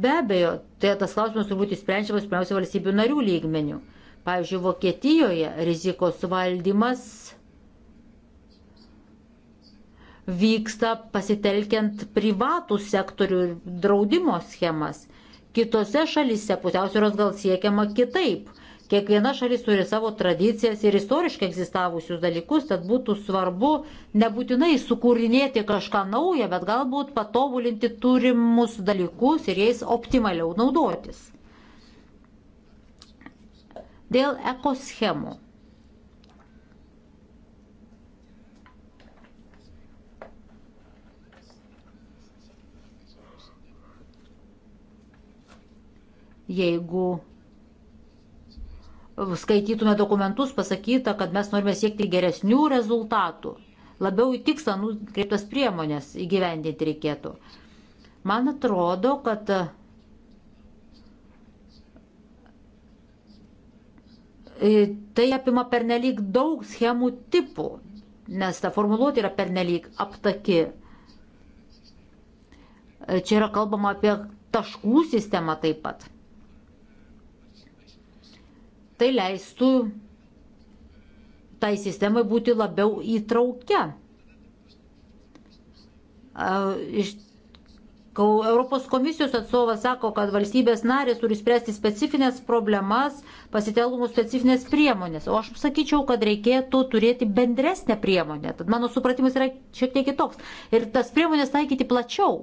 Be abejo, tai tas klausimas turbūt įsprendžiamas pirmiausia valstybių narių lygmenių. Pavyzdžiui, Vokietijoje rizikos valdymas vyksta pasitelkiant privatų sektorių ir draudimo schemas. Kitose šalise pusiausvėros gal siekiama kitaip. Kiekviena šalis turi savo tradicijas ir istoriškai egzistavusius dalykus, tad būtų svarbu nebūtinai sukūrinėti kažką naują, bet galbūt patobulinti turimus dalykus ir jais optimaliau naudotis. Dėl ekoschemų. jeigu skaitytume dokumentus, pasakyta, kad mes norime siekti geresnių rezultatų, labiau į tikslą nukreiptas priemonės įgyvendinti reikėtų. Man atrodo, kad e, tai apima pernelyg daug schemų tipų, nes ta formuluotė yra pernelyg aptaki. E, čia yra kalbama apie taškų sistemą taip pat. Tai leistų tai sistemai būti labiau įtraukia. Iš Europos komisijos atstovas sako, kad valstybės narės turi spręsti specifines problemas, pasitelkumus specifines priemonės. O aš sakyčiau, kad reikėtų turėti bendresnę priemonę. Tad mano supratimas yra šiek tiek kitoks. Ir tas priemonės taikyti plačiau.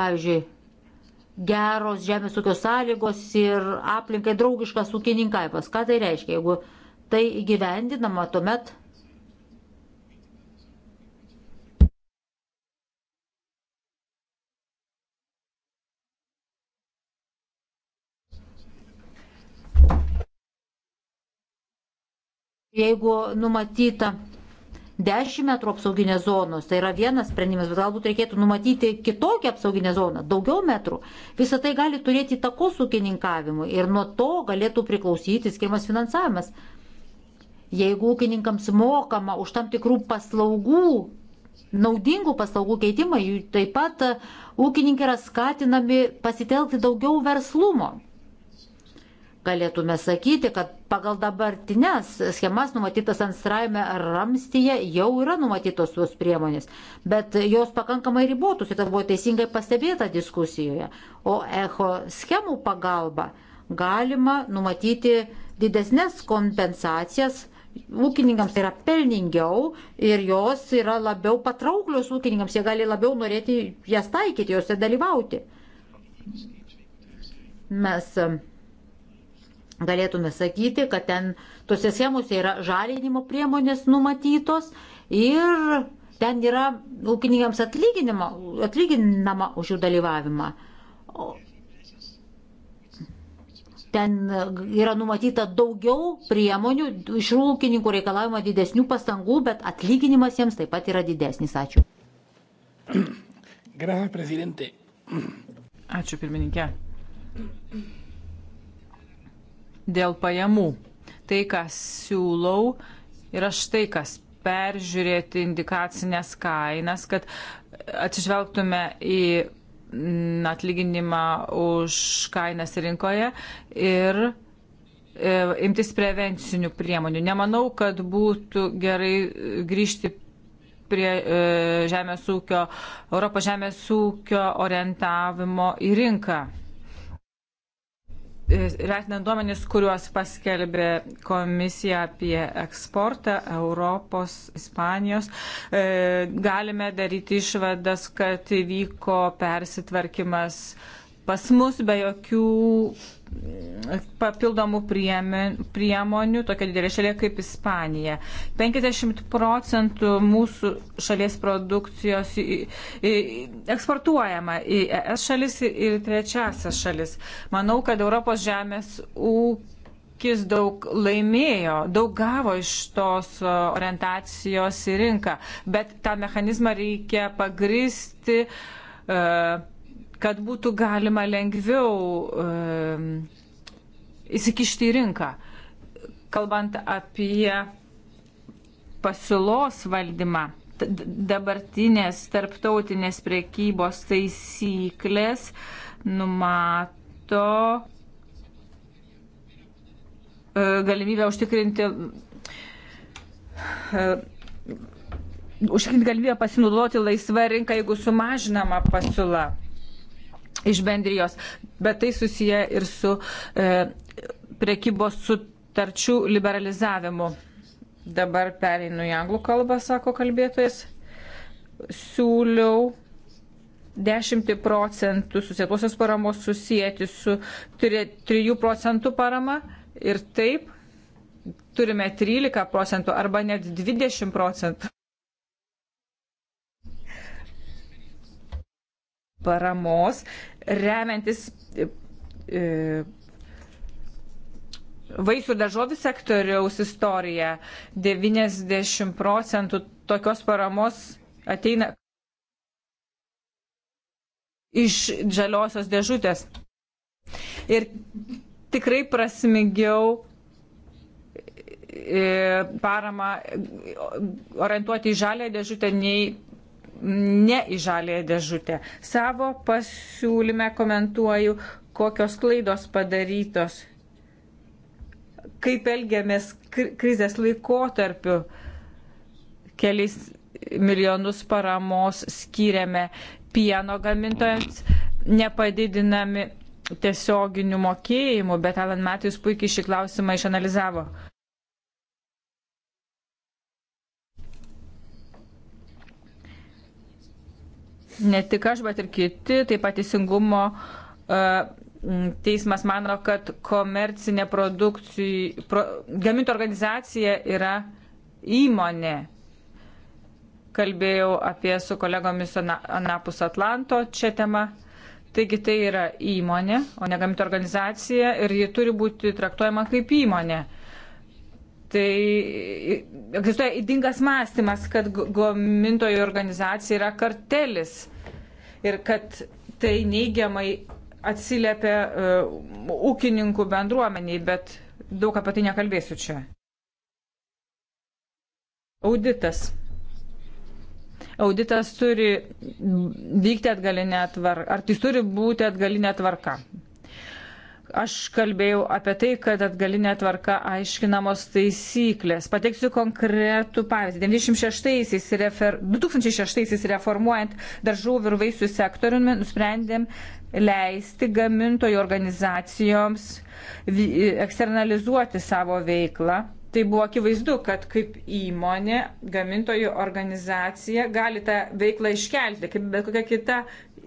Pavyzdžiui, geros žemės ūkio sąlygos ir aplinkai draugiškas ūkininkavimas. Ką tai reiškia? Jeigu tai įgyvendinama, tuomet jeigu numatyta 10 metrų apsauginės zonos, tai yra vienas sprendimas, bet galbūt reikėtų numatyti kitokią apsauginę zoną, daugiau metrų. Visą tai gali turėti takos ūkininkavimui ir nuo to galėtų priklausyti skirimas finansavimas. Jeigu ūkininkams mokama už tam tikrų paslaugų, naudingų paslaugų keitimą, jų taip pat ūkininkai yra skatinami pasitelkti daugiau verslumo galėtume sakyti, kad pagal dabartinės schemas numatytas antrajame ramstyje jau yra numatytos tos priemonės, bet jos pakankamai ribotus, ir tai buvo teisingai pastebėta diskusijoje. O echo schemų pagalba galima numatyti didesnės kompensacijas. Ūkininkams tai yra pelningiau ir jos yra labiau patrauklios ūkininkams, jie gali labiau norėti jas taikyti, jose dalyvauti. Mes galėtume sakyti, kad ten tose schemose yra žalinimo priemonės numatytos ir ten yra ūkininkams atlyginama už jų dalyvavimą. Ten yra numatyta daugiau priemonių, iš ūkininkų reikalavimo didesnių pastangų, bet atlyginimas jiems taip pat yra didesnis. Ačiū. Gracias, presidente. Ačiū, pirmininkė dėl pajamų. Tai, ką siūlau, yra štai kas peržiūrėti indikacinės kainas, kad atsižvelgtume į mm, atlyginimą už kainas rinkoje ir e, imtis prevencinių priemonių. Nemanau, kad būtų gerai grįžti prie e, žemės ūkio, Europos žemės ūkio orientavimo į rinką. Vertinant duomenis, kuriuos paskelbė komisija apie eksportą Europos, Ispanijos, e, galime daryti išvadas, kad įvyko persitvarkymas pas mus be jokių papildomų priemonių tokia didelė šalia kaip Ispanija. 50 procentų mūsų šalies produkcijos eksportuojama į ES šalis ir trečiasias šalis. Manau, kad Europos žemės ūkis daug laimėjo, daug gavo iš tos orientacijos į rinką, bet tą mechanizmą reikia pagristi. Uh, kad būtų galima lengviau įsikišti į rinką. Kalbant apie pasiūlos valdymą, dabartinės tarptautinės priekybos taisyklės numato e, galimybę užtikrinti e, užtikrinti galimybę pasinaudoti laisvą rinką, jeigu sumažinama pasiūla iš bendrijos, bet tai susiję ir su e, prekybos sutarčių liberalizavimu. Dabar pereinu į anglų kalbą, sako kalbėtojas. Siūliau 10 procentų susietuosios paramos susijęti su 3 procentų parama ir taip turime 13 procentų arba net 20 procentų. paramos, remiantis e, e, vaisių daržovių sektoriaus istoriją. 90 procentų tokios paramos ateina iš žaliosios dėžutės. Ir tikrai prasmingiau e, paramą orientuoti į žalę dėžutę nei ne į žalėje dėžutę. Savo pasiūlyme komentuoju, kokios klaidos padarytos, kaip elgiamės krizės laikotarpiu. Kelis milijonus paramos skiriame pieno gamintojams, nepadidinami tiesioginių mokėjimų, bet Alan Matijus puikiai šį klausimą išanalizavo. Ne tik aš, bet ir kiti, taip pat teisingumo e, teismas mano, kad komercinė produkcijų, pro, gamintų organizacija yra įmonė. Kalbėjau apie su kolegomis Anapus Atlanto čia tema. Taigi tai yra įmonė, o ne gamintų organizacija ir ji turi būti traktuojama kaip įmonė. Uh, tai egzistuoja įdingas mąstymas, kad gamintojų organizacija yra kartelis ir kad tai neigiamai atsiliepia uh, ūkininkų bendruomeniai, bet daug apie tai nekalbėsiu čia. Auditas. Auditas turi vykti atgalinę tvarką. Ar tai turi būti atgalinė tvarka? Aš kalbėjau apie tai, kad atgalinė tvarka aiškinamos taisyklės. Pateiksiu konkretų pavyzdį. 96-aisiais refer... 2006-aisiais reformuojant daržų ir vaisių sektoriumi nusprendėm leisti gamintojų organizacijoms eksternalizuoti savo veiklą. Tai buvo akivaizdu, kad kaip įmonė, gamintojų organizacija gali tą veiklą iškelti, kaip bet kokia kita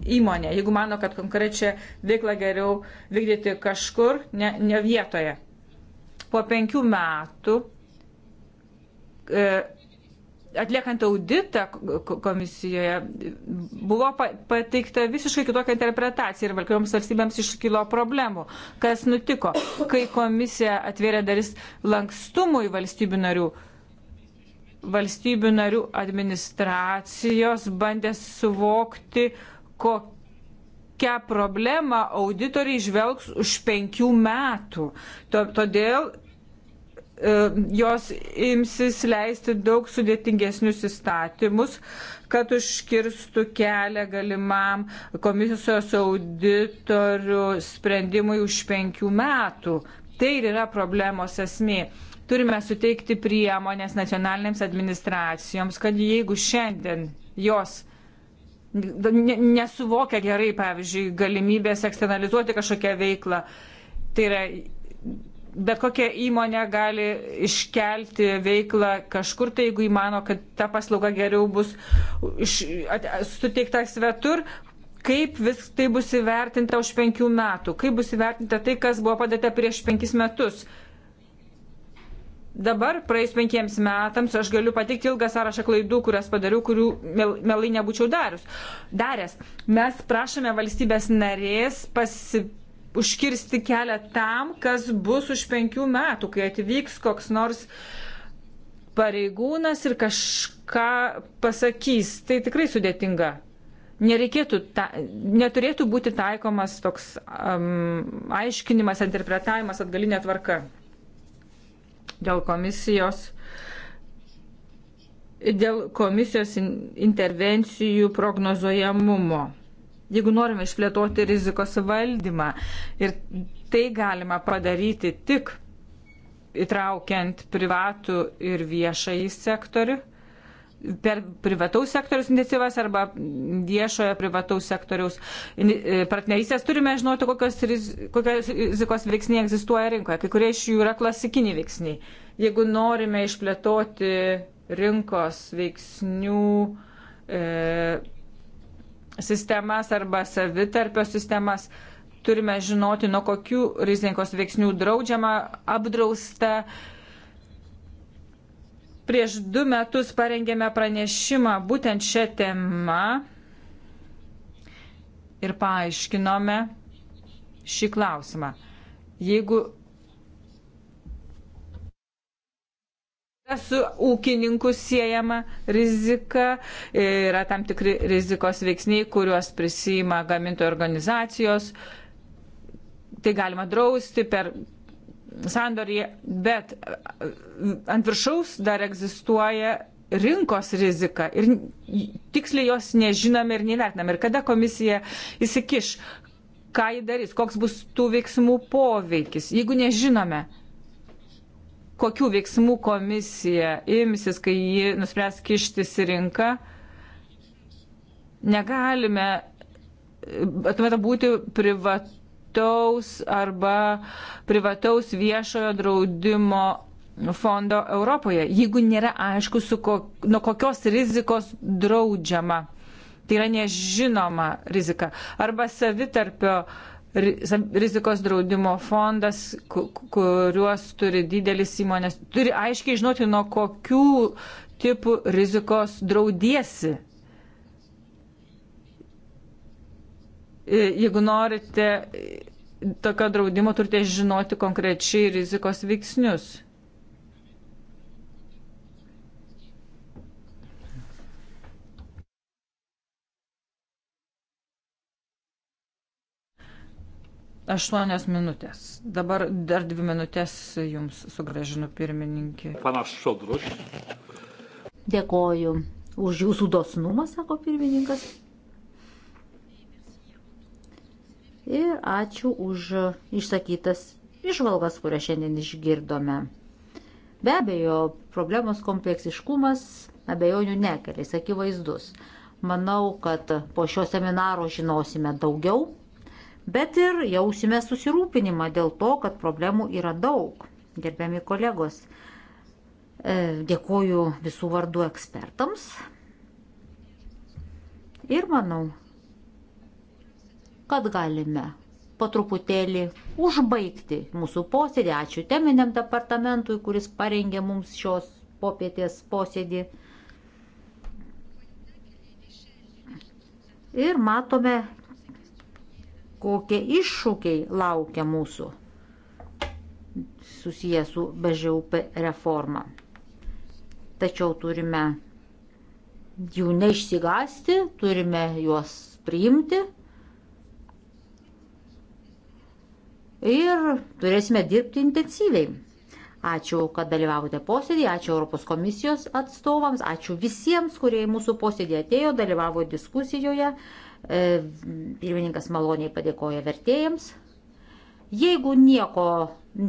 įmonė, jeigu mano, kad konkrečią veiklą geriau vykdyti kažkur, ne, ne vietoje. Po penkių metų e, atliekant auditą komisijoje buvo pateikta visiškai kitokia interpretacija ir valkyrioms valstybėms iškilo problemų. Kas nutiko, kai komisija atvėrė dalis lankstumui valstybių narių? Valstybių narių administracijos bandė suvokti, uh, kokią problemą auditoriai žvelgs už penkių metų. Todėl e, jos imsis leisti daug sudėtingesnius įstatymus, kad užkirstų kelią galimam komisijos auditorių sprendimui už penkių metų. Tai ir yra problemos esmė. Turime suteikti priemonės nacionalinėms administracijoms, kad jeigu šiandien jos nesuvokia gerai, pavyzdžiui, galimybės eksternalizuoti kažkokią veiklą. Tai yra, bet kokia įmonė gali iškelti veiklą kažkur, tai jeigu įmano, kad ta paslauga geriau bus iš, at, suteikta svetur, kaip vis tai bus įvertinta už penkių metų, kaip bus įvertinta tai, kas buvo padaryta prieš penkis metus. Dabar praeis penkiems metams aš galiu patikti ilgą sąrašą klaidų, kurias padariau, kurių melai nebūčiau darius. daręs. Mes prašome valstybės narės pasi, užkirsti kelią tam, kas bus už penkių metų, kai atvyks koks nors pareigūnas ir kažką pasakys. Tai tikrai sudėtinga. Nereikėtų, ta, neturėtų būti taikomas toks um, aiškinimas, interpretavimas atgalinė tvarka dėl komisijos dėl komisijos intervencijų prognozuojamumo. Jeigu norime išplėtoti rizikos valdymą ir tai galima padaryti tik įtraukiant privatų ir viešąjį sektorių, per privataus sektoriaus iniciatyvas arba viešojo privataus sektoriaus e, partnerystės turime žinoti, kokios, riz, kokios rizikos veiksniai egzistuoja rinkoje. Kai kurie iš jų yra klasikiniai veiksniai. Jeigu norime išplėtoti rinkos veiksnių e, sistemas arba savitarpio sistemas, turime žinoti, nuo kokių rizikos veiksnių draudžiama, apdrausta Prieš du metus parengėme pranešimą būtent šią temą ir paaiškinome šį klausimą. Jeigu su ūkininku siejama rizika, yra tam tikri rizikos veiksniai, kuriuos prisima gamintojų organizacijos. Tai galima drausti per sandorį, bet e, ant viršaus dar egzistuoja rinkos rizika ir tiksliai jos nežinome ir nevertiname. Ir kada komisija įsikiš, ką jį darys, koks bus tų veiksmų poveikis, jeigu nežinome, kokių veiksmų komisija imsis, kai ji nuspręs kištis į rinką, negalime atmeta e, būti privat privataus arba privataus viešojo draudimo fondo Europoje, jeigu nėra aišku, ko, nuo kokios rizikos draudžiama. Tai yra nežinoma rizika. Arba savitarpio rizikos draudimo fondas, kuriuos turi didelis įmonės, turi aiškiai žinoti, nuo kokių tipų rizikos draudiesi E, jeigu norite e, tokio draudimo, turite žinoti konkrečiai rizikos veiksnius. Aštuonios minutės. Dabar dar dvi minutės jums sugražinu pirmininkį. Panašus sodrus. Dėkoju už jūsų dosnumą, sako pirmininkas. ir ačiū už išsakytas išvalgas, kurias šiandien išgirdome. Be abejo, problemos kompleksiškumas abejonių nekeliais akivaizdus. Manau, kad po šio seminaro žinosime daugiau, bet ir jausime susirūpinimą dėl to, kad problemų yra daug. Gerbiami kolegos, e, dėkoju visų vardų ekspertams ir manau, kad galime po truputėlį užbaigti mūsų posėdį. Ačiū teminiam departamentui, kuris parengė mums šios popietės posėdį. Ir matome, kokie iššūkiai laukia mūsų susiję su BŽUP reforma. Tačiau turime jų neišsigasti, turime juos priimti ir turėsime dirbti intensyviai. Ačiū, kad dalyvavote posėdį, ačiū Europos komisijos atstovams, ačiū visiems, kurie į mūsų posėdį atėjo, dalyvavo diskusijoje. E, pirmininkas maloniai padėkoja vertėjams. Jeigu nieko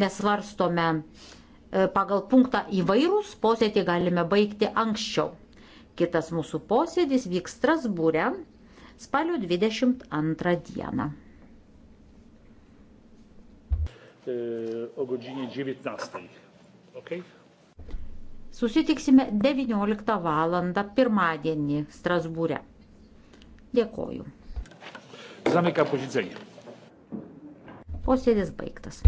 nesvarstome e, pagal punktą įvairūs, posėdį galime baigti anksčiau. Kitas mūsų posėdis vyks Strasbūre spalio 22 dieną. E, o godzinie 19. Okay? Susitiksime 19 val. pirmadienį Strasbūre. Dėkoju. Zamykam posėdį. Posėdis baigtas.